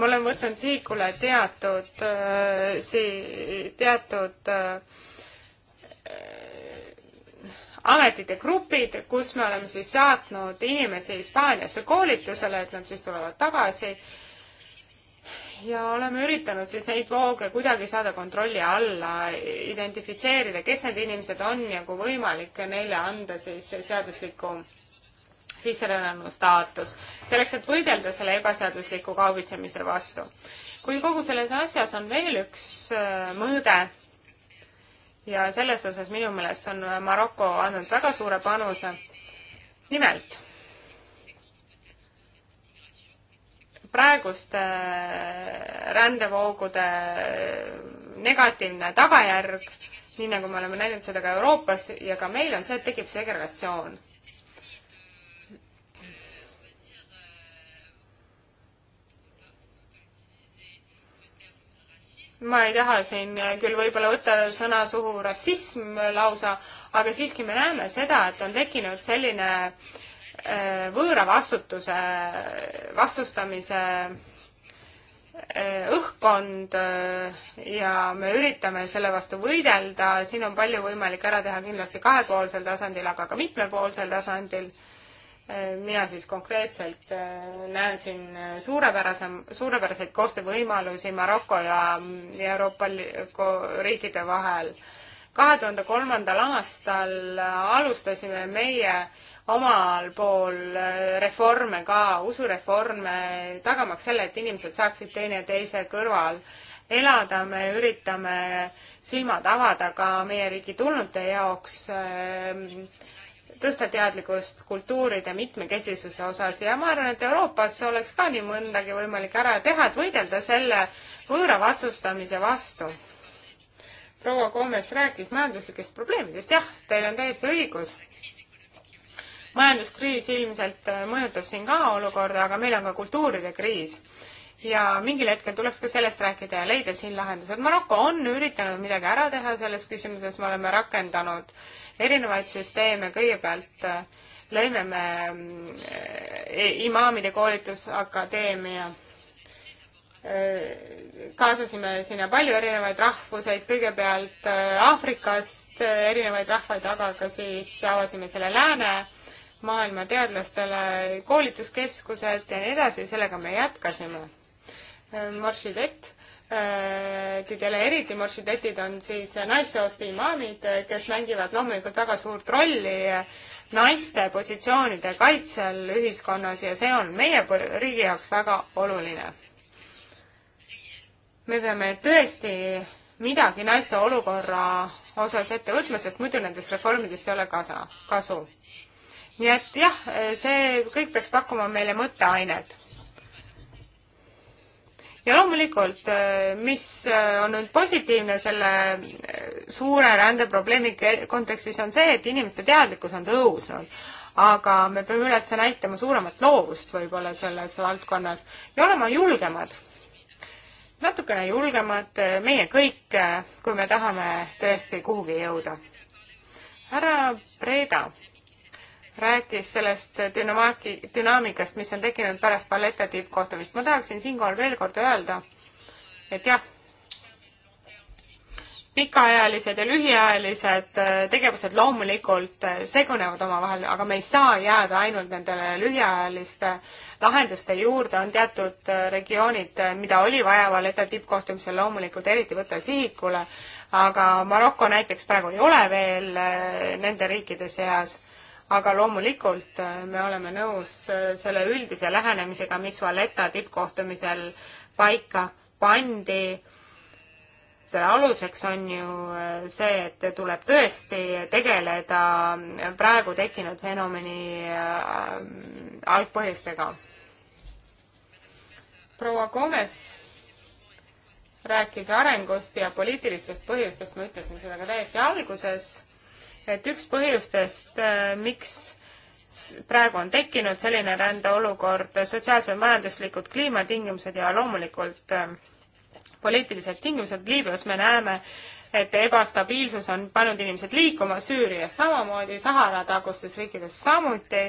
ma olen võtnud sihikule teatud, äh, teatud äh, ametite grupid, kus me oleme siis saatnud inimesi Hispaaniasse koolitusele, et nad siis tulevad tagasi. ja oleme üritanud siis neid vooge kuidagi saada kontrolli alla, identifitseerida, kes need inimesed on ja kui võimalik, neile anda siis seaduslikum sisserännu staatus, selleks et võidelda selle ebaseadusliku kaubitsemise vastu. kuid kogu selles asjas on veel üks äh, mõõde ja selles osas minu meelest on Maroko andnud väga suure panuse. nimelt, praeguste äh, rändevoogude äh, negatiivne tagajärg, nii nagu me oleme näinud seda ka Euroopas ja ka meil, on see, et tekib segregatsioon. ma ei taha siin äh, küll võib-olla võtta sõna suhu rassism lausa, aga siiski me näeme seda, et on tekkinud selline äh, võõra vastutuse, vastustamise äh, õhkkond ja me üritame selle vastu võidelda, siin on palju võimalik ära teha kindlasti kahepoolsel tasandil, aga ka mitmepoolsel tasandil mina siis konkreetselt äh, näen siin äh, suurepärase, suurepäraseid koostöövõimalusi Maroko ja Euroopa riikide vahel. kahe tuhande kolmandal aastal alustasime meie omal pool äh, reforme ka, usureforme, tagamaks selle, et inimesed saaksid teineteise kõrval elada, me üritame silmad avada ka meie riiki tulnute jaoks äh, tõsta teadlikkust kultuuride mitmekesisuse osas ja ma arvan, et Euroopas oleks ka nii mõndagi võimalik ära teha, et võidelda selle võõra vastustamise vastu. proua Koomes rääkis majanduslikest probleemidest, jah, teil on täiesti õigus. majanduskriis ilmselt äh, mõjutab siin ka olukorda, aga meil on ka kultuuride kriis ja mingil hetkel tuleks ka sellest rääkida ja leida siin lahendused. Maroko on üritanud midagi ära teha selles küsimuses, me oleme rakendanud äh, erinevaid süsteeme, kõigepealt äh, lõime me äh, e-, imaamide koolitusakadeemia, äh, kaasasime sinna palju erinevaid rahvuseid, kõigepealt Aafrikast erinevaid rahvaid, aga ka siis avasime selle läänemaailma teadlastele koolituskeskused ja nii edasi, sellega me jätkasime. Marshidett Äh, kõigele eriti morsidetid on siis naissoost imaamid, kes mängivad loomulikult väga suurt rolli naiste positsioonide kaitsel ühiskonnas ja see on meie riigi jaoks väga oluline. me peame tõesti midagi naiste olukorra osas ette võtma, sest muidu nendest reformidest ei ole kasa, kasu. nii et jah, see kõik peaks pakkuma meile mõtteainet ja loomulikult, äh, mis äh, on nüüd positiivne selle äh, suure rändeprobleemi kontekstis, on see, et inimeste teadlikkus on tõusnud. aga me peame üles näitama suuremat loovust võib-olla selles valdkonnas ja olema julgemad natukene julgemad meie kõik, kui me tahame tõesti kuhugi jõuda. härra Breda rääkis sellest dünamaaki, dünaamikast, mis on tekkinud pärast Valletta tippkohtumist. ma tahaksin siinkohal veel kord öelda, et jah, pikaajalised ja lühiajalised äh, tegevused loomulikult äh, segunevad omavahel, aga me ei saa jääda ainult nendele lühiajaliste lahenduste juurde, on teatud äh, regioonid, mida oli vaja Valletta tippkohtumisel loomulikult eriti võtta sihikule, aga Maroko näiteks praegu ei ole veel nende riikide seas aga loomulikult äh, me oleme nõus äh, selle üldise lähenemisega, mis Valletta tippkohtumisel paika pandi. selle aluseks on ju äh, see, et tuleb tõesti tegeleda praegu tekkinud fenomeni algpõhjustega. proua Gomes rääkis arengust ja poliitilistest põhjustest, ma ütlesin seda ka täiesti alguses et üks põhjustest, äh, miks praegu on tekkinud selline rändeolukord, sotsiaalsed, majanduslikud kliimatingimused ja loomulikult äh, poliitilised tingimused. Liibüas me näeme, et ebastabiilsus on pannud inimesed liikuma, Süürias samamoodi, Sahara tagustes riikides samuti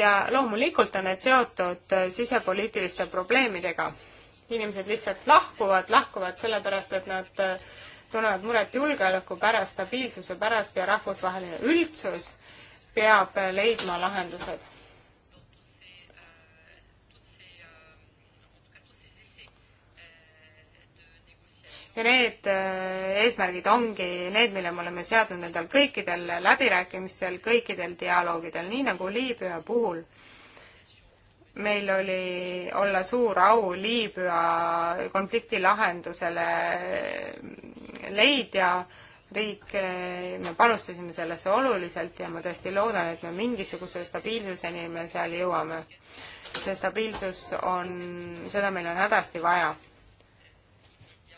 ja loomulikult on need seotud äh, sisepoliitiliste probleemidega. inimesed lihtsalt lahkuvad, lahkuvad sellepärast, et nad tunnevad muret julgeoleku pärast, stabiilsuse pärast ja rahvusvaheline üldsus peab leidma lahendused. ja need äh, eesmärgid ongi need, mille me oleme seadnud nendel kõikidel läbirääkimistel, kõikidel dialoogidel, nii nagu Liibüa puhul meil oli olla suur au Liibüa konflikti lahendusele leidja riik, me panustasime sellesse oluliselt ja ma tõesti loodan, et me mingisuguse stabiilsuseni me seal jõuame. see stabiilsus on, seda meil on hädasti vaja.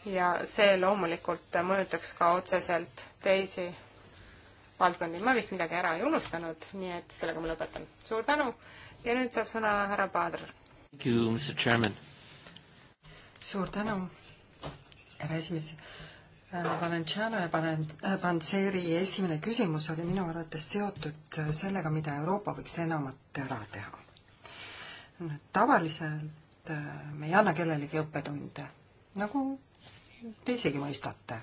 ja see loomulikult mõjutaks ka otseselt teisi valdkondi. ma vist midagi ära ei unustanud, nii et sellega ma lõpetan. suur tänu ja nüüd saab sõna härra Padr. suur tänu, härra esimees Valenciano äh, ja Panseri äh, esimene küsimus oli minu arvates seotud äh, sellega, mida Euroopa võiks enamat ära teha. tavaliselt me ei anna kellelegi õppetunde, nagu te isegi mõistate.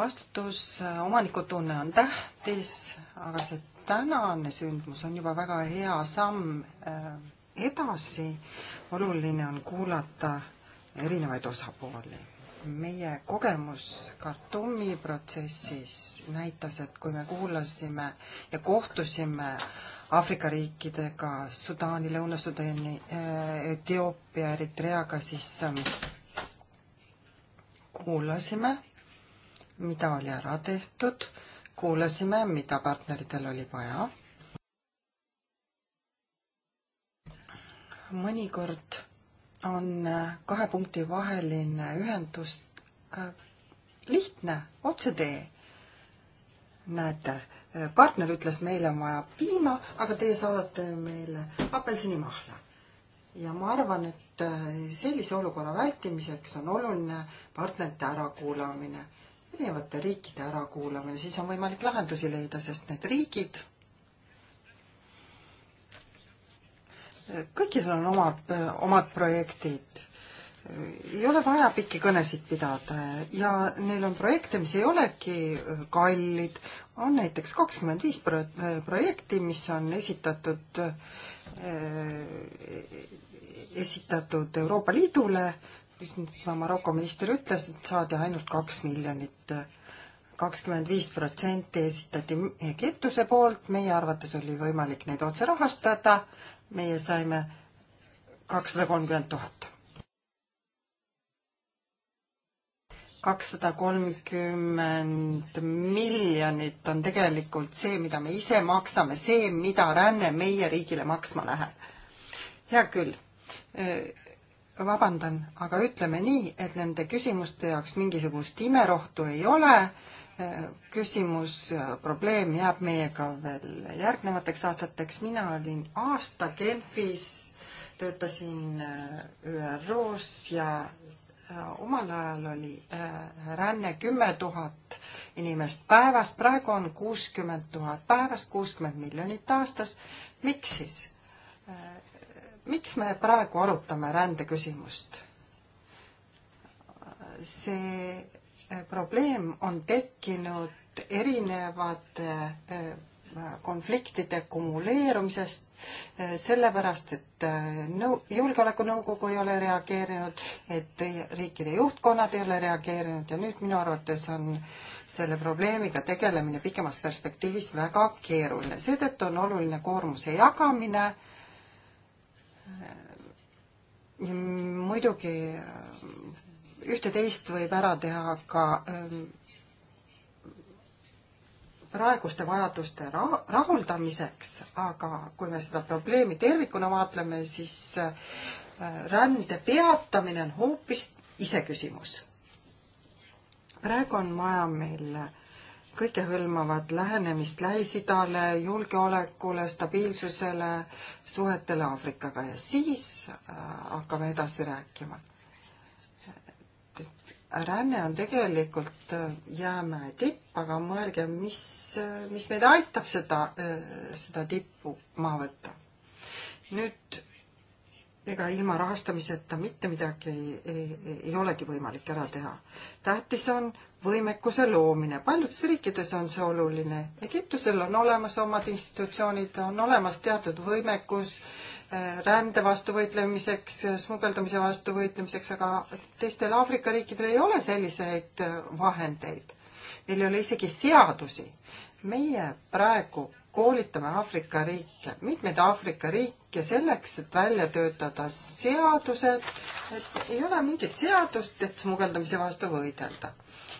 vastutus, omanikutunne on tähtis, aga see tänane sündmus on juba väga hea samm edasi. oluline on kuulata erinevaid osapooli meie kogemus Khartoumi protsessis näitas, et kui me kuulasime ja kohtusime Aafrika riikidega, Sudaani, Lõuna-Sudaani, äh, Etioopia, Eritreaga, siis ähm, kuulasime, mida oli ära tehtud, kuulasime, mida partneritel oli vaja. mõnikord on äh, kahe punkti vaheline ühendus äh, lihtne, otsetee. näete, äh, partner ütles, meile on vaja piima, aga teie saadate meile apelsinimahla. ja ma arvan, et sellise olukorra vältimiseks on oluline partnerite ärakuulamine, erinevate riikide ärakuulamine, siis on võimalik lahendusi leida, sest need riigid kõikidel on omad, omad projektid. ei ole vaja pikki kõnesid pidada ja neil on projekte, mis ei olegi kallid, on näiteks kakskümmend viis projekti, mis on esitatud, esitatud Euroopa Liidule, mis Maroko minister ütles, et saadi ainult kaks miljonit kakskümmend viis protsenti esitati Egiptuse poolt, meie arvates oli võimalik neid otse rahastada, meie saime kakssada kolmkümmend tuhat. kakssada kolmkümmend miljonit on tegelikult see, mida me ise maksame, see, mida ränne meie riigile maksma läheb. hea küll, vabandan, aga ütleme nii, et nende küsimuste jaoks mingisugust imerohtu ei ole küsimus, äh, probleem jääb meiega veel järgnevateks aastateks. mina olin aasta Genfis, töötasin äh, ÜRO-s ja äh, omal ajal oli ränne kümme tuhat inimest päevas, praegu on kuuskümmend tuhat päevas, kuuskümmend miljonit aastas. miks siis? miks me praegu arutame rändeküsimust? see Eh, probleem on tekkinud erinevate eh, konfliktide kumuleerumisest, eh, sellepärast et nõu-, Julgeolekunõukogu ei ole reageerinud, et riikide juhtkonnad ei ole reageerinud ja nüüd minu arvates on selle probleemiga tegelemine pikemas perspektiivis väga keeruline, seetõttu on oluline koormuse jagamine, muidugi ühte-teist võib ära teha ka ähm, praeguste vajaduste ra-, rahuldamiseks, aga kui me seda probleemi tervikuna vaatleme, siis äh, rände peatamine on hoopis iseküsimus. praegu on vaja meil kõikehõlmavat lähenemist Lähis-Idale, julgeolekule, stabiilsusele, suhetele Aafrikaga ja siis äh, hakkame edasi rääkima ränne on tegelikult äh, jäämäe tipp, aga mõelge, mis, äh, mis meid aitab seda, äh, seda tippu maha võtta. nüüd ega ilma rahastamiseta mitte midagi ei, ei, ei olegi võimalik ära teha. tähtis on võimekuse loomine. paljudes riikides on see oluline. Egiptusel on olemas omad institutsioonid, on olemas teatud võimekus äh, Äh, rände vastu võitlemiseks, smugeldamise vastu võitlemiseks, aga teistel Aafrika riikidel ei ole selliseid äh, vahendeid. Neil ei ole isegi seadusi. meie praegu koolitame Aafrika riike, mitmeid Aafrika riike selleks, et välja töötada seadused, et ei ole mingit seadust, et smugeldamise vastu võidelda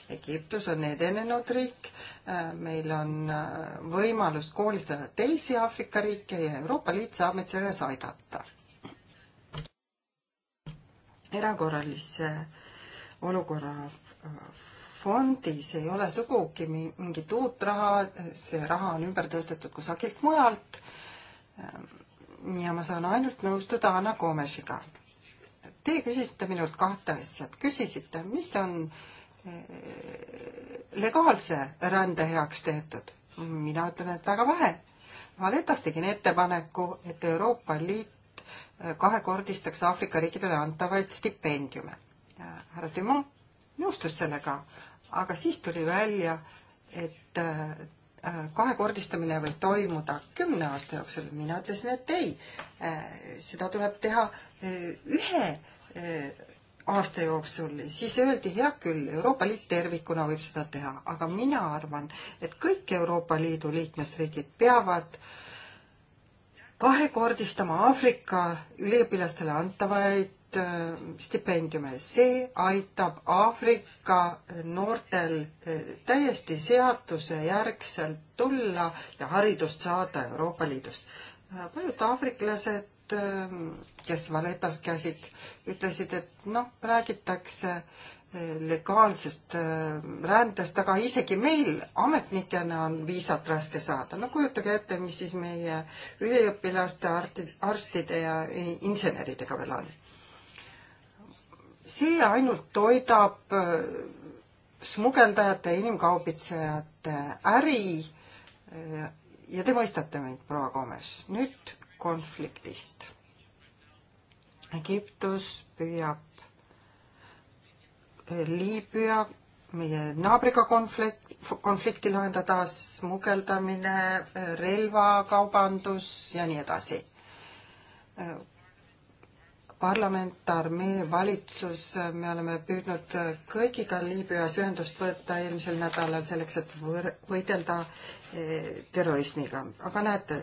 Egiptus on edenenud riik, äh, meil on äh, võimalus koolitada teisi Aafrika riike ja Euroopa Liit saab meid selles aidata. erakorralise äh, olukorra fondis ei ole sugugi mingit uut raha, see raha on ümber tõstetud kusagilt mujalt. ja ma saan ainult nõustuda Anna Komesiga. Te küsisite minult kahte asja, küsisite, mis on äh, legaalse rände heaks tehtud? mina ütlen, et väga vähe. Valetas tegin ettepaneku, et Euroopa Liit äh, kahekordistaks Aafrika riikidele antavaid stipendiume. härra Dumont nõustus sellega, aga siis tuli välja, et äh, äh, kahekordistamine võib toimuda kümne aasta jooksul, mina ütlesin, et ei, seda tuleb teha ühe aasta jooksul, siis öeldi, hea küll, Euroopa Liit tervikuna võib seda teha, aga mina arvan, et kõik Euroopa Liidu liikmesriigid peavad kahekordistama Aafrika üliõpilastele antavaid äh, stipendiume, see aitab Aafrika noortel äh, täiesti seadusejärgselt tulla ja haridust saada Euroopa Liidust. paljud aafriklased Ähm, kes Valetas käisid, ütlesid, et noh, räägitakse äh, legaalsest äh, rändest, aga isegi meil ametnikena on viisat raske saada. no kujutage ette, mis siis meie üliõpilaste, arstide ja inseneridega veel on. see ainult toidab äh, smugeldajate, inimkaubitsejate äri ja te mõistate mind, proua Gomes. nüüd konfliktist. Egiptus püüab eh, Liibüa, meie naabriga konflikt, konflikti lahendada, smugeldamine, eh, relvakaubandus ja nii edasi eh, parlament, armee, valitsus, me oleme püüdnud kõigiga Liibüas ühendust võtta eelmisel nädalal selleks, et võr-, võidelda eh, terrorismiga. aga näete,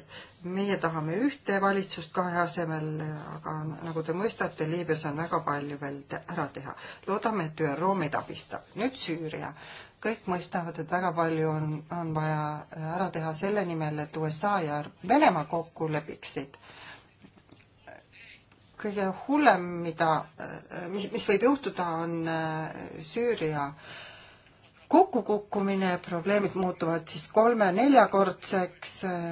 meie tahame ühte valitsust kahe asemel, aga nagu te mõistate, Liibüas on väga palju veel ära teha. loodame, et ÜRO meid abistab. nüüd Süüria kõik mõistavad, et väga palju on, on vaja ära teha selle nimel, et USA ja Venemaa kokku lepiksid kõige hullem, mida, mis, mis võib juhtuda, on äh, Süüria kokkukukkumine, probleemid muutuvad siis kolme-neljakordseks. Äh.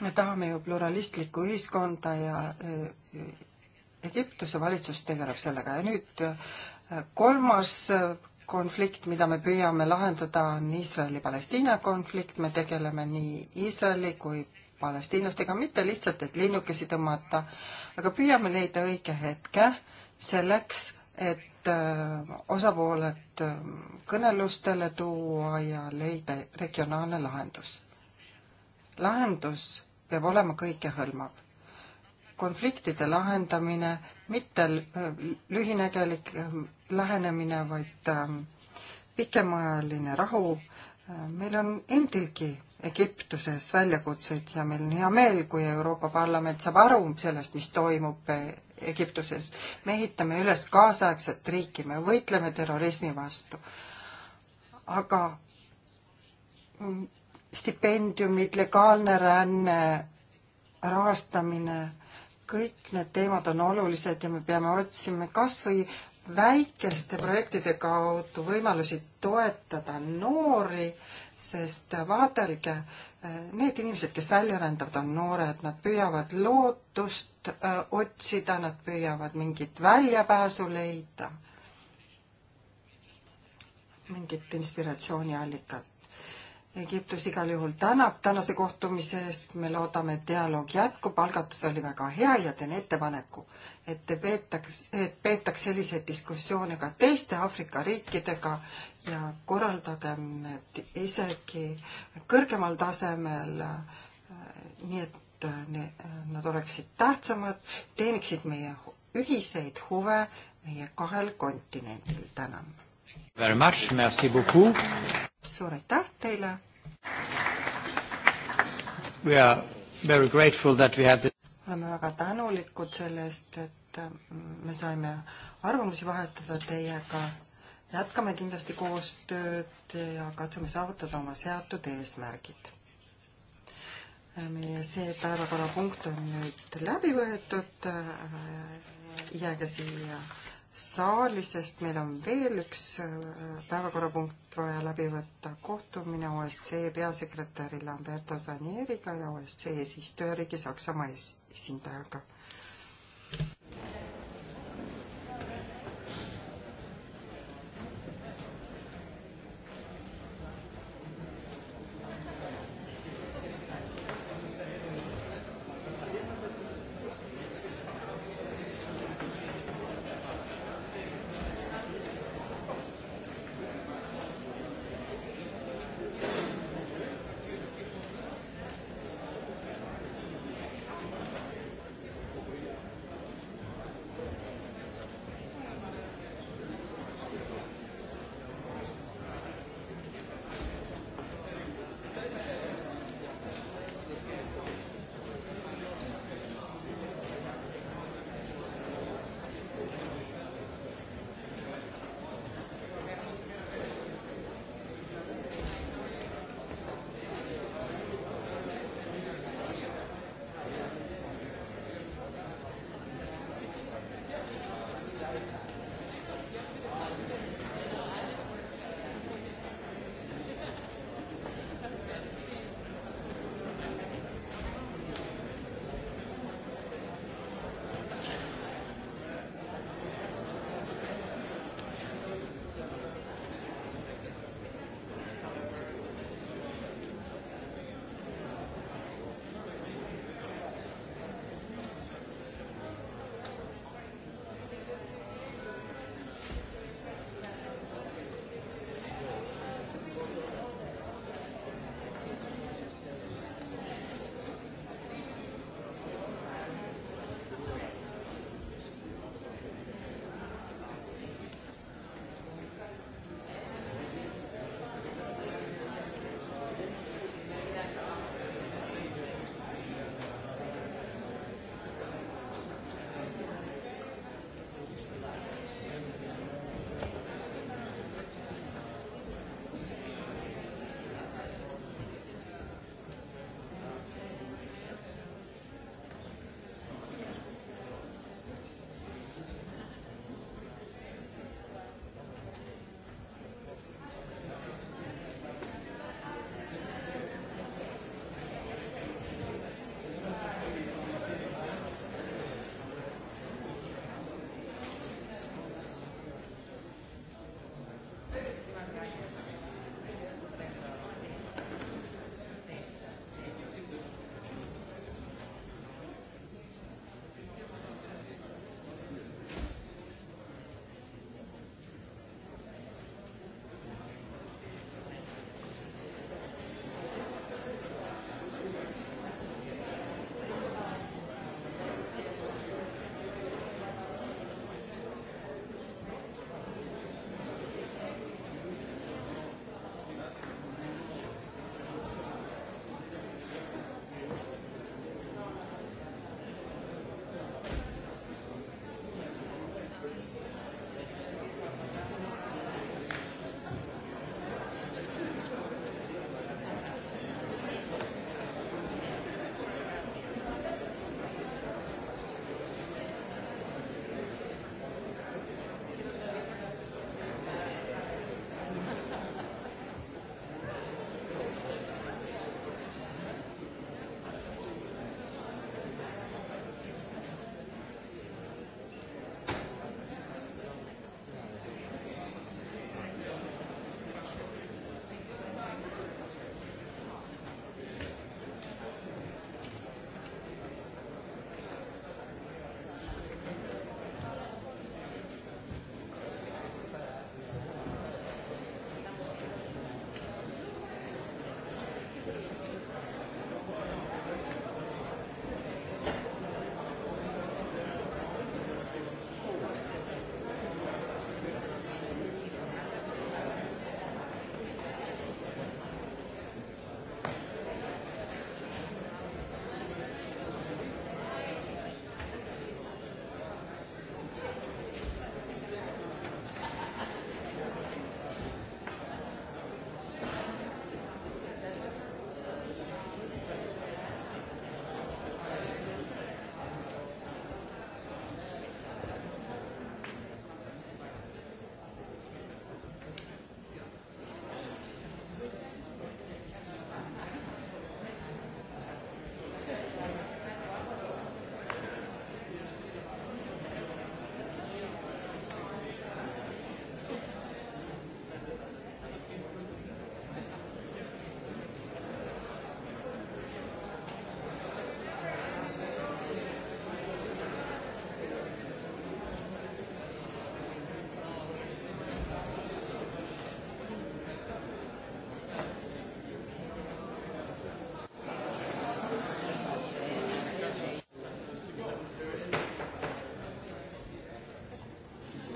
me tahame ju pluralistlikku ühiskonda ja äh, Egiptuse valitsus tegeleb sellega ja nüüd kolmas konflikt, mida me püüame lahendada, on Iisraeli-Palestiina konflikt, me tegeleme nii Iisraeli kui palestiinlastega, mitte lihtsalt, et linnukesi tõmmata, aga püüame leida õige hetke selleks, et äh, osapooled äh, kõnelustele tuua ja leida regionaalne lahendus. lahendus peab olema kõikehõlmav. konfliktide lahendamine, mitte äh, lühinägelik lähenemine, vaid pikemaajaline rahu. meil on endilgi Egiptuses väljakutseid ja meil on hea meel, kui Euroopa Parlament saab aru sellest, mis toimub eh, Egiptuses. me ehitame üles kaasaegset riiki, me võitleme terrorismi vastu. aga mm, stipendiumid, legaalne ränne, rahastamine, kõik need teemad on olulised ja me peame otsima kas või väikeste projektide kaudu võimalusi toetada noori sest vaadelge, eh, need inimesed, kes välja rändavad, on noored, nad püüavad lootust öö, eh, otsida, nad püüavad mingit väljapääsu leida, mingit inspiratsiooniallikat. Egiptus igal juhul tänab tänase kohtumise eest, me loodame, et dialoog jätkub, algatus oli väga hea ja teen ettepaneku, et te peetaks, et peetaks selliseid diskussioone ka teiste Aafrika riikidega ja korraldagem need isegi kõrgemal tasemel, äh, nii et äh, ne, nad oleksid tähtsamad, teeniksid meie ühiseid huve meie kahel kontinendil, tänan. Very much, merci beaucoup suur aitäh teile! We are very grateful that we had the... oleme väga tänulikud selle eest, et mm, me saime arvamusi vahetada teiega. jätkame kindlasti koostööd ja katsume saavutada oma seatud eesmärgid. meie see päevakorrapunkt on nüüd läbi võetud. jääge siia saali, sest meil on veel üks äh, päevakorrapunkt vaja läbi võtta. kohtumine OSCE peasekretäri Lamberto Zanieriga ja OSCE eesistujariigi Saksamaa esindajaga.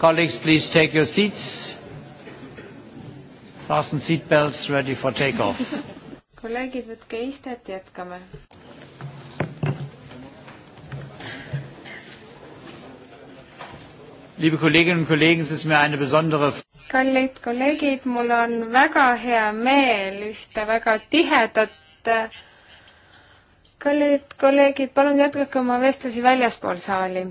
Colleagues, please take your seats. Fasten seatbelts ready for takeoff. *laughs* kolleegid, võtke istet, jätkame. Liebe Kolleginnen und Kollegen, es ist mir eine besondere kallid kolleegid, mul on väga hea meel ühte väga tihedat äh, kallid kolleegid, palun jätkake oma vestlusi väljaspool saali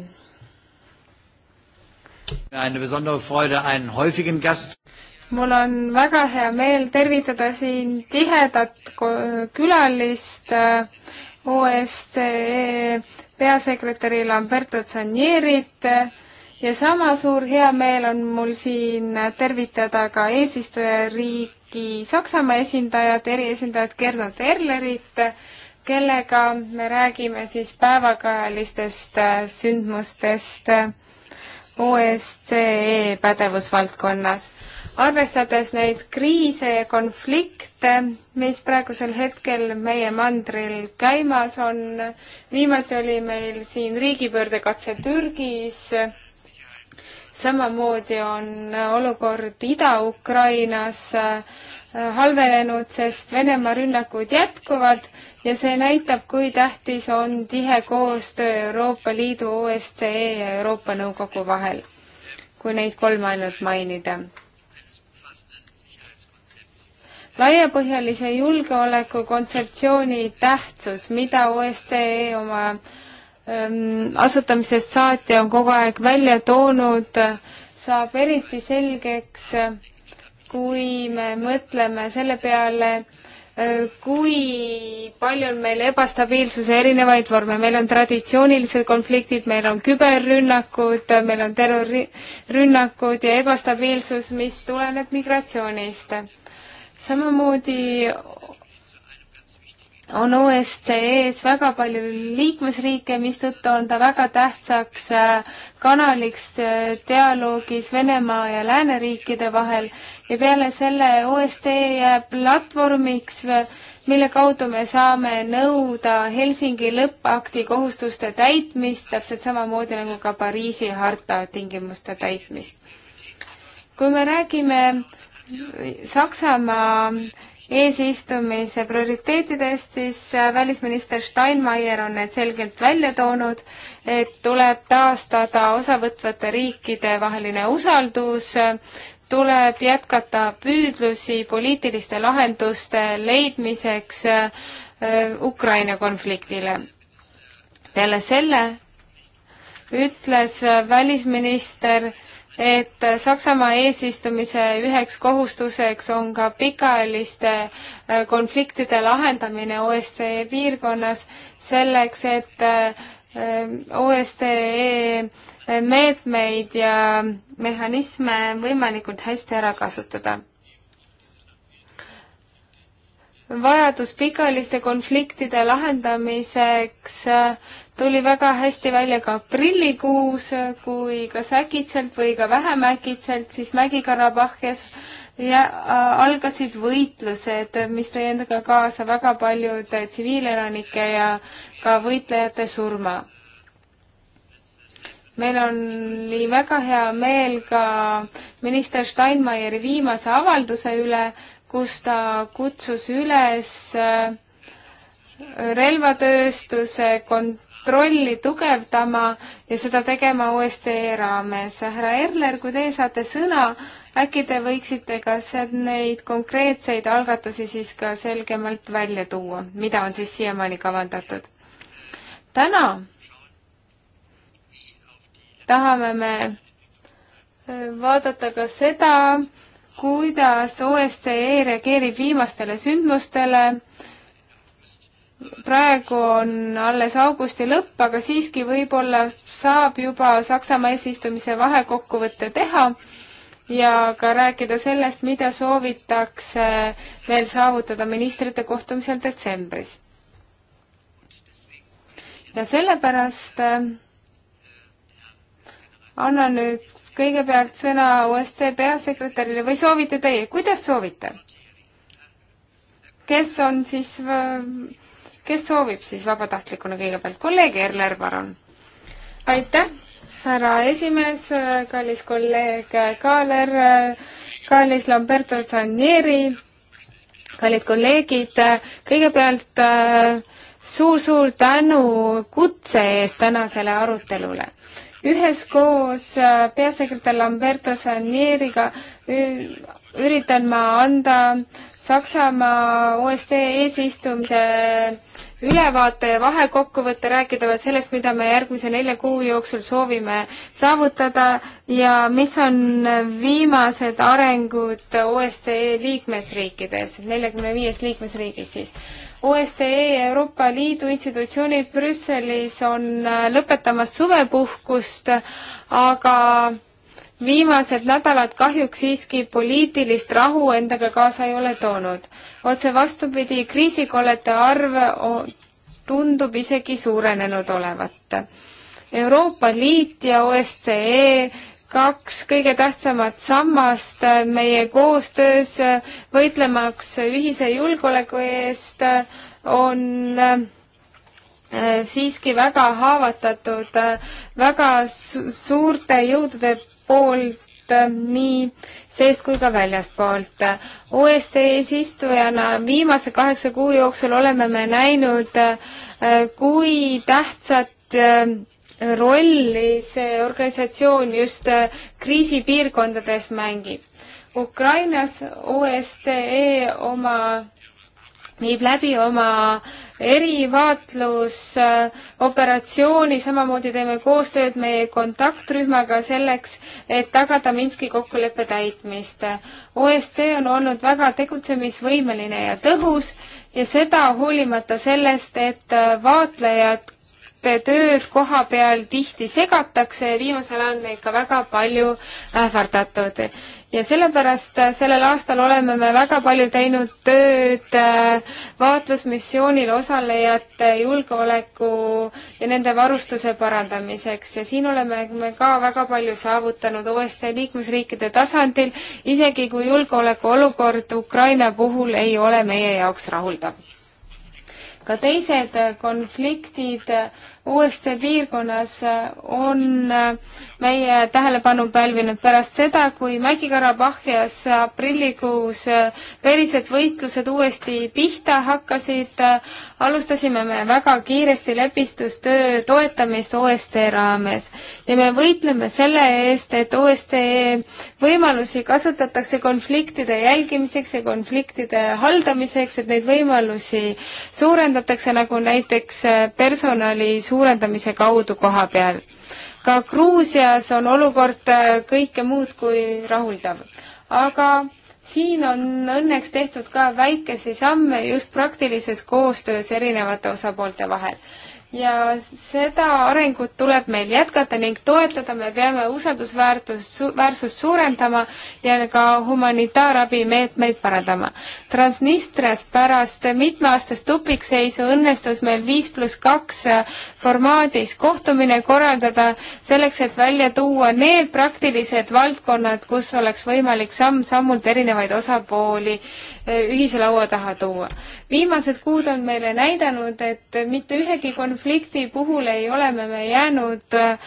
mul on väga hea meel tervitada siin tihedat külalist äh, OSCE peasekretäri Lamberto Zanierit ja sama suur heameel on mul siin tervitada ka eesistujariigi Saksamaa esindajat, eriesindajat Gernot Erlerit, kellega me räägime siis päevakajalistest äh, sündmustest OSCE pädevusvaldkonnas. arvestades neid kriise ja konflikte, mis praegusel hetkel meie mandril käimas on, viimati oli meil siin riigipöördekatse Türgis, samamoodi on olukord Ida-Ukrainas, Äh, halvenenud, sest Venemaa rünnakud jätkuvad ja see näitab, kui tähtis on tihe koostöö Euroopa Liidu, OSCE ja Euroopa Nõukogu vahel, kui neid kolme ainult mainida. laiapõhjalise julgeoleku kontseptsiooni tähtsus, mida OSCE oma ähm, asutamisest saati on kogu aeg välja toonud, saab eriti selgeks äh, kui me mõtleme selle peale, äh, kui palju on meil ebastabiilsuse erinevaid vorme, meil on traditsioonilised konfliktid, meil on küberrünnakud, meil on terrorirünnakud ja ebastabiilsus, mis tuleneb migratsioonist. samamoodi on OSCE-s e väga palju liikmesriike, mistõttu on ta väga tähtsaks äh, kanaliks äh, dialoogis Venemaa ja lääneriikide vahel ja peale selle OSCE jääb platvormiks, äh, mille kaudu me saame nõuda Helsingi lõppakti kohustuste täitmist, täpselt samamoodi nagu ka Pariisi harta tingimuste täitmist. kui me räägime Saksamaa eesistumise prioriteetidest, siis äh, välisminister Steinmeier on need selgelt välja toonud, et tuleb taastada osavõtvate riikide vaheline usaldus, tuleb jätkata püüdlusi poliitiliste lahenduste leidmiseks äh, Ukraina konfliktile. peale selle ütles äh, välisminister, et Saksamaa eesistumise üheks kohustuseks on ka pikaajaliste äh, konfliktide lahendamine OSCE piirkonnas selleks, et äh, OSCE äh, meetmeid ja mehhanisme võimalikult hästi ära kasutada vajadus pikaajaliste konfliktide lahendamiseks äh, tuli väga hästi välja ka aprillikuus, äh, kui kas äkitselt või ka vähem äkitselt, siis Mägi-Karabahhias ja äh, algasid võitlused, mis tõi endaga kaasa väga paljude tsiviilelanike ja ka võitlejate surma. meil oli väga hea meel ka minister Steinmeieri viimase avalduse üle kus ta kutsus üles äh, relvatööstuse kontrolli tugevdama ja seda tegema OSCE raames. härra Erler, kui teie saate sõna, äkki te võiksite ka neid konkreetseid algatusi siis ka selgemalt välja tuua, mida on siis siiamaani kavandatud? täna tahame me äh, vaadata ka seda, kuidas OSCE reageerib viimastele sündmustele. praegu on alles augusti lõpp, aga siiski võib-olla saab juba Saksamaa eesistumise vahekokkuvõtte teha ja ka rääkida sellest, mida soovitakse veel saavutada ministrite kohtumisel detsembris. ja sellepärast äh, annan nüüd kõigepealt sõna OSCE peasekretärile või soovite teie, kuidas soovite? kes on siis, kes soovib siis vabatahtlikuna kõigepealt, kolleeg Erler, palun. aitäh, härra esimees, kallis kolleeg Kaaler, kallis Lamberto Sanieri, kallid kolleegid, kõigepealt suur-suur äh, tänu kutse eest tänasele arutelule üheskoos äh, peasekretär Lamberto Sanieriga üritan ma anda Saksamaa OSCE eesistumise ülevaate ja vahekokkuvõtte, rääkida veel sellest, mida me järgmise nelja kuu jooksul soovime saavutada ja mis on viimased arengud OSCE liikmesriikides, neljakümne viies liikmesriigis siis. OSCE ja Euroopa Liidu institutsioonid Brüsselis on äh, lõpetamas suvepuhkust, aga viimased nädalad kahjuks siiski poliitilist rahu endaga kaasa ei ole toonud. otse vastupidi, kriisikollete arv tundub isegi suurenenud olevat. Euroopa Liit ja OSCE kaks kõige tähtsamat sammast meie koostöös võitlemaks ühise julgeoleku eest on äh, siiski väga haavatatud äh, väga su suurte jõudude poolt äh, nii seest kui ka väljastpoolt. OSCE eesistujana viimase kaheksa kuu jooksul oleme me näinud, kui tähtsat rolli see organisatsioon just äh, kriisipiirkondades mängib. Ukrainas OSCE oma, viib läbi oma erivaatlusoperatsiooni, samamoodi teeme koostööd meie kontaktrühmaga selleks, et tagada Minski kokkuleppe täitmist. OSCE on olnud väga tegutsemisvõimeline ja tõhus ja seda hoolimata sellest, et vaatlejad tööd koha peal tihti segatakse ja viimasel ajal on neid ka väga palju ähvardatud. ja sellepärast äh, sellel aastal oleme me väga palju teinud tööd äh, vaatlusmissioonil osalejate julgeoleku ja nende varustuse parandamiseks ja siin oleme me ka väga palju saavutanud OSCE liikmesriikide tasandil, isegi kui julgeolekuolukord Ukraina puhul ei ole meie jaoks rahuldav ka teised äh, konfliktid OSCE piirkonnas on meie tähelepanu pälvinud pärast seda, kui Mägi-Karabahhias aprillikuus verised võitlused uuesti pihta hakkasid, alustasime me väga kiiresti lepistustöö toetamist OSCE raames ja me võitleme selle eest, et OSCE võimalusi kasutatakse konfliktide jälgimiseks ja konfliktide haldamiseks, et neid võimalusi suurendatakse, nagu näiteks personali suurendamine suurendamise kaudu koha peal. ka Gruusias on olukord äh, kõike muud kui rahuldav, aga siin on õnneks tehtud ka väikesi samme just praktilises koostöös erinevate osapoolte vahel ja seda arengut tuleb meil jätkata ning toetada, me peame usaldusväärtust, väärsust suurendama ja ka humanitaarabimeetmeid parandama. Transnistrias pärast mitmeaastast tupikseisu õnnestus meil viis pluss kaks formaadis kohtumine korraldada selleks, et välja tuua need praktilised valdkonnad, kus oleks võimalik samm-sammult erinevaid osapooli ühise laua taha tuua. viimased kuud on meile näidanud, et mitte ühegi konflikti puhul ei ole me, me jäänud äh,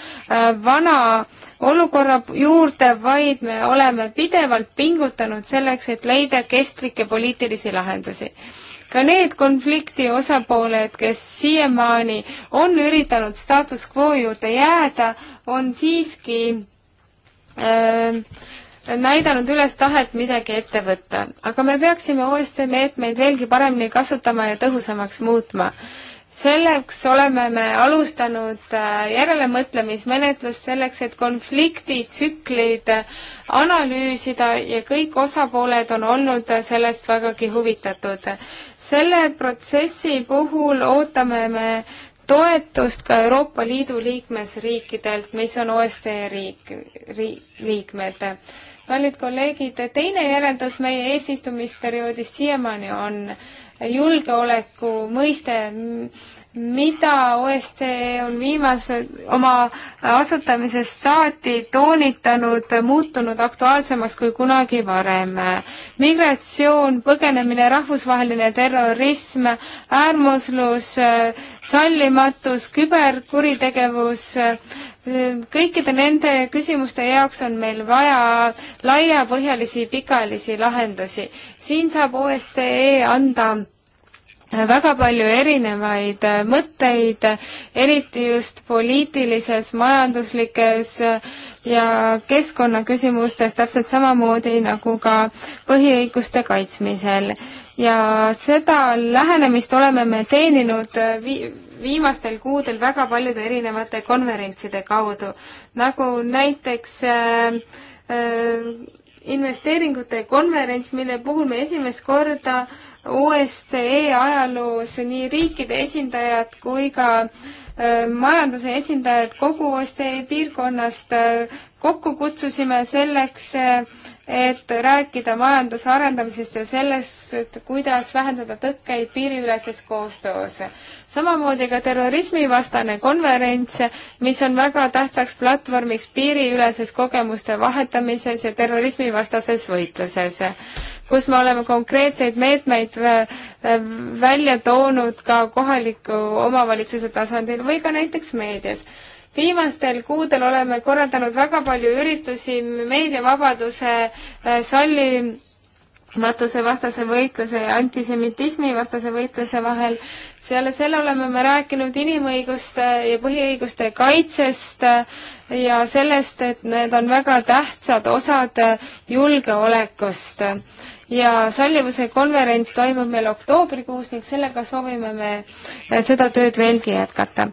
vana olukorra juurde, vaid me oleme pidevalt pingutanud selleks, et leida kestlikke poliitilisi lahendusi ka need konflikti osapooled, kes siiamaani on üritanud status quo juurde jääda, on siiski öö, äh, näidanud üles tahet midagi ette võtta, aga me peaksime OSCE meetmeid veelgi paremini kasutama ja tõhusamaks muutma. selleks oleme me alustanud äh, järelemõtlemismenetlust selleks, et konfliktitsüklid äh, analüüsida ja kõik osapooled on olnud äh, sellest vägagi huvitatud. selle protsessi puhul ootame me toetust ka Euroopa Liidu liikmesriikidelt, mis on OSCE riik, riik, liikmed kallid kolleegid, teine järeldus meie eesistumisperioodist siiamaani on julgeoleku mõiste, mida OSCE on viimase, oma asutamisest saati toonitanud, muutunud aktuaalsemaks kui kunagi varem. migratsioon, põgenemine, rahvusvaheline terrorism, äärmuslus, sallimatus, küberkuritegevus, kõikide nende küsimuste jaoks on meil vaja laiapõhjalisi pikaajalisi lahendusi. siin saab OSCE anda väga palju erinevaid mõtteid, eriti just poliitilises, majanduslikes ja keskkonnaküsimustes, täpselt samamoodi nagu ka põhiõiguste kaitsmisel. ja seda lähenemist oleme me teeninud vi-, viimastel kuudel väga paljude erinevate konverentside kaudu, nagu näiteks äh, äh, investeeringute konverents, mille puhul me esimest korda OSCE ajaloos nii riikide esindajad kui ka äh, majanduse esindajad kogu OSCE piirkonnast äh, kokku kutsusime selleks, et rääkida majanduse arendamisest ja sellest, kuidas vähendada tõkkeid piiriüleses koostöös. samamoodi ka terrorismivastane konverents, mis on väga tähtsaks platvormiks piiriüleses kogemuste vahetamises ja terrorismivastases võitluses, kus me oleme konkreetseid meetmeid välja toonud ka kohaliku omavalitsuse tasandil või ka näiteks meedias viimastel kuudel oleme korraldanud väga palju üritusi meediavabaduse äh, salli matuse vastase võitluse ja antisemitismi vastase võitluse vahel. peale selle oleme me rääkinud inimõiguste ja põhiõiguste kaitsest äh, ja sellest, et need on väga tähtsad osad äh, julgeolekust. ja sallivuse konverents toimub meil oktoobrikuus ning sellega soovime me seda tööd veelgi jätkata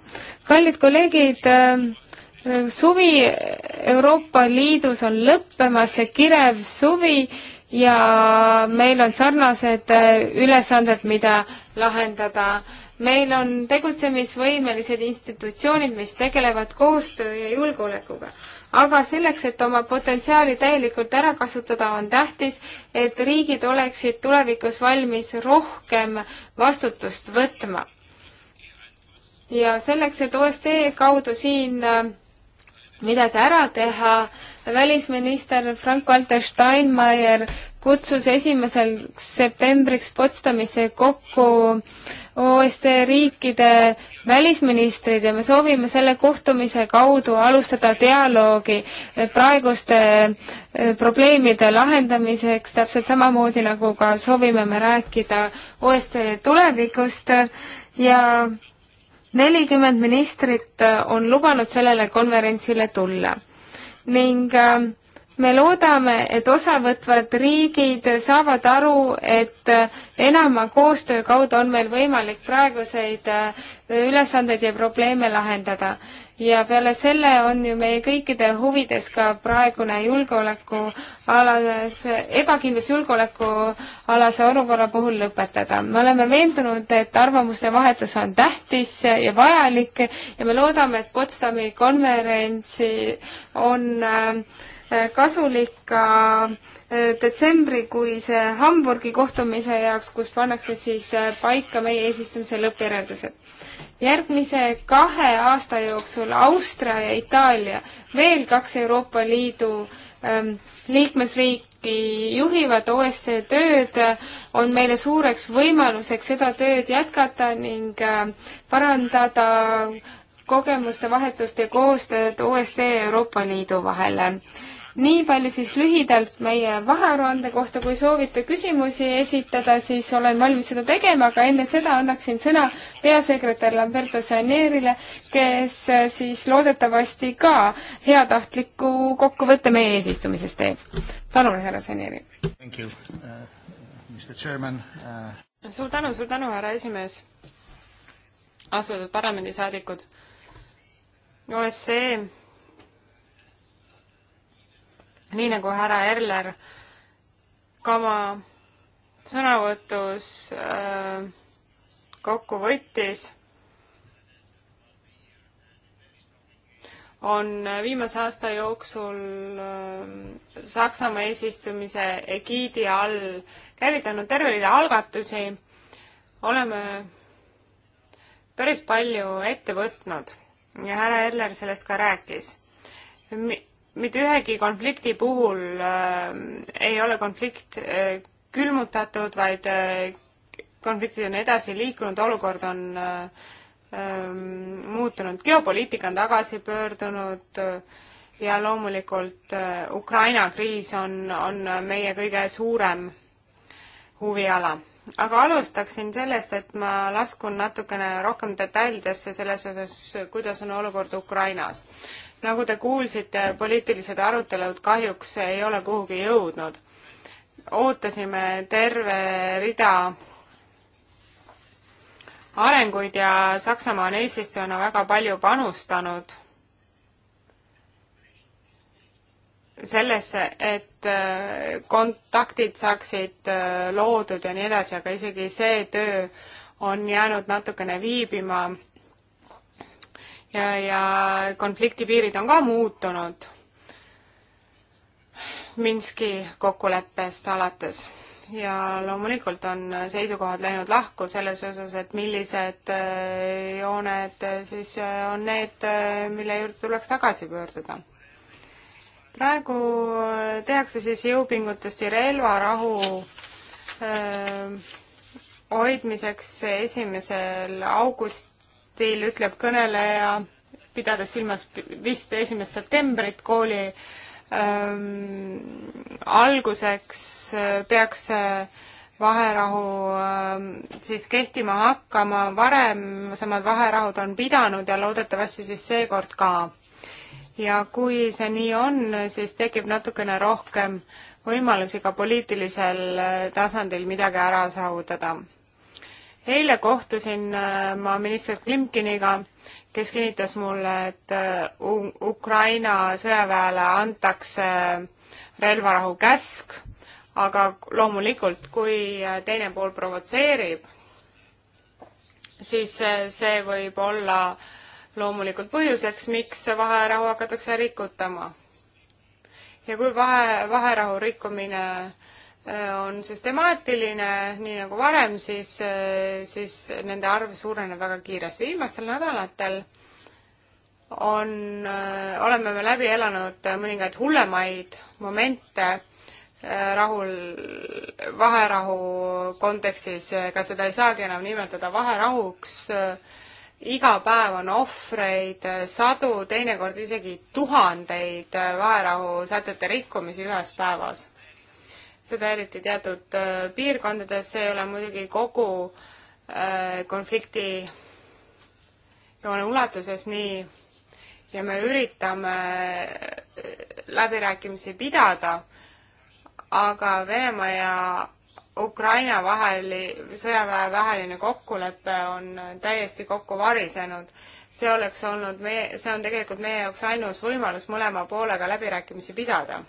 kallid kolleegid, äh, suvi Euroopa Liidus on lõppemas, see kirev suvi ja meil on sarnased äh, ülesanded, mida lahendada. meil on tegutsemisvõimelised institutsioonid, mis tegelevad koostöö ja julgeolekuga. aga selleks, et oma potentsiaali täielikult ära kasutada, on tähtis, et riigid oleksid tulevikus valmis rohkem vastutust võtma ja selleks, et OSCE kaudu siin äh, midagi ära teha, välisminister Frank-Walter Steinmeier kutsus esimeseks septembriks Potsdamisse kokku OSCE riikide välisministrid ja me soovime selle kohtumise kaudu alustada dialoogi äh, praeguste äh, probleemide lahendamiseks, täpselt samamoodi nagu ka soovime me rääkida OSCE tulevikust ja nelikümmend ministrit äh, on lubanud sellele konverentsile tulla ning äh, me loodame, et osavõtvad riigid saavad aru, et enama koostöö kaudu on meil võimalik praeguseid äh, ülesandeid ja probleeme lahendada. ja peale selle on ju meie kõikide huvides ka praegune julgeolekualas, ebakindlus julgeolekualase olukorra puhul lõpetada. me oleme veendunud, et arvamuste vahetus on tähtis ja vajalik ja me loodame, et Potsdami konverentsi on äh, Eh, kasulik ka eh, detsembrikuise Hamburgi kohtumise jaoks, kus pannakse siis eh, paika meie eesistumise lõppjäreldused. järgmise kahe aasta jooksul Austria ja Itaalia, veel kaks Euroopa Liidu ehm, liikmesriiki juhivad OSCE tööd, on meile suureks võimaluseks seda tööd jätkata ning ehm, parandada kogemuste vahetust ja koostööd OSCE ja Euroopa Liidu vahel nii palju siis lühidalt meie vahearuande kohta, kui soovite küsimusi esitada, siis olen valmis seda tegema, aga enne seda annaksin sõna peasekretär Lamberto Sanerile, kes äh, siis loodetavasti ka heatahtliku kokkuvõtte meie eesistumisest teeb. palun, härra Saneri. Uh, uh, suur tänu, suur tänu, härra esimees. austatud parlamendisaadikud. OSCE nii nagu härra Erler ka oma sõnavõtus äh, kokku võttis, on viimase aasta jooksul äh, Saksamaa eesistumise egiidi all käivitanud terve rida algatusi. oleme päris palju ette võtnud ja härra Eller sellest ka rääkis Mi mitte ühegi konflikti puhul äh, ei ole konflikt äh, külmutatud, vaid äh, konfliktid on edasi liikunud, olukord on äh, äh, muutunud, geopoliitika on tagasi pöördunud äh, ja loomulikult äh, Ukraina kriis on, on meie kõige suurem huviala. aga alustaksin sellest, et ma laskun natukene rohkem detailidesse selles osas, kuidas on olukord Ukrainas nagu te kuulsite, poliitilised arutelud kahjuks ei ole kuhugi jõudnud. ootasime terve rida arenguid ja Saksamaa on eesistujana väga palju panustanud sellesse, et äh, kontaktid saaksid äh, loodud ja nii edasi, aga isegi see töö on jäänud natukene viibima ja, ja konflikti piirid on ka muutunud Minski kokkuleppest alates ja loomulikult on seisukohad läinud lahku selles osas, et millised äh, jooned äh, siis äh, on need, mille juurde tuleks tagasi pöörduda. praegu tehakse siis jõupingutusi relvarahu öö, hoidmiseks esimesel august, minutil ütleb kõneleja, pidades silmas vist esimest septembrit kooli ähm, alguseks äh, peaks see vaherahu ähm, siis kehtima hakkama, varemsemad vaherahud on pidanud ja loodetavasti siis seekord ka. ja kui see nii on, siis tekib natukene rohkem võimalusi ka poliitilisel äh, tasandil midagi ära saavutada eile kohtusin äh, ma minister Klimkiniga, kes kinnitas mulle, et äh, Ukraina sõjaväele antakse relvarahu käsk, aga loomulikult, kui äh, teine pool provotseerib, siis see võib olla loomulikult põhjuseks, miks vaherahu hakatakse rikutama. ja kui vahe, vaherahu rikkumine äh, on süstemaatiline, nii nagu varem, siis, siis nende arv suureneb väga kiiresti. viimastel nädalatel on, oleme me läbi elanud mõningaid hullemaid momente äh, rahul, vaherahu kontekstis, ega seda ei saagi enam nimetada vaherahuks, iga päev on ohvreid, sadu, teinekord isegi tuhandeid vaherahu sätete rikkumisi ühes päevas seda eriti teatud äh, piirkondades, see ei ole muidugi kogu äh, konflikti joone ulatuses nii ja me üritame äh, läbirääkimisi pidada, aga Venemaa ja Ukraina vahel, sõjaväe vaheline kokkulepe on täiesti kokku varisenud. see oleks olnud meie, see on tegelikult meie jaoks ainus võimalus mõlema poolega läbirääkimisi pidada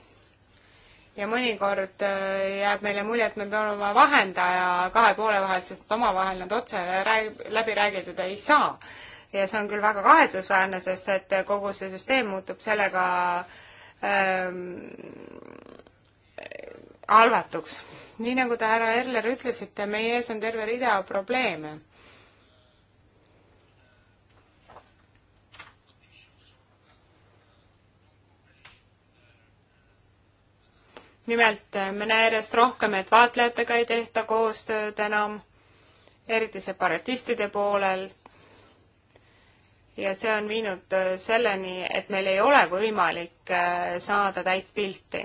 ja mõnikord äh, jääb meile mulje, et me peame oma vahendaja kahe poole vahel, sest omavahel nad otse läbi räägitud ei saa. ja see on küll väga kahetsusväärne, sest et kogu see süsteem muutub sellega ähm, halvatuks. nii nagu te, härra Erler, ütlesite, meie ees on terve rida probleeme nimelt eh, me näe järjest rohkem, et vaatlejatega ei tehta koostööd enam, eriti separatistide poolel. ja see on viinud eh, selleni, et meil ei ole võimalik eh, saada täit pilti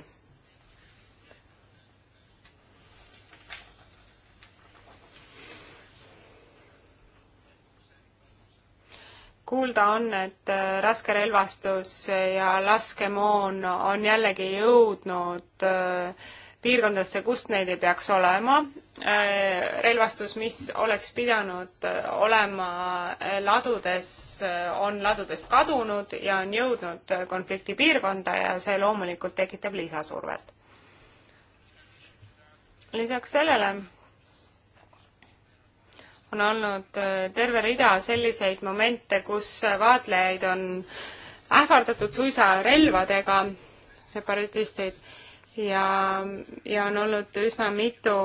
kuulda on, et äh, raskerelvastus ja laskemoon on jällegi jõudnud äh, piirkondadesse, kust neid ei peaks olema. Äh, relvastus, mis oleks pidanud olema ladudes, on ladudest kadunud ja on jõudnud konfliktipiirkonda ja see loomulikult tekitab lisasurvet. lisaks sellele on olnud äh, terve rida selliseid momente, kus vaatlejaid on ähvardatud suisa relvadega, separatistid, ja, ja on olnud üsna mitu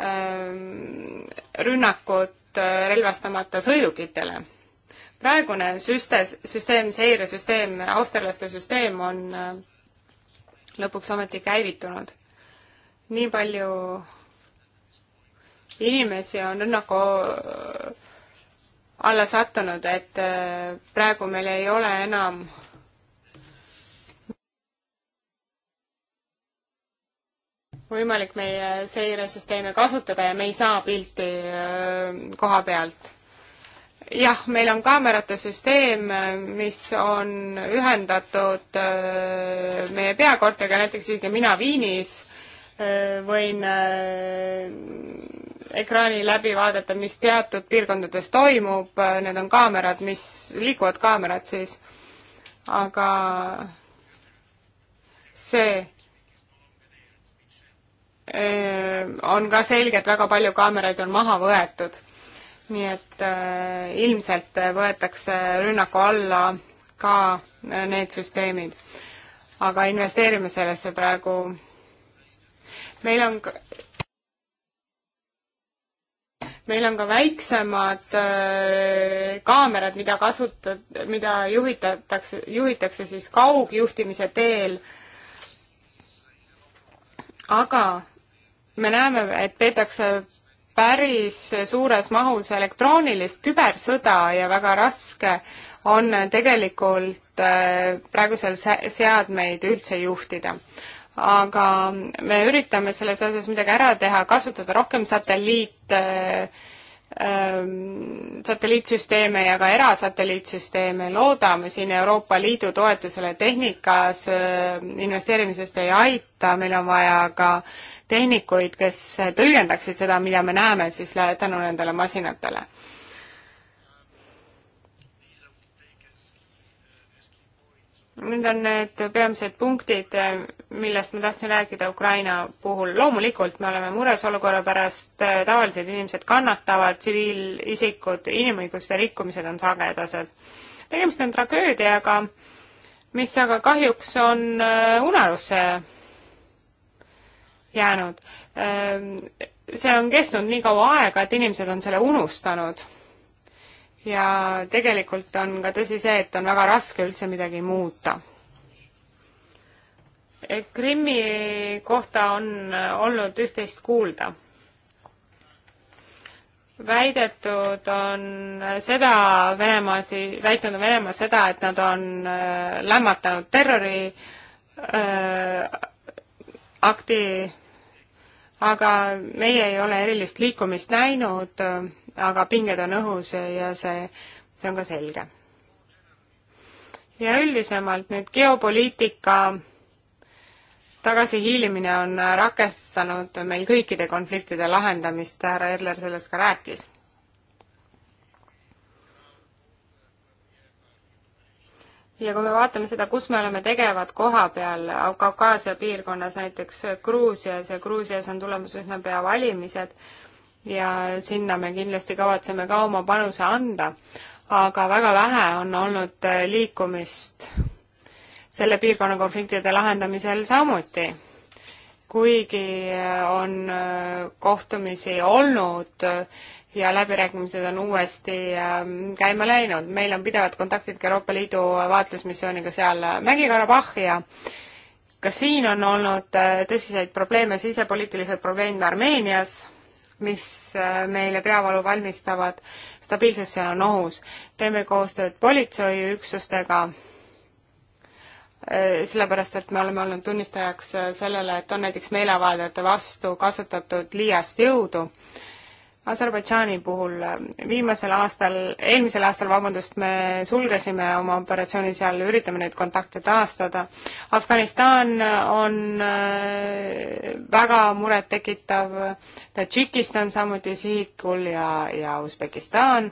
ähm, rünnakut äh, relvastamata sõidukitele. praegune süste, süsteem, seiresüsteem, austerlaste süsteem on äh, lõpuks ometi käivitunud. nii palju inimesi on rünnaku äh, alla sattunud, et äh, praegu meil ei ole enam võimalik meie seiresüsteeme kasutada ja me ei saa pilti äh, koha pealt. jah, meil on kaamerate süsteem, mis on ühendatud meie peakorteriga, näiteks isegi mina Viinis võin ekraani läbi vaadata, mis teatud piirkondades toimub, need on kaamerad, mis, liiguvad kaamerad siis, aga see eh, on ka selge, et väga palju kaameraid on maha võetud. nii et äh, ilmselt võetakse rünnaku alla ka need süsteemid. aga investeerime sellesse praegu. meil on meil on ka väiksemad äh, kaamerad, mida kasutad, mida juhitatakse, juhitakse siis kaugjuhtimise teel. aga me näeme, et peetakse päris suures mahus elektroonilist kübersõda ja väga raske on tegelikult äh, praegusel seadmeid üldse juhtida aga me üritame selles osas midagi ära teha, kasutada rohkem satelliit äh,, ähm, satelliitsüsteeme ja ka erasatelliitsüsteeme, loodame siin Euroopa Liidu toetusele tehnikas, äh, investeerimisest ei aita, meil on vaja ka tehnikuid, kes tõlgendaksid seda, mida me näeme siis tänu nendele masinatele Need on need peamised punktid, millest ma tahtsin rääkida Ukraina puhul. loomulikult me oleme mures olukorra pärast, tavalised inimesed kannatavad, tsiviilisikud, inimõiguste rikkumised on sagedased. tegemist on tragöödiaga, mis aga kahjuks on äh, unarusse jäänud. Äh, see on kestnud nii kaua aega, et inimesed on selle unustanud ja tegelikult on ka tõsi see, et on väga raske üldse midagi muuta. Eh, Krimmi kohta on eh, olnud üht-teist kuulda. väidetud on eh, seda, Venemaa siis, väitnud on Venemaa seda, et nad on lämmatanud terrori äh, akti, aga meie ei ole erilist liikumist näinud äh, aga pinged on õhus ja see, see on ka selge. ja üldisemalt nüüd geopoliitika tagasihiilimine on rakestanud meil kõikide konfliktide lahendamist, härra Erler sellest ka rääkis ja kui me vaatame seda, kus me oleme tegevad koha peal, Kaukaasia piirkonnas, näiteks Gruusias ja Gruusias on tulemas üsna pea valimised ja sinna me kindlasti kavatseme ka oma panuse anda, aga väga vähe on olnud äh, liikumist selle piirkonna konfliktide lahendamisel samuti. kuigi äh, on äh, kohtumisi olnud ja läbirääkimised on uuesti ähm, käima läinud, meil on pidevad kontaktid ka Euroopa Liidu vaatlusmissiooniga seal Mägi-Karabahhi ja ka siin on olnud tõsiseid probleeme, sisepoliitilised probleemid Armeenias mis äh, meile peavalu valmistavad, stabiilsus seal on ohus. teeme koostööd politseiüksustega, äh, sellepärast et me oleme olnud tunnistajaks äh, sellele, et on näiteks meeleavaldajate vastu kasutatud liiast jõudu Aserbaidžaani puhul äh, viimasel aastal, eelmisel aastal, vabandust, me sulgesime oma operatsiooni seal, üritame neid kontakte taastada. Afganistan on äh, väga murettekitav, Tadžikistan samuti sihikul ja, ja Usbekistan.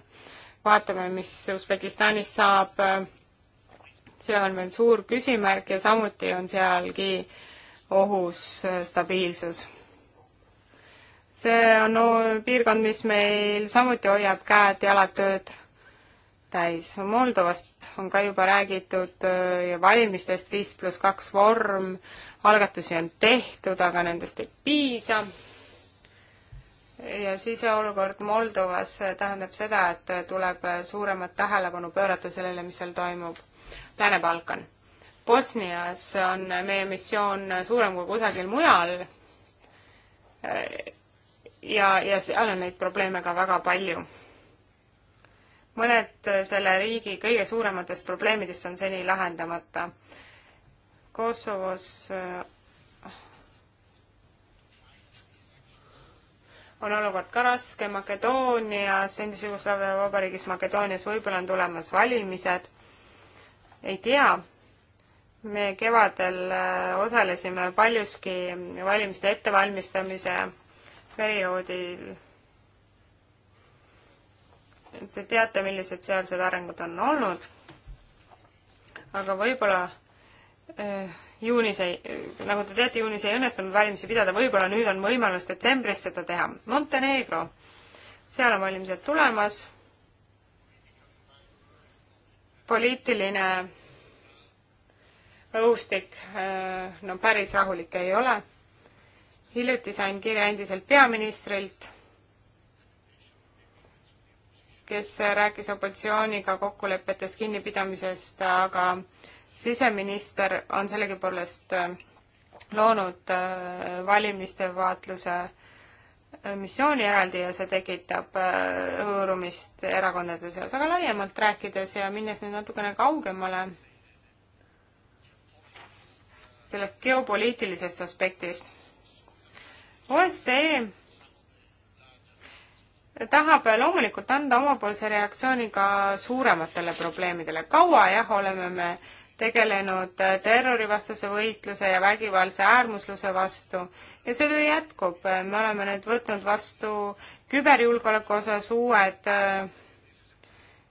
vaatame, mis Usbekistanis saab, see on veel suur küsimärk ja samuti on sealgi ohus äh, stabiilsus see on piirkond, mis meil samuti hoiab käed-jalad tööd täis. Moldovast on ka juba räägitud ja valimistest viis pluss kaks vorm, algatusi on tehtud, aga nendest ei piisa. ja siseolukord Moldovas tähendab seda, et tuleb suuremat tähelepanu pöörata sellele, mis seal toimub. Lääne-Balkan. Bosnias on meie missioon suurem kui kusagil mujal ja, ja seal on neid probleeme ka väga palju. mõned selle riigi kõige suurematest probleemidest on seni lahendamata. Kosovos äh, on olukord ka raske, Makedoonias, endise Jugoslaavia vabariigis Makedoonias võib-olla on tulemas valimised, ei tea, me kevadel äh, osalesime paljuski valimiste ettevalmistamise perioodil te teate, millised sealsed arengud on olnud, aga võib-olla eh, juunis ei, nagu te teate, juunis ei õnnestunud valimisi pidada, võib-olla nüüd on võimalus detsembris seda teha. Montenegro, seal on valimised tulemas, poliitiline õhustik eh, no päris rahulik ei ole hiljuti sain kirja endiselt peaministrilt, kes rääkis opositsiooniga kokkulepetest kinnipidamisest, aga siseminister on sellegipoolest äh, loonud äh, valimiste vaatluse äh, missiooni eraldi ja see tekitab hõõrumist erakondade seas, aga laiemalt rääkides ja minnes nüüd natukene kaugemale sellest geopoliitilisest aspektist OSCE tahab loomulikult anda omapoolse reaktsiooni ka suurematele probleemidele. kaua jah, oleme me tegelenud terrorivastase võitluse ja vägivaldse äärmusluse vastu ja see töö jätkub. me oleme nüüd võtnud vastu küberjulgeoleku osas uued äh,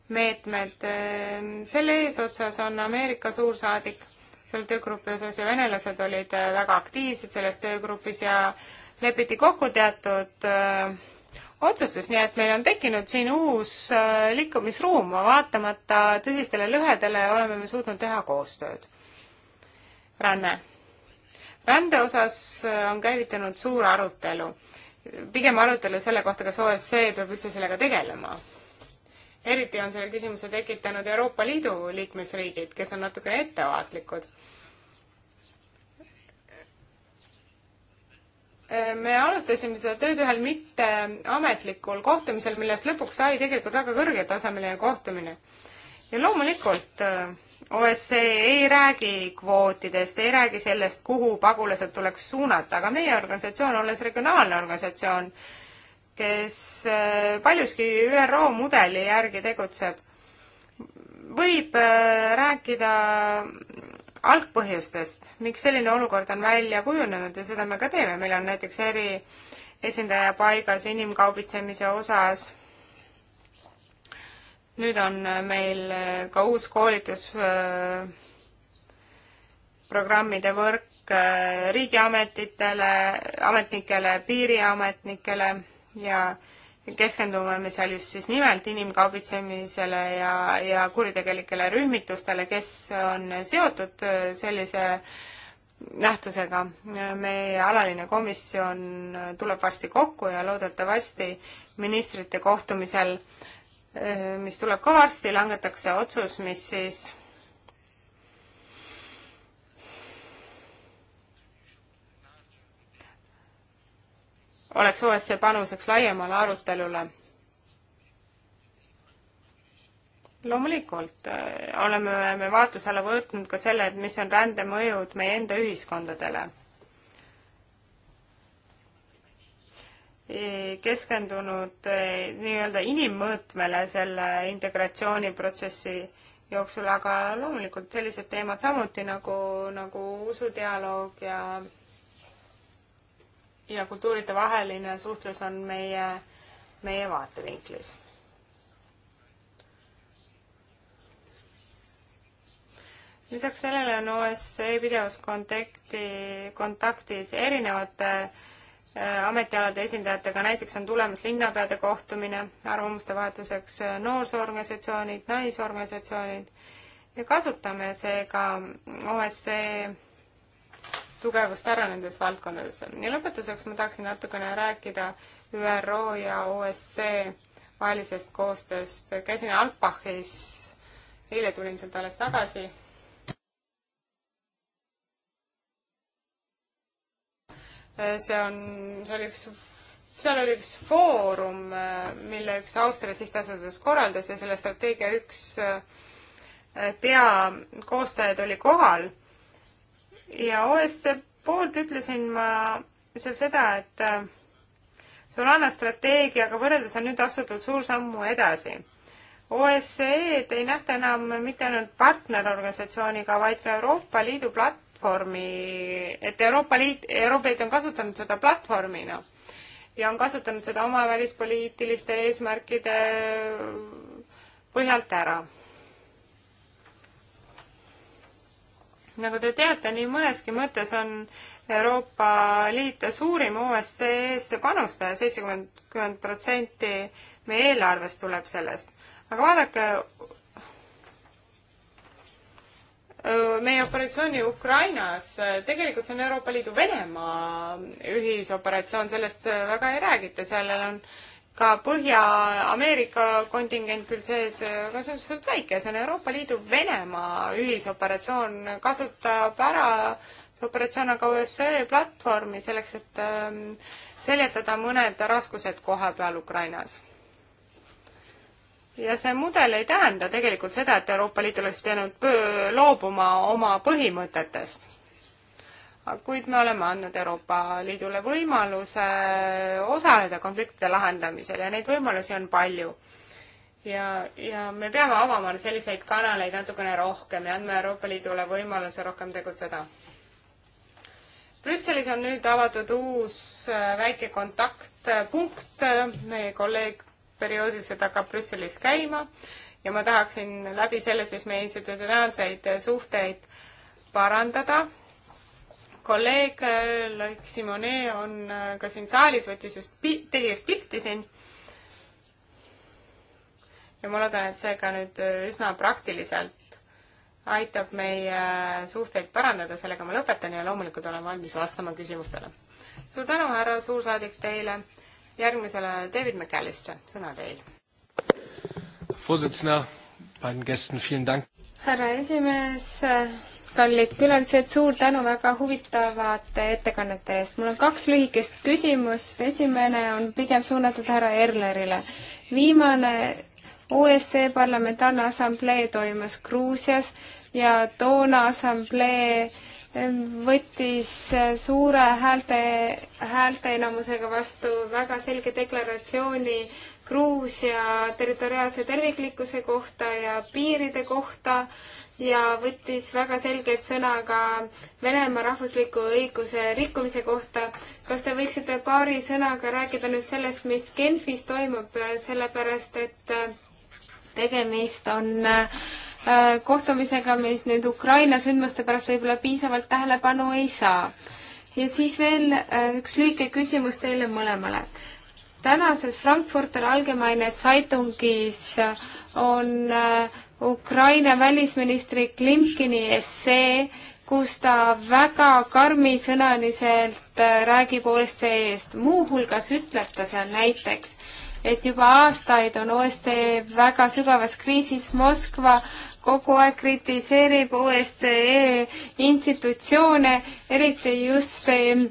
meetmed. Äh, selle eesotsas on Ameerika suursaadik selle töögrupi osas ja venelased olid äh, väga aktiivsed selles töögrupis ja lepiti kokku teatud öö, äh, otsustes, nii et meil on tekkinud siin uus öö, äh, liikumisruum, vaatamata tõsistele lõhedele oleme me suutnud teha koostööd. ränne. rände osas äh, on käivitanud suur arutelu, pigem arutelu selle kohta, kas OSCE peab üldse sellega tegelema eriti on selle küsimuse tekitanud Euroopa Liidu liikmesriigid, kes on natukene ettevaatlikud me alustasime seda tööd ühel mitteametlikul kohtumisel, millest lõpuks sai tegelikult väga kõrgetasemeline kohtumine. ja loomulikult äh, OSCE ei räägi kvootidest, ei räägi sellest, kuhu pagulased tuleks suunata, aga meie organisatsioon, olles regionaalne organisatsioon, kes äh, paljuski ÜRO mudeli järgi tegutseb, võib äh, rääkida algpõhjustest, miks selline olukord on välja kujunenud ja seda me ka teeme, meil on näiteks eri esindaja paigas inimkaubitsemise osas. nüüd on meil ka uus koolitusprogrammide äh, võrk äh, riigiametitele, ametnikele, piiriametnikele ja keskendume me seal just siis nimelt inimkaubitsemisele ja, ja kuritegelikele rühmitustele, kes on seotud äh, sellise nähtusega. meie alaline komisjon äh, tuleb varsti kokku ja loodetavasti ministrite kohtumisel, äh, mis tuleb ka varsti, langetakse otsus, mis siis oleks OSCE panuseks laiemale arutelule. loomulikult äh, oleme me vaatluse alla võtnud ka selle, et mis on rände mõjud meie enda ühiskondadele. keskendunud äh, nii-öelda inimmõõtmele selle integratsiooniprotsessi jooksul, aga loomulikult sellised teemad samuti nagu, nagu usudialoog ja ja kultuuride vaheline suhtlus on meie, meie vaatevinklis. lisaks sellele on OSCE pidevas kontakti, kontaktis erinevate äh, ametialade esindajatega, näiteks on tulemas linnapeade kohtumine arvamuste vahetuseks, äh, noorsoorganisatsioonid, naisorganisatsioonid ja kasutame seega OSCE tugevust ära nendes valdkondades. ja lõpetuseks ma tahaksin natukene rääkida ÜRO ja OSCE vahelisest koostööst. käisin Alpbachis, eile tulin sealt alles tagasi. see on, see oli üks, seal oli üks foorum, mille üks Austria sihtasutus korraldas ja selle strateegia üks eh, peakoostajaid oli kohal ja OSCE poolt ütlesin ma seal seda, et äh, Solana strateegiaga võrreldes on nüüd astutud suur sammu edasi. OSCE-d ei nähta enam mitte ainult partnerorganisatsiooniga, vaid ka Euroopa Liidu platvormi, et Euroopa Liit, Euroopa Liit on kasutanud seda platvormina ja on kasutanud seda oma välispoliitiliste eesmärkide põhjalt ära nagu te teate, nii mõneski mõttes on Euroopa Liit suurim OSCE-sse panustaja, seitsekümmend protsenti meie eelarvest tuleb sellest. aga vaadake, meie operatsiooni Ukrainas, tegelikult see on Euroopa Liidu Venemaa ühisoperatsioon, sellest väga ei räägita, sellel on äh, ka Põhja-Ameerika kontingent küll sees, aga see on suhteliselt väike, see on Euroopa Liidu Venemaa ühisoperatsioon, kasutab ära see operatsioon aga nagu USA platvormi selleks, et ähm, seljatada mõned raskused koha peal Ukrainas. ja see mudel ei tähenda tegelikult seda, et Euroopa Liit oleks pidanud loobuma oma põhimõtetest kuid me oleme andnud Euroopa Liidule võimaluse osaleda konfliktide lahendamisel ja neid võimalusi on palju. ja, ja me peame avama selliseid kanaleid natukene rohkem ja andma Euroopa Liidule võimaluse rohkem tegutseda. Brüsselis on nüüd avatud uus äh, väike kontaktpunkt, äh, meie kolleeg perioodiliselt hakkab Brüsselis käima ja ma tahaksin läbi selle siis meie institutsionaalseid suhteid parandada kolleeg äh, Loik Simone on äh, ka siin saalis, võttis just, tegi just pilti siin. ja ma loodan, et see ka nüüd äh, üsna praktiliselt aitab meie suhteid parandada, sellega ma lõpetan ja loomulikult olen valmis vastama küsimustele. suur tänu, härra suursaadik, teile. järgmisele David McAllister, sõna teil. härra esimees kallid külalised, suur tänu väga huvitavate ettekannete eest. mul on kaks lühikest küsimust. esimene on pigem suunatud härra Erlerile. viimane OSCE Parlamentaarne Assamblee toimus Gruusias ja toona assamblee võttis eh, suure häälte, häälteenamusega vastu väga selge deklaratsiooni Gruusia territoriaalse terviklikkuse kohta ja piiride kohta ja võttis väga selgelt sõna ka Venemaa rahvusliku õiguse rikkumise kohta. kas te võiksite paari sõnaga rääkida nüüd sellest, mis Genfis toimub, sellepärast et äh, tegemist on äh, kohtumisega, mis nüüd Ukraina sündmuste pärast võib-olla piisavalt tähelepanu ei saa. ja siis veel äh, üks lühike küsimus teile mõlemale tänases Frankfurter Allgemeine Zeitungis on äh, Ukraina välisministri Klimkini essee, kus ta väga karmisõnaliselt äh, räägib OSCE-st. muuhulgas ütleb ta seal näiteks, et juba aastaid on OSCE väga sügavas kriisis. Moskva kogu aeg kritiseerib OSCE institutsioone, eriti just ähm,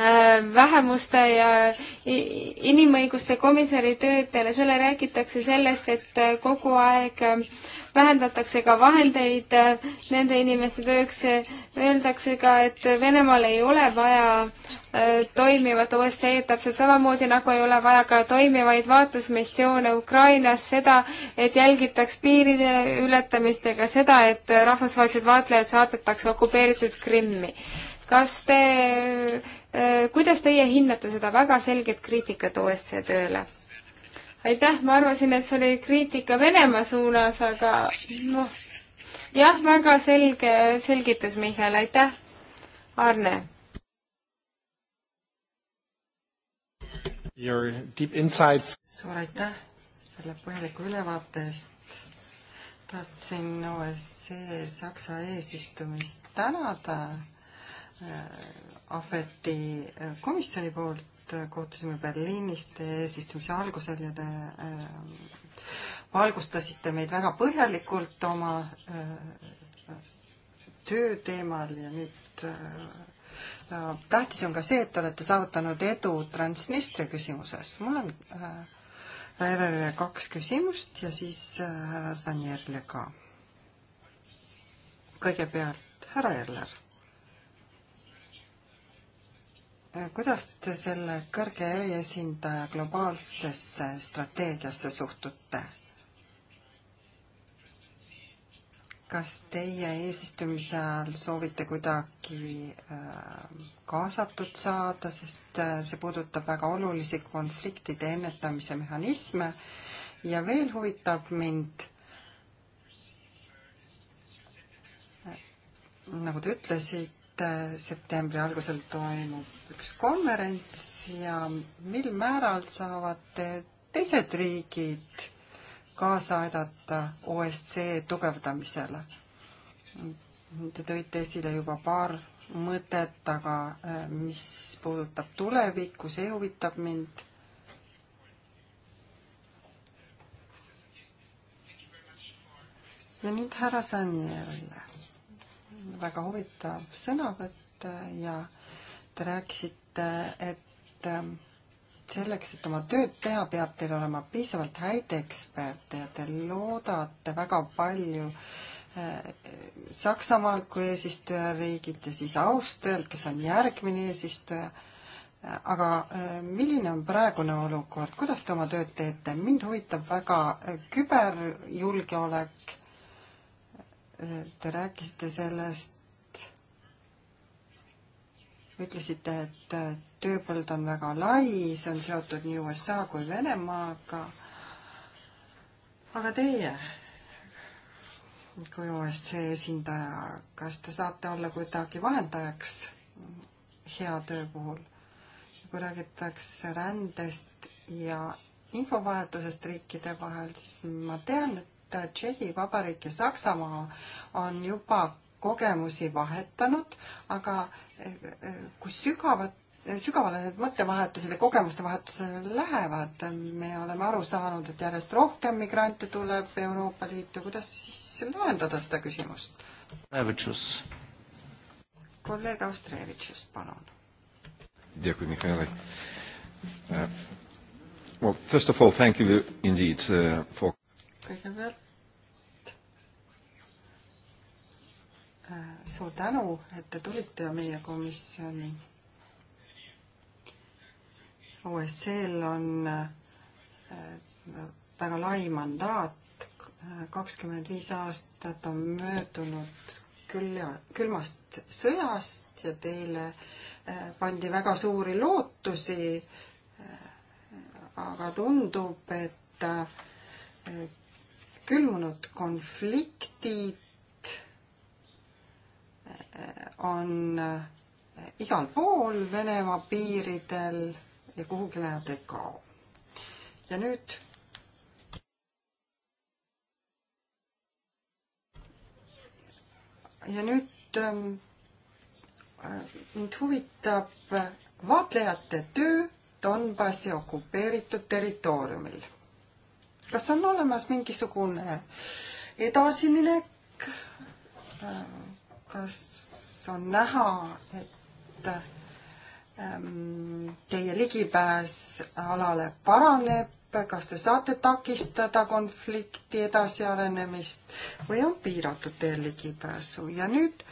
Äh, vähemuste ja inimõiguste komisjoni töötajale, sulle räägitakse sellest, et äh, kogu aeg äh, vähendatakse ka vahendeid nende inimeste tööks. Öeldakse ka, et Venemaal ei ole vaja toimivat OSCE-d, täpselt samamoodi nagu ei ole vaja ka toimivaid vaatlusmissioone Ukrainas, seda, et jälgitaks piiride ületamist ega seda, et rahvusvahelised vaatlejad saadetakse okupeeritud Krimmi. kas te Äh, kuidas teie hindate seda väga selget kriitikat OSCE-le? aitäh, ma arvasin, et see oli kriitika Venemaa suunas, aga noh, jah, väga selge selgitus, Mihhail, aitäh. Arne. Your deep insights. suur aitäh selle põhjaliku ülevaate eest. tahtsin OSCE Saksa eesistumist tänada äh, Ahveti äh, komisjoni poolt äh, kohtusime Berliinis teie eesistumise algusel ja te äh, valgustasite meid väga põhjalikult oma töö teemal ja nüüd tähtis on ka see, et te olete saavutanud edu Transnistria küsimuses. mul on Railerile kaks küsimust ja siis härra Sanjerile ka. kõigepealt härra Erler kuidas te selle kõrge eriesindaja globaalsesse strateegiasse suhtute? kas teie eesistumise ajal soovite kuidagi äh, kaasatud saada, sest äh, see puudutab väga olulisi konfliktide ennetamise mehhanisme ja veel huvitab mind, äh, nagu te ütlesite, Äh, septembri algusel toimub üks konverents ja mil määral saavad teised riigid kaasa aidata OSCE tugevdamisele? Te tõite esile juba paar mõtet, aga äh, mis puudutab tulevikku, see huvitab mind ja nüüd härra Sanjerile väga huvitav sõnavõtt äh, ja te rääkisite, et ähm, selleks, et oma tööd teha, peab teil olema piisavalt häid eksperte ja te loodate väga palju äh, Saksamaalt kui eesistujariigilt ja siis Austrialt, kes on järgmine eesistuja. aga äh, milline on praegune olukord, kuidas te oma tööd teete? mind huvitab väga küberjulgeolek te rääkisite sellest, ütlesite, et tööpõld on väga lai, see on seotud nii USA kui Venemaaga. aga teie kui OSCE esindaja, kas te saate olla kuidagi vahendajaks hea töö puhul? kui räägitakse rändest ja infovahetusest riikide vahel, siis ma tean, et et Tšehhi Vabariik ja Saksamaa on juba kogemusi vahetanud, aga eh, kui sügavad sügavale need mõttevahetused ja kogemuste vahetused lähevad, me oleme aru saanud, et järjest rohkem migrante tuleb Euroopa Liitu, kuidas siis lahendada seda küsimust? Austrevitšus. kolleeg Austrevitšus, palun. Děkuji, Mihhaili uh,. Eh, well, first of all, thank you indeed uh, for kõigepealt äh, suur tänu, et te tulite meie komisjoni. OSCE-l on äh, väga lai mandaat, äh, kakskümmend viis aastat on möödunud külja, külmast sõjast ja teile pandi väga suuri lootusi. aga tundub, et külmunud konfliktid äh, on äh, igal pool Venemaa piiridel ja kuhugile nad ei kao. ja nüüd ja nüüd ähm, äh, mind huvitab vaatlejate töö Donbassi okupeeritud territooriumil kas on olemas mingisugune edasiminek? kas on näha, et ähm, teie ligipääs alale paraneb, kas te saate takistada konflikti edasiarenemist või on piiratud teie ligipääsu ja nüüd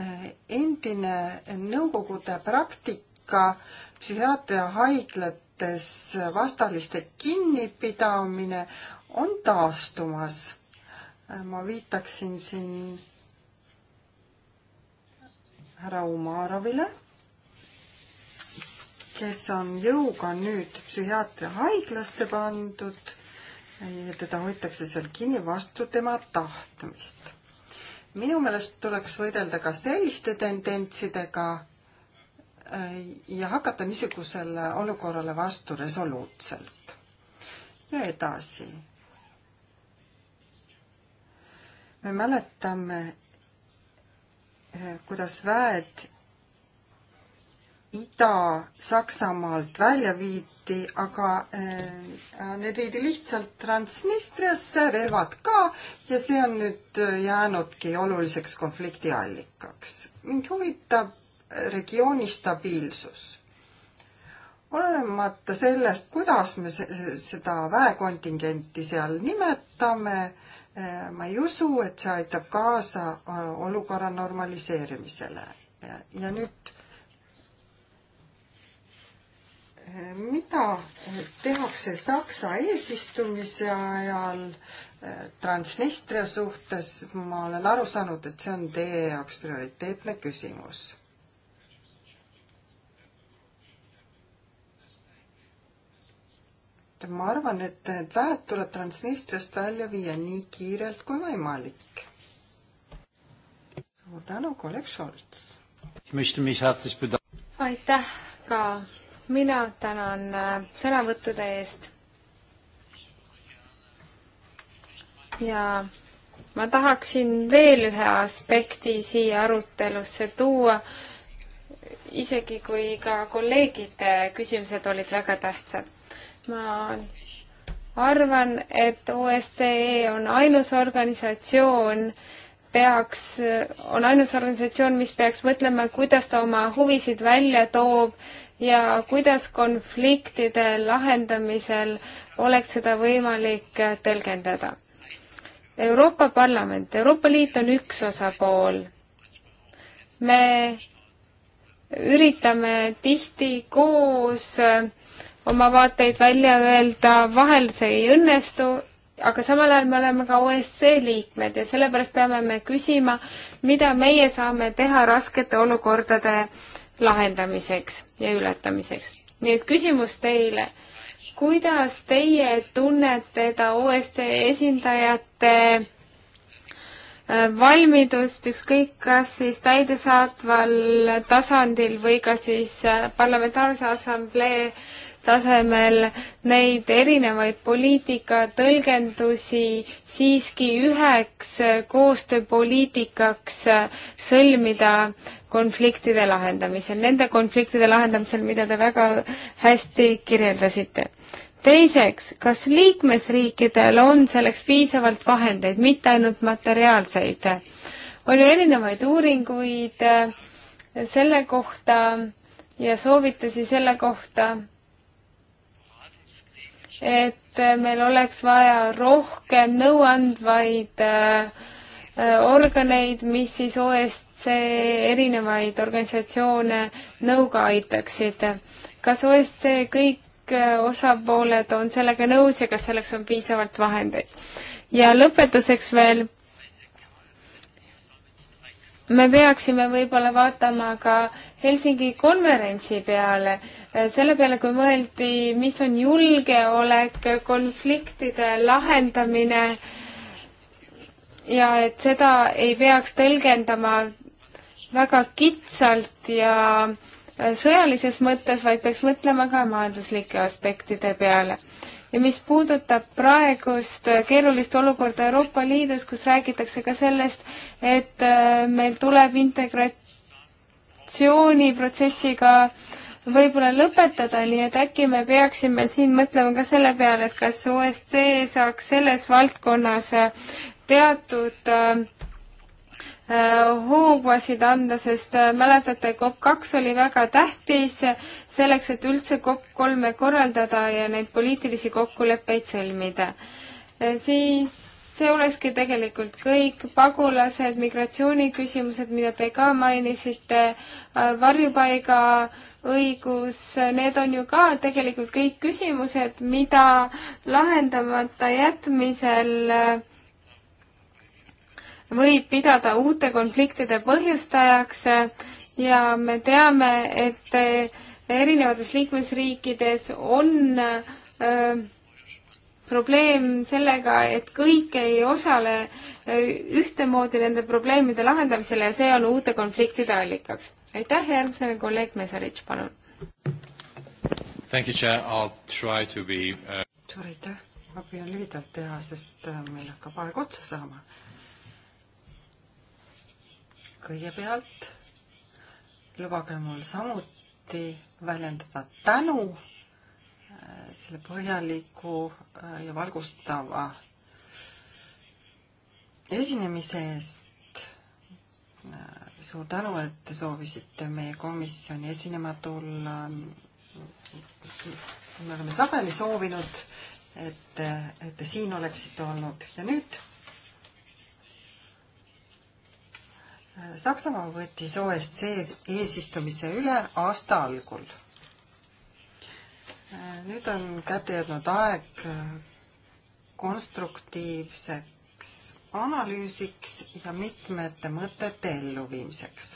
äh, endine Nõukogude praktika psühhiaatriahaiglates vastaliste kinnipidamine on taastumas. ma viitaksin siin härra Umarovile, kes on jõuga nüüd psühhiaatriahaiglasse pandud ja teda hoitakse seal kinni vastu tema tahtmist. minu meelest tuleks võidelda ka selliste tendentsidega Äh, ja hakata niisugusele olukorrale vastu resoluutselt. ja edasi. me mäletame, äh, kuidas väed Ida-Saksamaalt välja viidi, aga äh, need viidi lihtsalt Transnistriasse, relvad ka, ja see on nüüd jäänudki oluliseks konflikti allikaks. mind huvitab regiooni stabiilsus. olenemata sellest, kuidas me seda väekontingenti seal nimetame, eh, ma ei usu, et see aitab kaasa eh, olukorra normaliseerimisele. ja nüüd eh, mida tehakse Saksa eesistumise ajal Transnistria suhtes, ma olen aru saanud, et see on teie jaoks prioriteetne küsimus. et ma arvan, et need väed tuleb Transnistriast välja viia nii kiirelt kui võimalik. suur tänu, kolleeg Šolts. aitäh ka mina tänan äh, sõnavõttude eest. ja ma tahaksin veel ühe aspekti siia arutelusse tuua, isegi kui ka kolleegide küsimused olid väga tähtsad ma arvan, et OSCE on ainus organisatsioon, peaks, on ainus organisatsioon, mis peaks mõtlema, kuidas ta oma huvisid välja toob ja kuidas konfliktide lahendamisel oleks seda võimalik tõlgendada. Euroopa Parlament, Euroopa Liit on üks osapool. me üritame tihti koos äh, oma vaateid välja öelda, vahel see ei õnnestu, aga samal ajal me oleme ka OSCE liikmed ja sellepärast peame me küsima, mida meie saame teha raskete olukordade lahendamiseks ja ületamiseks. nii et küsimus teile, kuidas teie tunnete ta OSCE esindajate äh, valmidust ükskõik kas siis täidesaatval tasandil või ka siis äh, parlamentaarse assamblee äh, tasemel neid erinevaid poliitika tõlgendusi siiski üheks koostööpoliitikaks sõlmida konfliktide lahendamisel, nende konfliktide lahendamisel, mida te väga hästi kirjeldasite teiseks, kas liikmesriikidel on selleks piisavalt vahendeid, mitte ainult materiaalseid? oli erinevaid uuringuid selle kohta ja soovitusi selle kohta, et meil oleks vaja rohkem nõuandvaid äh, organeid, mis siis OSCE erinevaid organisatsioone nõuga aitaksid. kas OSCE kõik äh, osapooled on sellega nõus ja kas selleks on piisavalt vahendeid? ja lõpetuseks veel, me peaksime võib-olla vaatama ka, Helsingi konverentsi peale, äh, selle peale, kui mõeldi, mis on julgeolek, konfliktide lahendamine ja et seda ei peaks tõlgendama väga kitsalt ja äh, sõjalises mõttes, vaid peaks mõtlema ka majanduslike aspektide peale ja mis puudutab praegust äh, keerulist olukorda Euroopa Liidus, kus räägitakse ka sellest, et meil tuleb integrat-, konsultatsiooniprotsessiga võib-olla lõpetada, nii et äkki me peaksime siin mõtlema ka selle peale, et kas OSCE saaks selles valdkonnas äh, teatud äh, äh hooguasid anda, sest äh, mäletate, COP kaks oli väga tähtis selleks, et üldse COP kolme korraldada ja neid poliitilisi kokkuleppeid sõlmida. siis see olekski tegelikult kõik, pagulased, migratsiooniküsimused, mida te ka mainisite, äh, varjupaiga õigus, need on ju ka tegelikult kõik küsimused, mida lahendamata jätmisel äh, võib pidada uute konfliktide põhjustajaks ja me teame, et äh, erinevates liikmesriikides on öö, probleem sellega, et kõik ei osale äh, ühtemoodi nende probleemide lahendamisel ja see on uute konfliktide allikaks. aitäh, järgmisele kolleeg Meserits, palun. Uh, suur aitäh, ma püüan lühidalt teha, sest äh, meil hakkab aeg otsa saama. kõigepealt lubage mul samuti väljendada tänu selle põhjaliku äh, ja valgustava esinemise eest. Äh, suur tänu, et te soovisite meie komisjoni esinema tulla. me oleme sageli soovinud, et, et te siin oleksite olnud ja nüüd äh, Saksamaa võttis OSCE eesistumise üle aasta algul nüüd on kätte jõudnud aeg äh, konstruktiivseks analüüsiks ja mitmete mõtete elluviimiseks.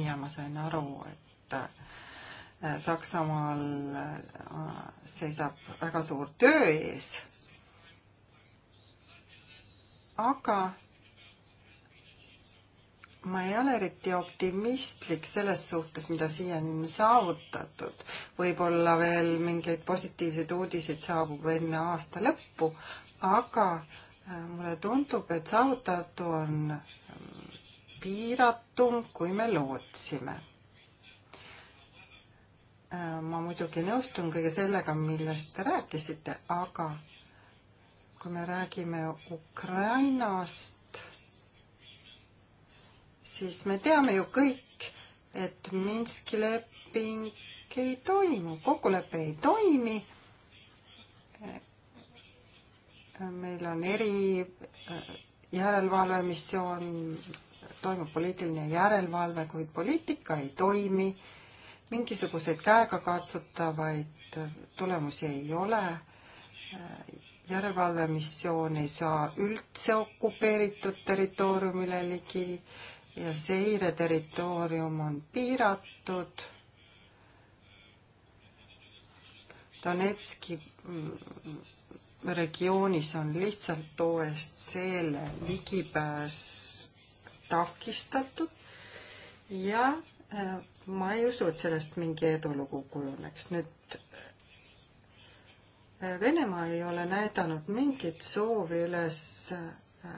ja ma sain aru, et äh, Saksamaal äh, seisab väga suur töö ees. aga ma ei ole eriti optimistlik selles suhtes, mida siiani on saavutatud. võib-olla veel mingeid positiivseid uudiseid saabub enne aasta lõppu, aga äh, mulle tundub, et saavutatu on äh, piiratum, kui me lootsime. Äh, ma muidugi nõustun kõige sellega, millest te rääkisite, aga kui me räägime Ukrainast, siis me teame ju kõik, et Minski leping ei toimu, kokkulepe ei toimi. meil on eri äh, järelevalvemissioon, toimub poliitiline järelevalve, kuid poliitika ei toimi. mingisuguseid käegakatsutavaid tulemusi ei ole. Äh, järelevalvemissioon ei saa üldse okupeeritud territooriumile ligi ja seire territoorium on piiratud. Donetski regioonis on lihtsalt OSCE-le ligipääs takistatud ja äh, ma ei usu, et sellest mingi edulugu kujuneks. nüüd äh, Venemaa ei ole näidanud mingit soovi üles äh,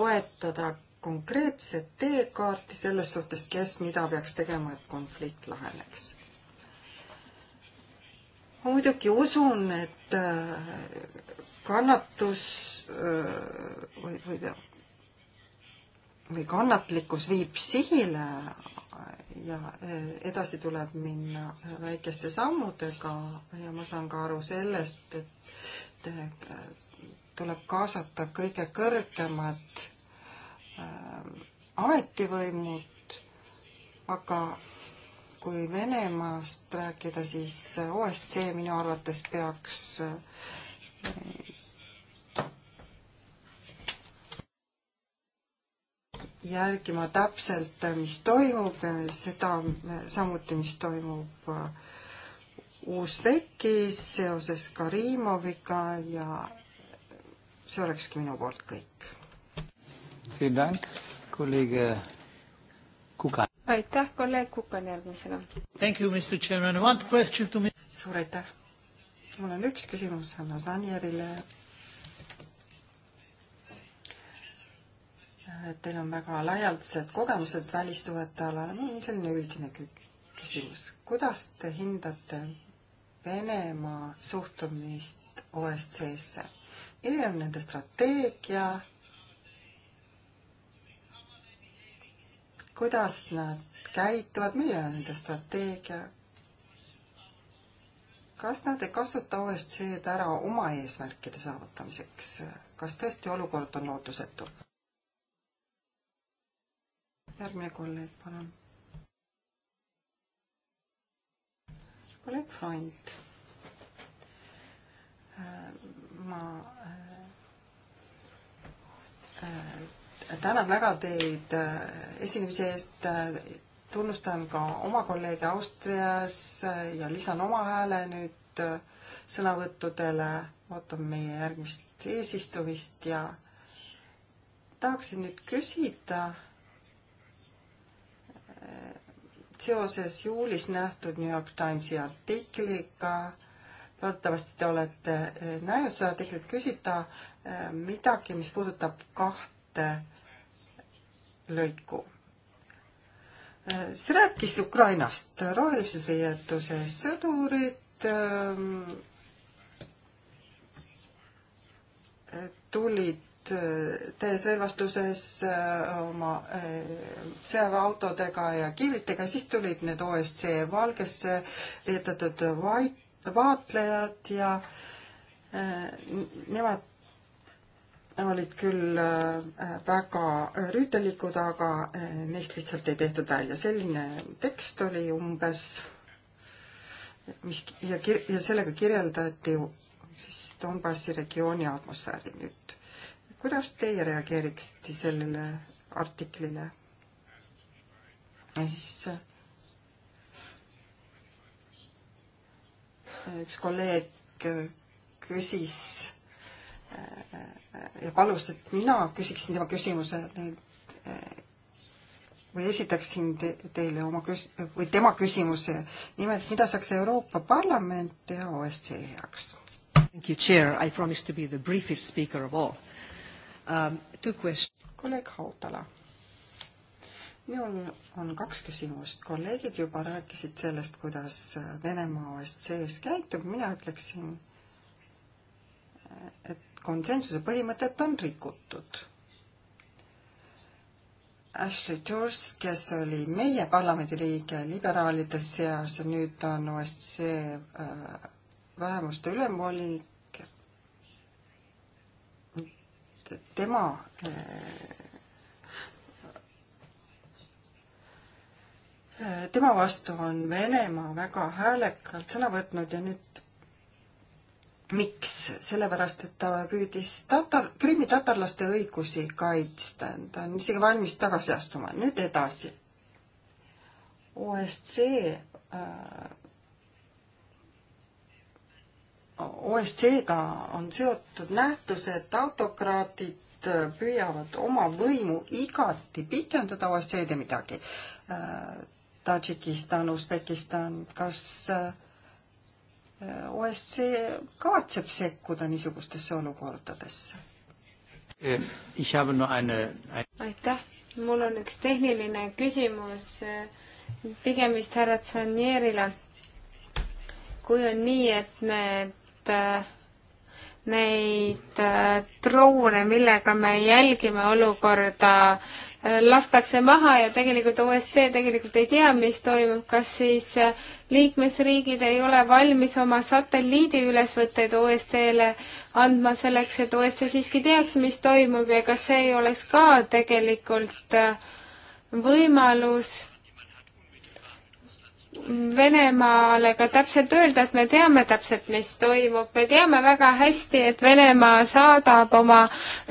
toetada konkreetset teekaarti selles suhtes, kes mida peaks tegema, et konflikt laheneks. ma muidugi usun, et äh, kannatus äh, või, või, või kannatlikkus viib sihile ja äh, edasi tuleb minna väikeste sammudega ja ma saan ka aru sellest, et tuleb kaasata kõige kõrgemad äh, ametivõimud, aga kui Venemaast rääkida, siis OSCE minu arvates peaks äh, jälgima täpselt, mis toimub, seda samuti, mis toimub äh, Usbekis seoses Karimoviga ja see olekski minu poolt kõik. aitäh, kolleeg Kukan järgmisena. suur aitäh. mul on üks küsimus Hanna Sanjerile. Teil on väga laialdased kogemused välissuhete alal, mul on selline üldine küsimus. kuidas te hindate Venemaa suhtumist OSCE-sse? erinev nende strateegia, kuidas nad käituvad, milline on nende strateegia, kas nad ei kasuta OSCE-d ära oma eesmärkide saavutamiseks, kas tõesti olukord on lootusetu? järgmine kolleeg, palun. kolleeg Freund Äh, ma äh, tänan väga teid äh, esinemise eest, tunnustan ka oma kolleege Austrias ja lisan oma hääle nüüd sõnavõttudele, ootan meie järgmist eesistumist ja tahaksin nüüd küsida seoses juulis nähtud New York Timesi artikliga loodetavasti te olete eh, näinud seda artiklit, küsida eh, midagi, mis puudutab kahte lõiku. Eh, see rääkis Ukrainast, rohelises riietuses sõdurid tulid täies relvastuses oma sõjaväeautodega ja kiivritega, siis tulid need OSCE valgesse riietatud vaid vaatlejad ja eh, nemad olid küll eh, väga rüütellikud, aga eh, neist lihtsalt ei tehtud välja. selline tekst oli umbes, mis ja kir-, ja sellega kirjeldati siis Donbassi regiooni atmosfääri nüüd. kuidas teie reageeriksite sellele artiklile? ja siis üks kolleeg äh, küsis äh, äh, ja palus, et mina küsiksin tema küsimuse või esitaksin te, teile oma küs-, või tema küsimuse, nimelt mida saaks Euroopa Parlament teha OSCE heaks? Thank you, chair, I promise to be the briefest speaker of all um,. Two questions. kolleeg Hautala minul on kaks küsimust. kolleegid juba rääkisid sellest, kuidas Venemaa OSCE-s käitub, mina ütleksin, et konsensuse põhimõtet on rikutud. Ashley Tours, kes oli meie parlamendi liige liberaalide seas ja nüüd ta on OSCE äh, vähemuste ülemvolinik, tema äh, tema vastu on Venemaa väga häälekalt sõna võtnud ja nüüd miks? sellepärast, et ta püüdis tatar, Krimmi tatarlaste õigusi kaitsta, ta on isegi valmis tagasi astuma. nüüd edasi. OSCE äh, OSCE-ga on seotud nähtus, et autokraadid äh, püüavad oma võimu igati pikendada, OSCE ei tee midagi. Äh, Tadžikistan, Usbekistan, kas äh, OSCE kavatseb sekkuda niisugustesse olukordadesse? Eh, aitäh, mul on üks tehniline küsimus, äh, pigem vist härra Tsanierile. kui on nii, et need, äh, neid droone, millega me jälgime olukorda lastakse maha ja tegelikult OSCE tegelikult ei tea, mis toimub, kas siis äh, liikmesriigid ei ole valmis oma satelliidiülesvõtteid OSCE-le andma selleks, et OSCE siiski teaks, mis toimub ja kas see ei oleks ka tegelikult äh, võimalus Venemaale ka täpselt öelda, et me teame täpselt, mis toimub, me teame väga hästi, et Venemaa saadab oma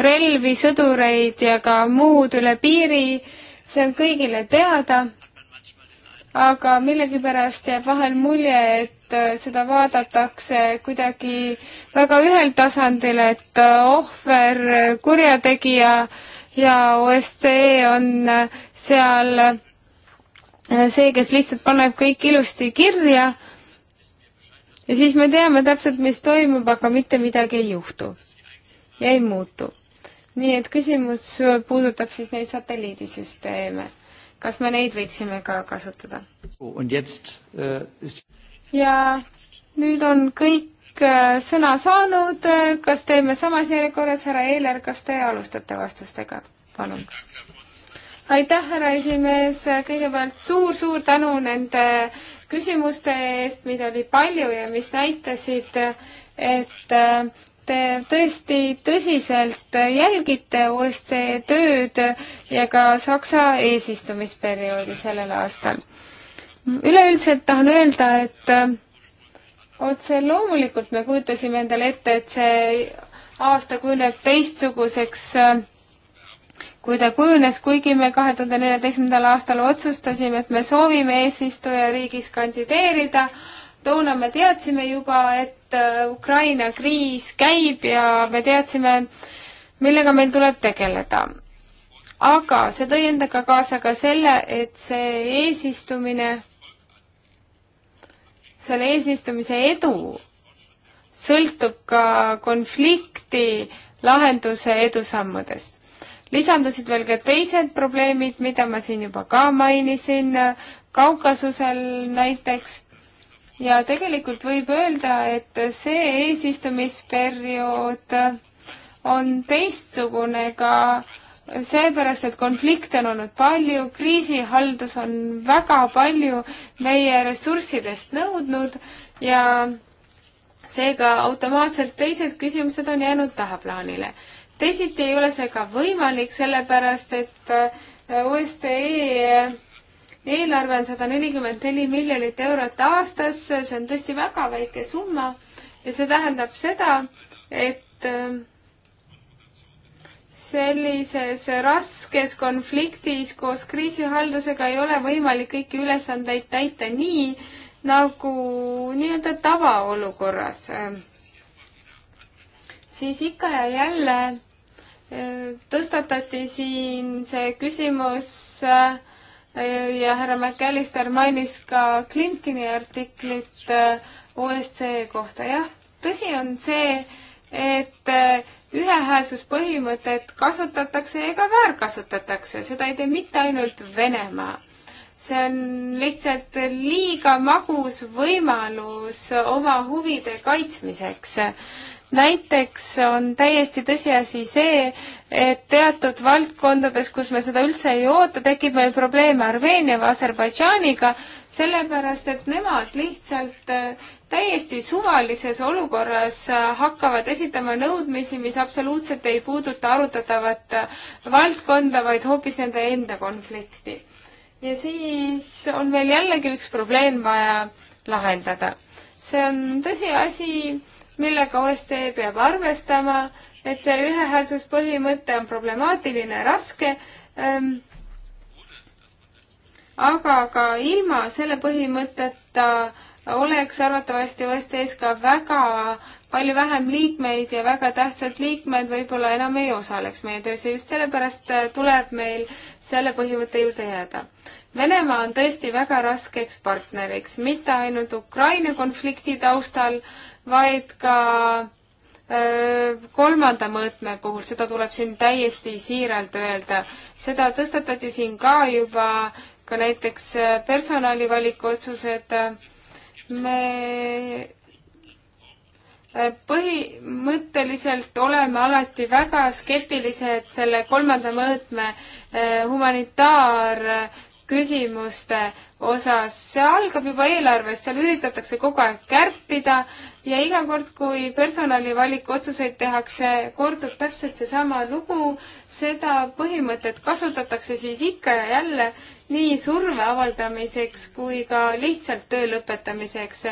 relvi, sõdureid ja ka muud üle piiri, see on kõigile teada, aga millegipärast jääb vahel mulje, et äh, seda vaadatakse kuidagi väga ühel tasandil, et äh, ohver, äh, kurjategija ja OSCE on seal Äh, see, kes lihtsalt paneb kõik ilusti kirja ja siis me teame täpselt, mis toimub, aga mitte midagi ei juhtu ja ei muutu. nii et küsimus puudutab siis neid satelliidisüsteeme. kas me neid võiksime ka kasutada? Äh, ja nüüd on kõik äh, sõna saanud, kas teeme samas järjekorras, härra Eeler, kas te alustate vastustega? palun aitäh, härra esimees, kõigepealt suur-suur tänu nende küsimuste eest, mida oli palju ja mis näitasid, et äh, te tõesti tõsiselt jälgite OSCE tööd ja ka Saksa eesistumisperioodi sellel aastal. üleüldiselt tahan öelda, et äh, otse loomulikult me kujutasime endale ette, et see aasta kujuneb teistsuguseks äh, kui ta kujunes, kuigi me kahe tuhande neljateistkümnendal aastal otsustasime, et me soovime eesistujariigis kandideerida, toona me teadsime juba, et äh, Ukraina kriis käib ja me teadsime, millega meil tuleb tegeleda. aga see tõi endaga kaasa ka selle, et see eesistumine, selle eesistumise edu sõltub ka konflikti lahenduse edusammudest lisandusid veel ka teised probleemid, mida ma siin juba ka mainisin, Kaukasusel näiteks. ja tegelikult võib öelda, et see eesistumisperiood on teistsugune ka seepärast, et konflikte on olnud palju, kriisihaldus on väga palju meie ressurssidest nõudnud ja seega automaatselt teised küsimused on jäänud tahaplaanile teisiti ei ole see ka võimalik, sellepärast et OSCE äh, äh, eelarve on sada nelikümmend neli miljonit eurot aastas, see on tõesti väga väike summa ja see tähendab seda, et äh, sellises raskes konfliktis koos kriisihaldusega ei ole võimalik kõiki ülesandeid täita nii, nagu nii-öelda tavaolukorras. siis ikka ja jälle tõstatati siin see küsimus äh, ja härra McAllister mainis ka Klimkini artiklit äh, OSCE kohta, jah, tõsi on see, et äh, ühehäälsuspõhimõtet kasutatakse ja ka väärkasutatakse, seda ei tee mitte ainult Venemaa. see on lihtsalt liiga magus võimalus oma huvide kaitsmiseks näiteks on täiesti tõsiasi see, et teatud valdkondades, kus me seda üldse ei oota, tekib meil probleeme Armeenia või Aserbaidžaaniga, sellepärast et nemad lihtsalt äh, täiesti suvalises olukorras äh, hakkavad esitama nõudmisi, mis absoluutselt ei puuduta arutatavat äh, valdkonda, vaid hoopis nende enda konflikti. ja siis on meil jällegi üks probleem vaja lahendada. see on tõsiasi, millega OSCE peab arvestama, et see ühehäälsuspõhimõte on problemaatiline, raske ähm,, aga ka ilma selle põhimõteta oleks arvatavasti OSCE-s ka väga palju vähem liikmeid ja väga tähtsad liikmed võib-olla enam ei osaleks meie töös ja just sellepärast äh, tuleb meil selle põhimõtte juurde jääda. Venemaa on tõesti väga raskeks partneriks, mitte ainult Ukraina konflikti taustal, vaid ka äh, kolmanda mõõtme puhul, seda tuleb siin täiesti siiralt öelda, seda tõstatati siin ka juba, ka näiteks äh, personalivaliku otsused, me äh, põhimõtteliselt oleme alati väga skeptilised selle kolmanda mõõtme humanitaar- küsimuste osas, see algab juba eelarvest, seal üritatakse kogu aeg kärpida ja iga kord, kui personalivaliku otsuseid tehakse, kordub täpselt seesama lugu, seda põhimõtet kasutatakse siis ikka ja jälle nii surve avaldamiseks kui ka lihtsalt töö lõpetamiseks.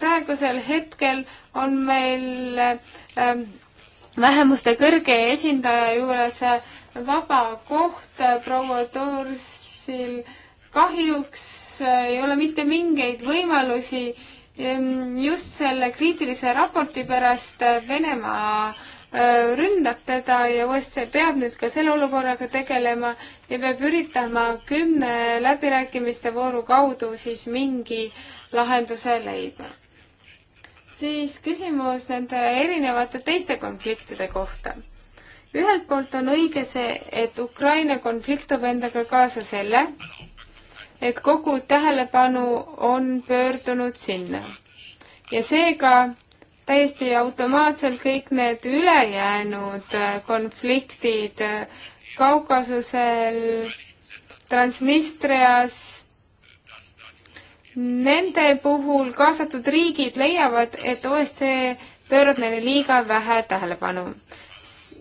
praegusel hetkel on meil ähm, vähemuste kõrge esindaja juures vaba koht proua Torsil äh, kahjuks äh, ei ole mitte mingeid võimalusi ehm, just selle kriitilise raporti pärast äh, Venemaa äh, ründab teda ja OSCE peab nüüd ka selle olukorraga tegelema ja peab üritama kümne läbirääkimiste vooru kaudu siis mingi lahenduse leida. siis küsimus nende erinevate teiste konfliktide kohta. ühelt poolt on õige see, et Ukraina konflikt toob endaga kaasa selle, et kogu tähelepanu on pöördunud sinna. ja seega täiesti automaatselt kõik need ülejäänud konfliktid Kaukasusel, Transnistrias, nende puhul kaasatud riigid leiavad, et OSCE pöörab neile liiga vähe tähelepanu.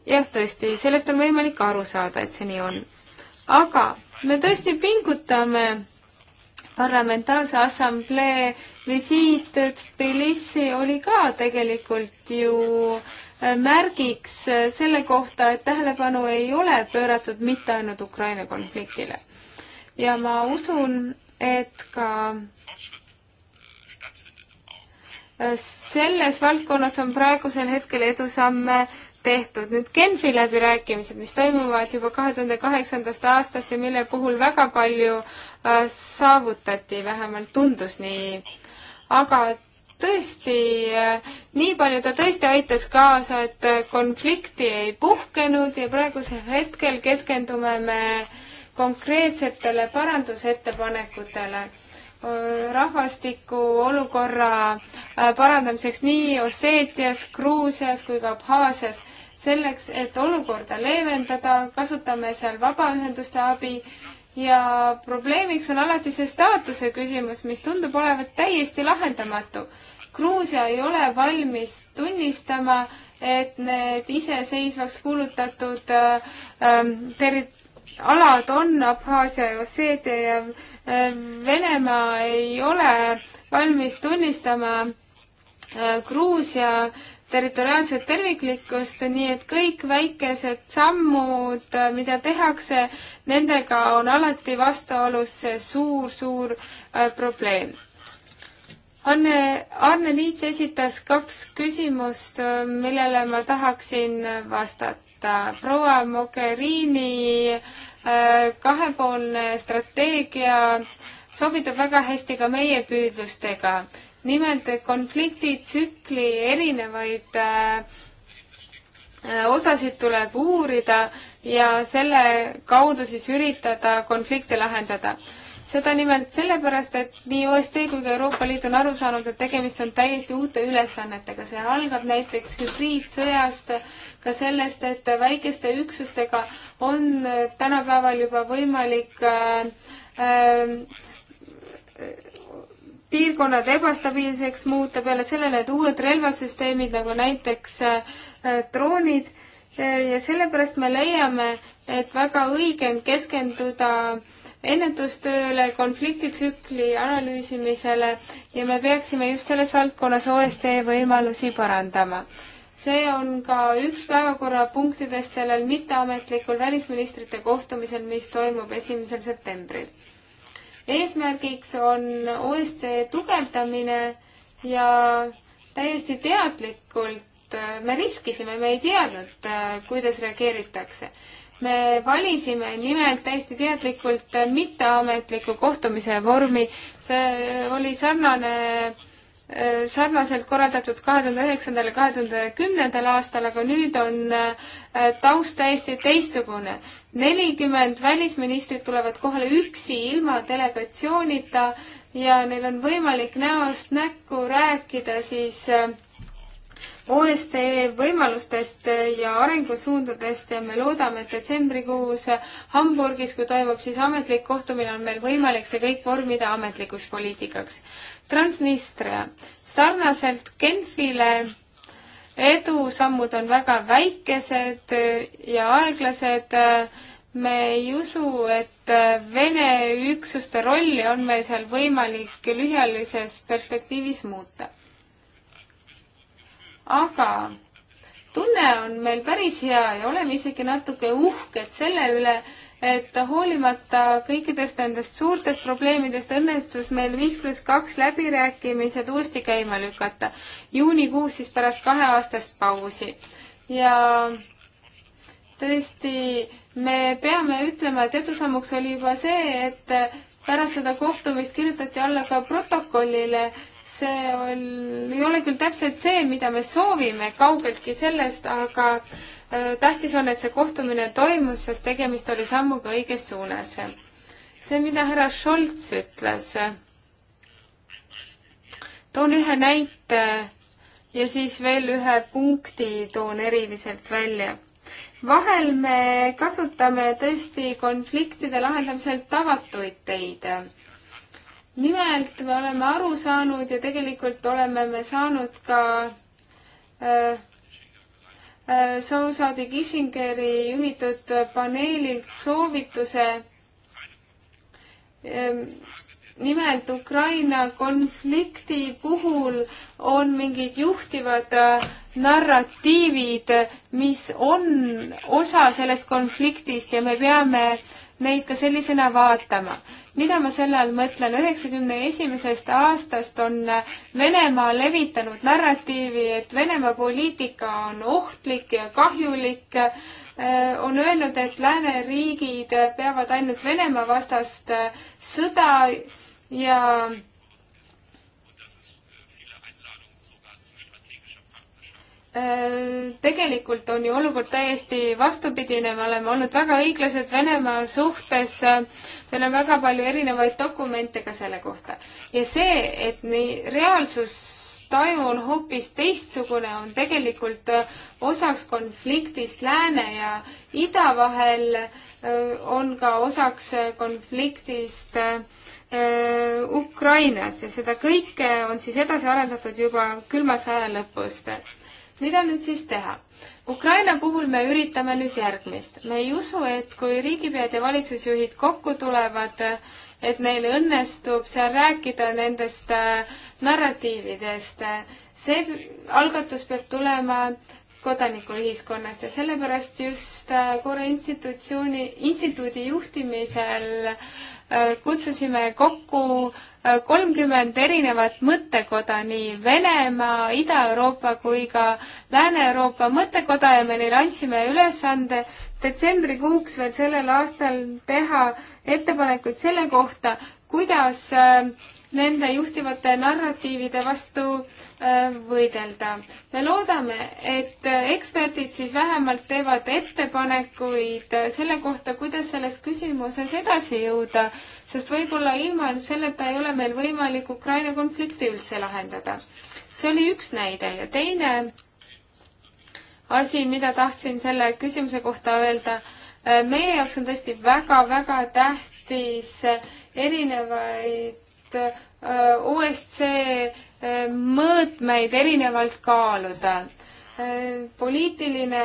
jah, tõesti, sellest on võimalik aru saada, et see nii on. aga me tõesti pingutame parlamentaarse assamblee visiit Tbilisi oli ka tegelikult ju äh, märgiks äh, selle kohta, et tähelepanu ei ole pööratud mitte ainult Ukraina konfliktile. ja ma usun, et ka äh, selles valdkonnas on praegusel hetkel edusamme tehtud. nüüd Genfi läbirääkimised, mis toimuvad juba kahe tuhande kaheksandast aastast ja mille puhul väga palju äh, saavutati, vähemalt tundus nii. aga tõesti äh,, nii palju ta tõesti aitas kaasa, et äh, konflikti ei puhkenud ja praegusel hetkel keskendume me konkreetsetele parandusettepanekutele rahvastiku olukorra äh, parandamiseks nii Osseetias, Gruusias kui ka Abhaasias. selleks, et olukorda leevendada, kasutame seal vabaühenduste abi ja probleemiks on alati see staatuse küsimus, mis tundub olevat täiesti lahendamatu. Gruusia ei ole valmis tunnistama, et need iseseisvaks kuulutatud äh, ähm, terri-, alad on Abhaasia ja Osseetia ja äh, Venemaa ei ole valmis tunnistama äh, Gruusia territoriaalset terviklikkust, nii et kõik väikesed sammud, äh, mida tehakse, nendega on alati vastuolus see suur-suur äh, probleem. Anne, Arne Liits esitas kaks küsimust, millele ma tahaksin vastata et äh, proua Mogherini äh, kahepoolne strateegia sobitub väga hästi ka meie püüdlustega. nimelt konfliktitsükli erinevaid äh, osasid tuleb uurida ja selle kaudu siis üritada konflikte lahendada seda nimelt sellepärast, et nii OSCE kui ka Euroopa Liit on aru saanud, et tegemist on täiesti uute ülesannetega, see algab näiteks hübriidsõjast, ka sellest, et väikeste üksustega on tänapäeval juba võimalik äh, äh, piirkonnad ebastabiilseks muuta, peale sellele, et uued relvasüsteemid nagu näiteks äh, droonid ja sellepärast me leiame, et väga õige on keskenduda ennetustööle, konfliktitsükli analüüsimisele ja me peaksime just selles valdkonnas OSCE võimalusi parandama. see on ka üks päevakorrapunktidest sellel mitteametlikul välisministrite kohtumisel, mis toimub esimesel septembril. eesmärgiks on OSCE tugevdamine ja täiesti teadlikult me riskisime, me ei teadnud, kuidas reageeritakse me valisime nimelt täiesti teadlikult mitteametliku kohtumise vormi. see oli sarnane, äh, sarnaselt korraldatud kahe tuhande üheksandal ja kahe tuhande kümnendal aastal, aga nüüd on äh, taust täiesti teistsugune. nelikümmend välisministrit tulevad kohale üksi, ilma delegatsioonita ja neil on võimalik näost näkku rääkida siis äh, OSCE võimalustest ja arengusuundadest ja me loodame, et detsembrikuus Hamburgis, kui toimub siis ametlik kohtumine, on meil võimalik see kõik vormida ametlikuks poliitikaks. Transnistria, sarnaselt Genfile edusammud on väga väikesed ja aeglased me ei usu, et Vene üksuste rolli on meil seal võimalik lühiajalises perspektiivis muuta aga tunne on meil päris hea ja oleme isegi natuke uhked selle üle, et hoolimata kõikidest nendest suurtest probleemidest õnnestus meil viis pluss kaks läbirääkimised uuesti käima lükata. juunikuus siis pärast kaheaastast pausi. ja tõesti, me peame ütlema, et edusammuks oli juba see, et pärast seda kohtumist kirjutati alla ka protokollile, see on, ei ole küll täpselt see, mida me soovime, kaugeltki sellest, aga äh, tähtis on, et see kohtumine toimus, sest tegemist oli sammuga õiges suunas. see, mida härra Scholz ütles, toon ühe näite ja siis veel ühe punkti toon eriliselt välja vahel me kasutame tõesti konfliktide lahendamisel tavatuid teid nimelt me oleme aru saanud ja tegelikult oleme me saanud ka äh, äh, Sousadi Kishingeri juhitud paneelilt soovituse äh, nimelt Ukraina konflikti puhul on mingid juhtivad äh, narratiivid, mis on osa sellest konfliktist ja me peame neid ka sellisena vaatama mida ma selle all mõtlen, üheksakümne esimesest aastast on Venemaa levitanud narratiivi, et Venemaa poliitika on ohtlik ja kahjulik, äh, on öelnud, et lääneriigid peavad ainult Venemaa vastast äh, sõda ja Äh, tegelikult on ju olukord täiesti vastupidine, me oleme olnud väga õiglased Venemaa suhtes, äh, meil on väga palju erinevaid dokumente ka selle kohta. ja see, et nii reaalsustaju on hoopis teistsugune, on tegelikult äh, osaks konfliktist lääne ja ida vahel, on ka osaks konfliktist Ukrainas ja seda kõike on siis edasi arendatud juba külma saja lõpust mida nüüd siis teha? Ukraina puhul me üritame nüüd järgmist. me ei usu, et kui riigipead ja valitsusjuhid kokku tulevad, et neil õnnestub seal rääkida nendest äh, narratiividest. see algatus peab tulema kodanikuühiskonnast ja sellepärast just äh, Korea institutsiooni, instituudi juhtimisel äh, Äh, kutsusime kokku äh, kolmkümmend erinevat mõttekoda, nii Venemaa, Ida-Euroopa kui ka Lääne-Euroopa mõttekoda ja me neile andsime ülesande detsembrikuuks veel sellel aastal teha ettepanekuid selle kohta, kuidas äh, nende juhtivate narratiivide vastu äh, võidelda. me loodame, et eksperdid siis vähemalt teevad ettepanekuid selle kohta, kuidas selles küsimuses edasi jõuda, sest võib-olla ilma selleta ei ole meil võimalik Ukraina konflikti üldse lahendada. see oli üks näide ja teine asi, mida tahtsin selle küsimuse kohta öelda, äh, meie jaoks on tõesti väga-väga tähtis erinevaid et äh, OSCE äh, mõõtmeid erinevalt kaaluda. Äh, poliitiline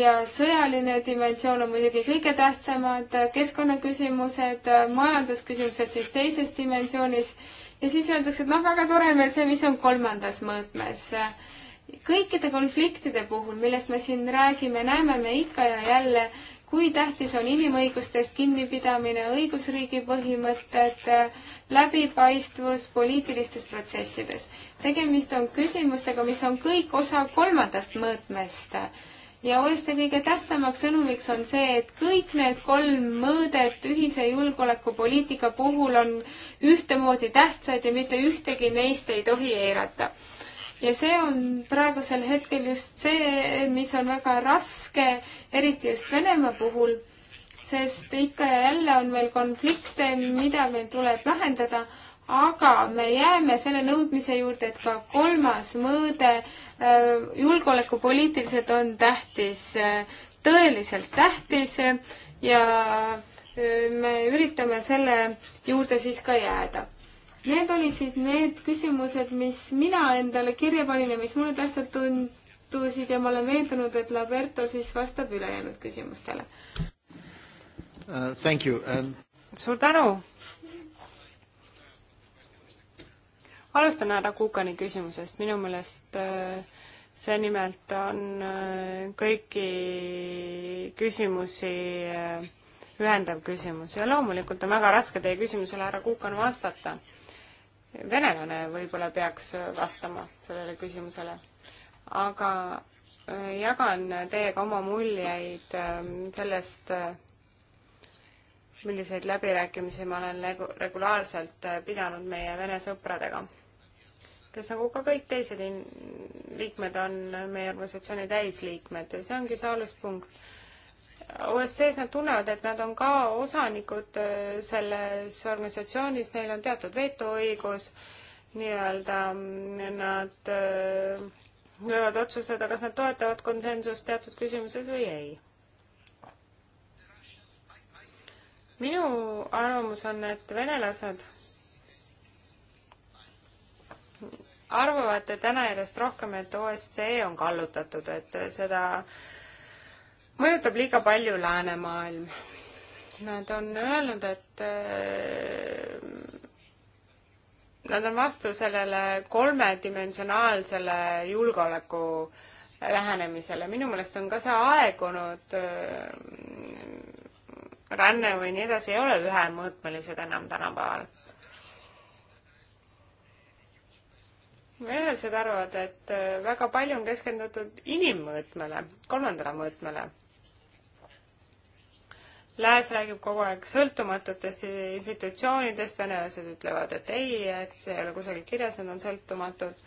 ja sõjaline dimensioon on muidugi kõige tähtsamad, keskkonnaküsimused, majandusküsimused siis teises dimensioonis ja siis öeldakse, et noh, väga tore on veel see, mis on kolmandas mõõtmes. kõikide konfliktide puhul, millest me siin räägime, näeme me ikka ja jälle, kui tähtis on inimõigustest kinnipidamine, õigusriigi põhimõtted, läbipaistvus poliitilistes protsessides. tegemist on küsimustega, mis on kõik osa kolmandast mõõtmest. ja OSCE kõige tähtsamaks sõnumiks on see, et kõik need kolm mõõdet ühise julgeolekupoliitika puhul on ühtemoodi tähtsad ja mitte ühtegi neist ei tohi eirata ja see on praegusel hetkel just see, mis on väga raske, eriti just Venemaa puhul, sest ikka ja jälle on meil konflikte, mida meil tuleb lahendada, aga me jääme selle nõudmise juurde, et ka kolmas mõõde äh, julgeolekupoliitiliselt on tähtis, äh, tõeliselt tähtis ja äh, me üritame selle juurde siis ka jääda Need olid siis need küsimused, mis mina endale kirja panin ja mis mulle tähtsad tundusid ja ma olen veendunud, et Laberto siis vastab ülejäänud küsimustele uh,. Thank you um.... suur tänu. alustan härra Kukani küsimusest, minu meelest äh, see nimelt on uh, kõiki küsimusi uh, ühendav küsimus ja loomulikult on väga raske teie küsimusele, härra Kuukan, vastata venelane võib-olla peaks vastama sellele küsimusele. aga äh, jagan teiega oma muljeid ähm, sellest, äh, milliseid läbirääkimisi ma olen regulaarselt äh, pidanud meie vene sõpradega, kes nagu ka kõik teised liikmed on meie organisatsiooni täisliikmed ja see ongi see aluspunkt OSCE-s nad tunnevad, et nad on ka osanikud äh, selles organisatsioonis, neil on teatud vetoõigus, nii-öelda mm, nad äh, võivad otsustada, kas nad toetavad konsensust teatud küsimuses või ei. minu arvamus on, et venelased arvavad täna järjest rohkem, et OSCE on kallutatud, et seda äh, mõjutab liiga palju läänemaailm. Nad on öelnud, et äh, nad on vastu sellele kolmedimensionaalsele julgeoleku lähenemisele. minu meelest on ka see aegunud äh, ränne või nii edasi, ei ole ühemõõtmelised enam tänapäeval venelased arvavad, et äh, väga palju on keskendutud inimmõõtmele, kolmandale mõõtmele. Lääs räägib kogu aeg sõltumatutest institutsioonidest, venelased ütlevad, et ei, et see ei ole kusagil kirjas, nad on sõltumatud.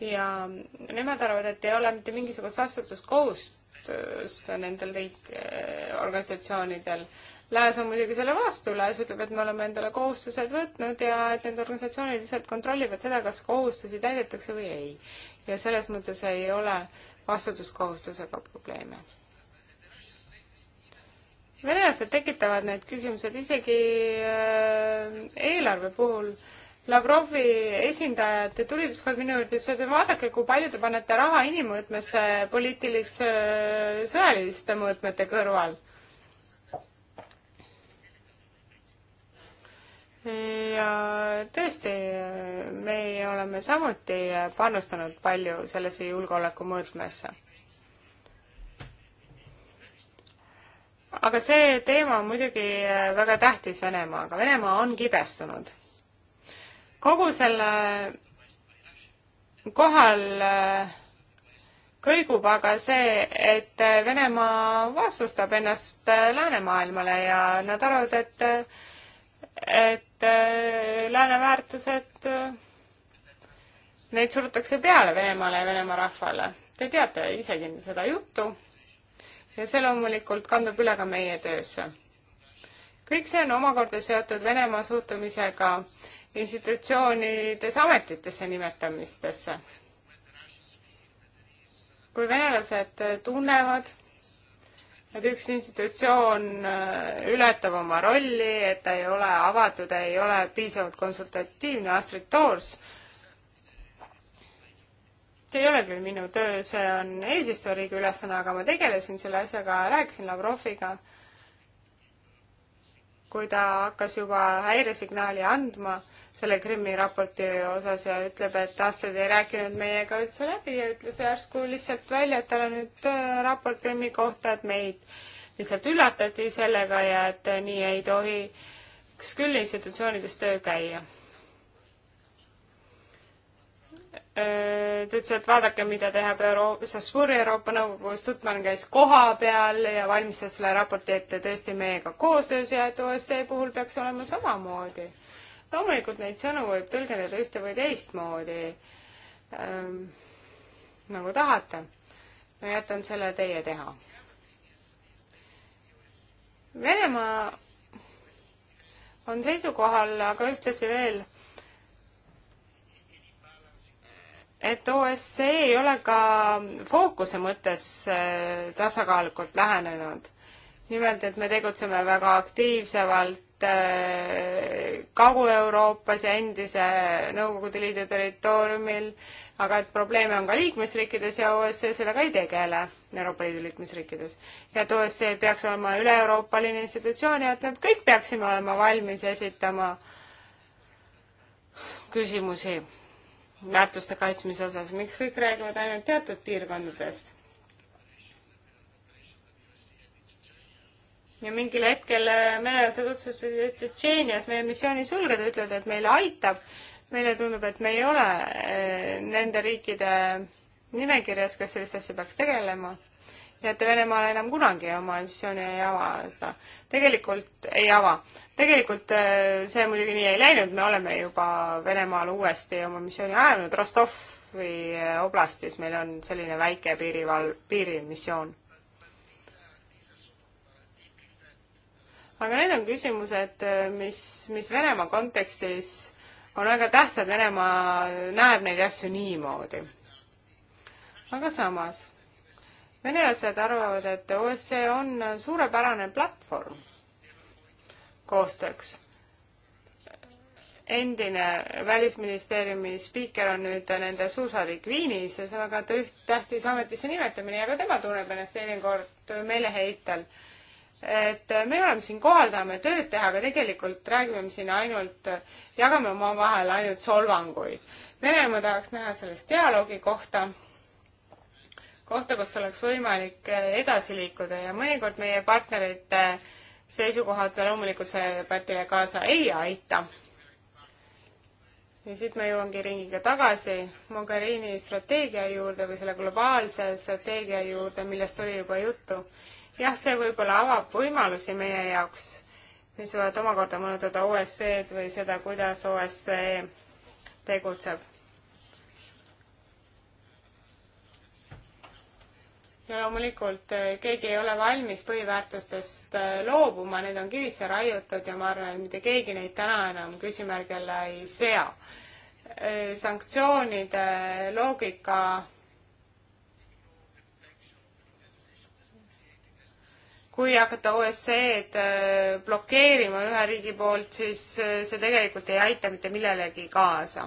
ja nemad arvavad, et ei ole mitte mingisugust vastutuskohustust nendel riik eh,, organisatsioonidel. Lääs on muidugi selle vastu, Lääs ütleb, et me oleme endale kohustused võtnud ja et need organisatsioonid lihtsalt kontrollivad seda, kas kohustusi täidetakse või ei. ja selles mõttes ei ole vastutuskohustusega probleeme venelased tekitavad need küsimused isegi äh, eelarve puhul. Lavrovi esindajad tulid ükskord minu juurde, ütlesid, et vaadake, kui palju te panete raha inimõõtmesse poliitilise äh, sõjaliste mõõtmete kõrval ja tõesti, äh, meie oleme samuti panustanud palju sellesse julgeoleku mõõtmesse. aga see teema on muidugi äh, väga tähtis Venemaaga, Venemaa on kibestunud. kogu selle kohal äh, kõigub aga see, et äh, Venemaa vastustab ennast läänemaailmale ja nad arvavad, et, et lääne väärtused, neid surutakse peale Venemaale ja Venemaa rahvale. Te teate isegi seda juttu ja see loomulikult kandub üle ka meie töösse. kõik see on omakorda seotud Venemaa suhtumisega institutsioonides ametitesse nimetamistesse. kui venelased tunnevad, et üks institutsioon äh, ületab oma rolli, et ta ei ole avatud, ei ole piisavalt konsultatiivne, Astrid Toors äh, see ei ole küll minu töö, see on eesistujariigi ülesanne, aga ma tegelesin selle asjaga, rääkisin Lavroviga, kui ta hakkas juba häiresignaali andma selle Krimmi raporti osas ja ütleb, et aastaid ei rääkinud meiega üldse läbi ja ütles järsku lihtsalt välja, et tal on nüüd äh, raport Krimmi kohta, et meid lihtsalt üllatati sellega ja et nii ei tohiks küll institutsioonides töö käia Äh, ta ütles, et vaadake, mida teheb Euro-, Strasbourgi Euroopa Nõukogus, Tutman käis koha peal ja valmistas selle raporti ette tõesti meiega koostöös ja et OSCE puhul peaks olema samamoodi. loomulikult neid sõnu võib tõlgendada ühte või teistmoodi ähm,, nagu tahate. ma jätan selle teie teha. Venemaa on seisukohal, aga ühtlasi veel et OSCE ei ole ka fookuse mõttes äh, tasakaalukalt lähenenud. nimelt, et me tegutseme väga aktiivsemalt äh, Kagu-Euroopas ja endise Nõukogude Liidu territooriumil, aga et probleeme on ka liikmesriikides ja OSCE sellega ei tegele, Euroopa Liidu liikmesriikides. ja et OSCE peaks olema üle-euroopaline institutsioon ja et me kõik peaksime olema valmis esitama küsimusi väärtuste kaitsmise osas, miks kõik räägivad ainult teatud piirkondadest? ja mingil hetkel venelased otsustasid, et Tšetšeenias meie missiooni sulgeda, ütlevad, et meile aitab. meile tundub, et me ei ole äh, nende riikide nimekirjas, kes sellist asja peaks tegelema nii et Venemaale enam kunagi oma missiooni ei ava seda. tegelikult ei ava. tegelikult äh, see muidugi nii ei läinud, me oleme juba Venemaale uuesti oma missiooni ajanud, Rostovi äh, oblastis meil on selline väike piirival-, piirimissioon. aga need on küsimused, äh, mis, mis Venemaa kontekstis on väga tähtsad, Venemaa näeb neid asju niimoodi. aga samas venelased arvavad, et OSCE on suurepärane platvorm koostööks. endine välisministeeriumi spiiker on nüüd nende suursaadik Viinis ja see on väga tüht, tähtis ametisse nimetamine ja ka tema tunneb ennast teinekord meeleheitel. et me oleme siin kohal, tahame tööd teha, aga tegelikult räägime siin ainult, jagame omavahel ainult solvanguid. Venemaa tahaks näha selles dialoogi kohta kohta, kus oleks võimalik eh, edasi liikuda ja mõnikord meie partnerite eh, seisukohad loomulikult sellele debatile kaasa ei aita. ja siit ma jõuangi ringiga tagasi Mogherini strateegia juurde või selle globaalse strateegia juurde, millest oli juba juttu. jah, see võib-olla avab võimalusi meie jaoks, mis võivad omakorda mõjutada OSCE-d või seda, kuidas OSCE tegutseb ja loomulikult eh, keegi ei ole valmis põhiväärtustest eh, loobuma, need on kivisse raiutud ja ma arvan, et mitte keegi neid täna enam küsimärgi alla ei sea. Eh, sanktsioonide loogika kui hakata OSCE-d blokeerima ühe riigi poolt, siis see tegelikult ei aita mitte millelegi kaasa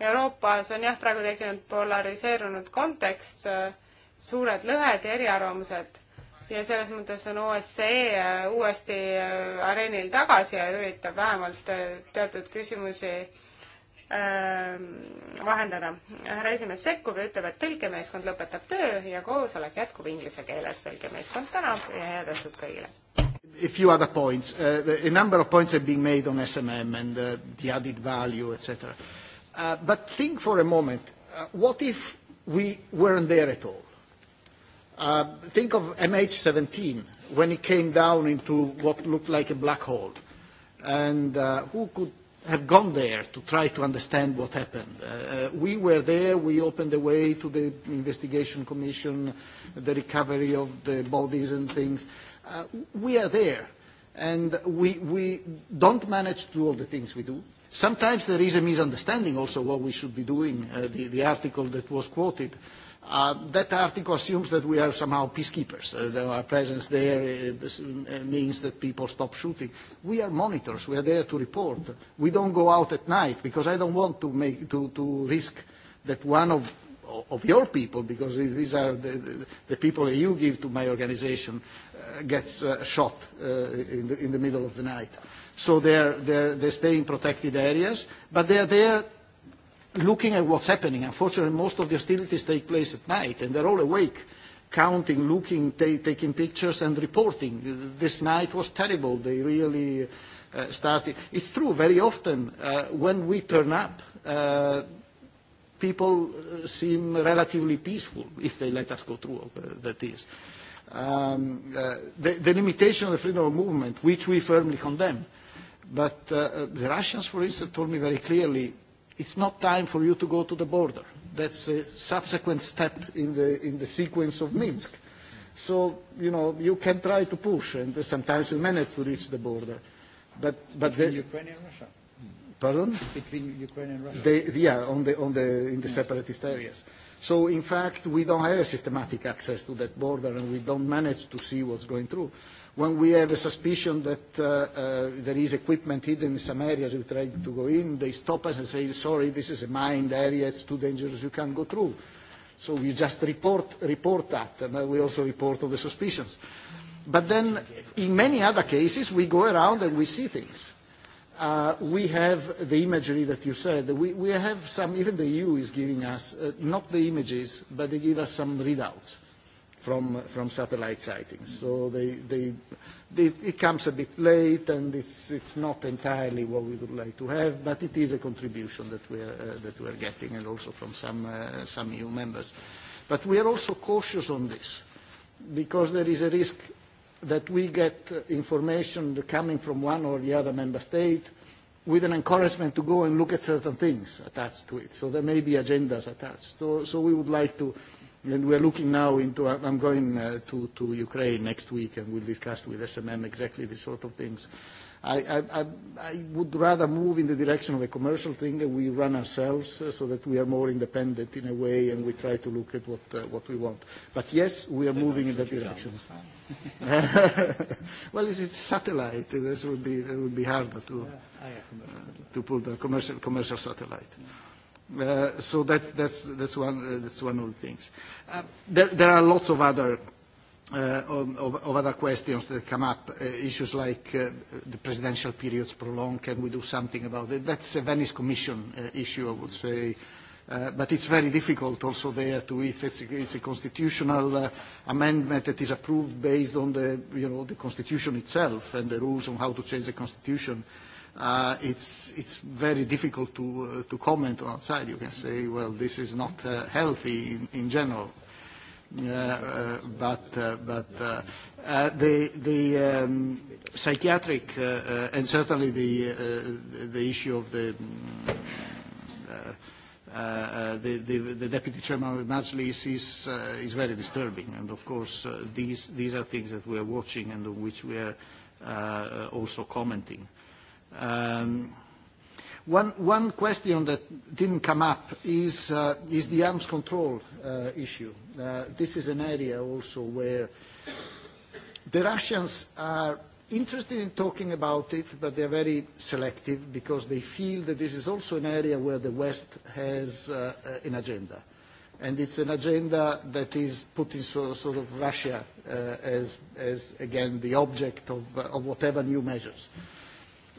Euroopas on jah, praegu tekkinud polariseerunud kontekst, suured lõhed ja eriarvamused ja selles mõttes on OSCE äh, uuesti äh, areenil tagasi ja üritab vähemalt äh, teatud küsimusi äh, vahendada. härra esimees sekkub ja ütleb, et tõlkemeeskond lõpetab töö ja koosolek jätkub inglise keeles. tõlkemeeskond tänab ja head õhtut kõigile! a few other points. Uh, a number of points have been made on SMM and uh, the added value, etc. Uh, Uh, but think for a moment, uh, what if we weren't there at all? Uh, think of MH17 when it came down into what looked like a black hole. And uh, who could have gone there to try to understand what happened. Uh, uh, we were there, we opened the way to the investigation commission, the recovery of the bodies and things. Uh, we are there, and we, we don't manage to do all the things we do. Sometimes there is a misunderstanding also what we should be doing, uh, the, the article that was quoted. Uh, that article assumes that we are somehow peacekeepers. Uh, that our presence there uh, uh, means that people stop shooting. We are monitors. We are there to report. We don't go out at night because I don't want to, make, to, to risk that one of, of your people, because these are the, the, the people that you give to my organization, uh, gets uh, shot uh, in, the, in the middle of the night. Uh, So they're, they're, they stay in protected areas, but they're there looking at what's happening. Unfortunately, most of the hostilities take place at night, and they're all awake, counting, looking, ta taking pictures, and reporting. This night was terrible. They really uh, started. It's true, very often uh, when we turn up, uh, people uh, seem relatively peaceful, if they let us go through, uh, that is. Um, uh, the, the limitation of the freedom of movement, which we firmly condemn, uh, But uh, uh, the Russians, for instance, told me very clearly, it's not time for you to go to the border. That's a subsequent step in the, in the sequence of Minsk. So, you know, you can try to push, and sometimes you manage to reach the border. But, but Between the, Ukraine and Russia? Pardon? Between Ukraine and Russia? They, yeah, on the, on the, in the yes. separatist areas. So, in fact, we don't have a systematic access to that border, and we don't manage to see what's going through. Uh, When we have a suspicion that uh, uh, there is equipment hidden in some areas, we try to go in. They stop us and say, sorry, this is a mined area. It's too dangerous. You can't go through. So we just report, report that, and we also report all the suspicions. But then in many other cases, we go around and we see things. Uh, we have the imagery that you said. We, we have some, even the EU is giving us, uh, not the images, but they give us some readouts from, from satellite sightings. So they, they, they, it comes a bit late, and it's, it's not entirely what we would like to have, but it is a contribution that we are, uh, that we are getting, and also from some, uh, some EU members. But we are also cautious on this, because there is a risk that we get uh, information coming from one or the other member state with an encouragement to go and look at certain things attached to it. So there may be agendas attached. So, so we would like to, uh, And we're looking now into, I'm going uh, to, to Ukraine next week and we'll discuss with SMM exactly this sort of things. I, I, I, I would rather move in the direction of a commercial thing that we run ourselves uh, so that we are more independent in a way and we try to look at what, uh, what we want. But yes, we are they moving in that direction. *laughs* well, it's, it's satellite. This would be, that would be harder to, yeah, uh, to put the commercial, commercial satellite. Yeah. Uh, so that's, that's, that's, one, uh, that's one of the things. Uh, there, there are lots of other, uh, of, of other questions that come up, uh, issues like uh, the presidential periods prolonged, can we do something about it? That's a Venice Commission uh, issue, I would say. Uh, but it's very difficult also there to, if it's, it's a constitutional uh, amendment that is approved based on the, you know, the constitution itself and the rules on how to change the constitution, uh, uh, it's, it's very difficult to, uh, to comment outside. You can say, well, this is not uh, healthy in, in general. Uh, uh, but uh, but uh, uh, the, the um, psychiatric uh, uh, and certainly the, uh, the issue of the, mm, uh, uh, uh, the, the, the deputy chairman of Majlis is, uh, is very disturbing. And of course, uh, these, these are things that we are watching and on which we are uh, uh also commenting. Um, one, one question that didn't come up is, uh, is the arms control uh, issue. Uh, this is an area also where the Russians are interested in talking about it, but they're very selective because they feel that this is also an area where the West has uh, uh an agenda. And it's an agenda that is putting so, sort of Russia uh, as, as, again, the object of, uh, of whatever new measures. Uh,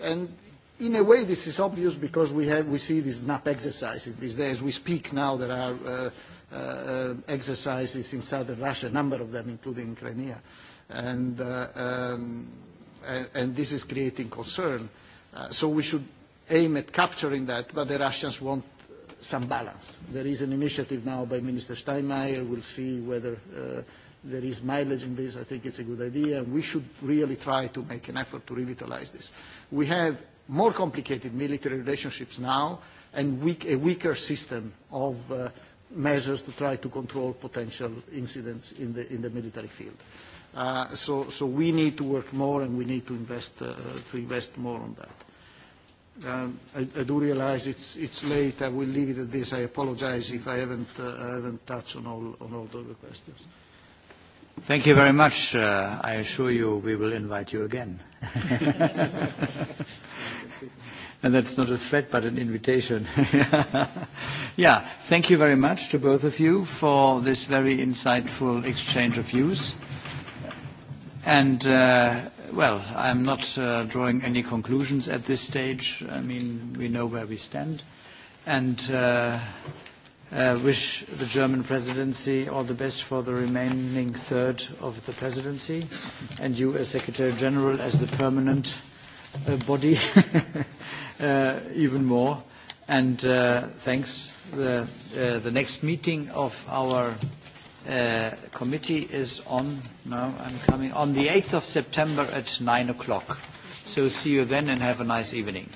And in a way, this is obvious because we, have, we see these NAP exercises these days. We speak now there are uh, uh, exercises in southern Russia, a number of them, including Crimea. And, uh, um, and, and this is creating concern. Uh, so we should aim at capturing that, but the Russians want some balance. There is an initiative now by Minister Steinmeier. We'll see whether uh, there is mileage in this. I think it's a good idea. We should really try to make an effort to revitalize this. We have more complicated military relationships now and weak, a weaker system of uh, measures to try to control potential incidents in the, in the military field. Uh, so, so we need to work more and we need to invest, uh, to invest more on that. Um, I, I do realize it's, it's late. I will leave it at this. I apologize if I haven't, uh, I haven't touched on all, on all the questions. Uh, Thank you very much. Uh, I assure you we will invite you again. *laughs* and that's not a threat but an invitation. *laughs* yeah, thank you very much to both of you for this very insightful exchange of views. And, uh, well, I'm not uh, drawing any conclusions at this stage. I mean, we know where we stand. And, uh, uh, wish the German presidency all the best for the remaining third of the presidency, and you as Secretary General, as the permanent uh, body, *laughs* uh, even more. And uh, thanks. The, uh, the next meeting of our uh, committee is on, now I'm coming, on the 8th of September at 9 o'clock. So see you then and have a nice evening.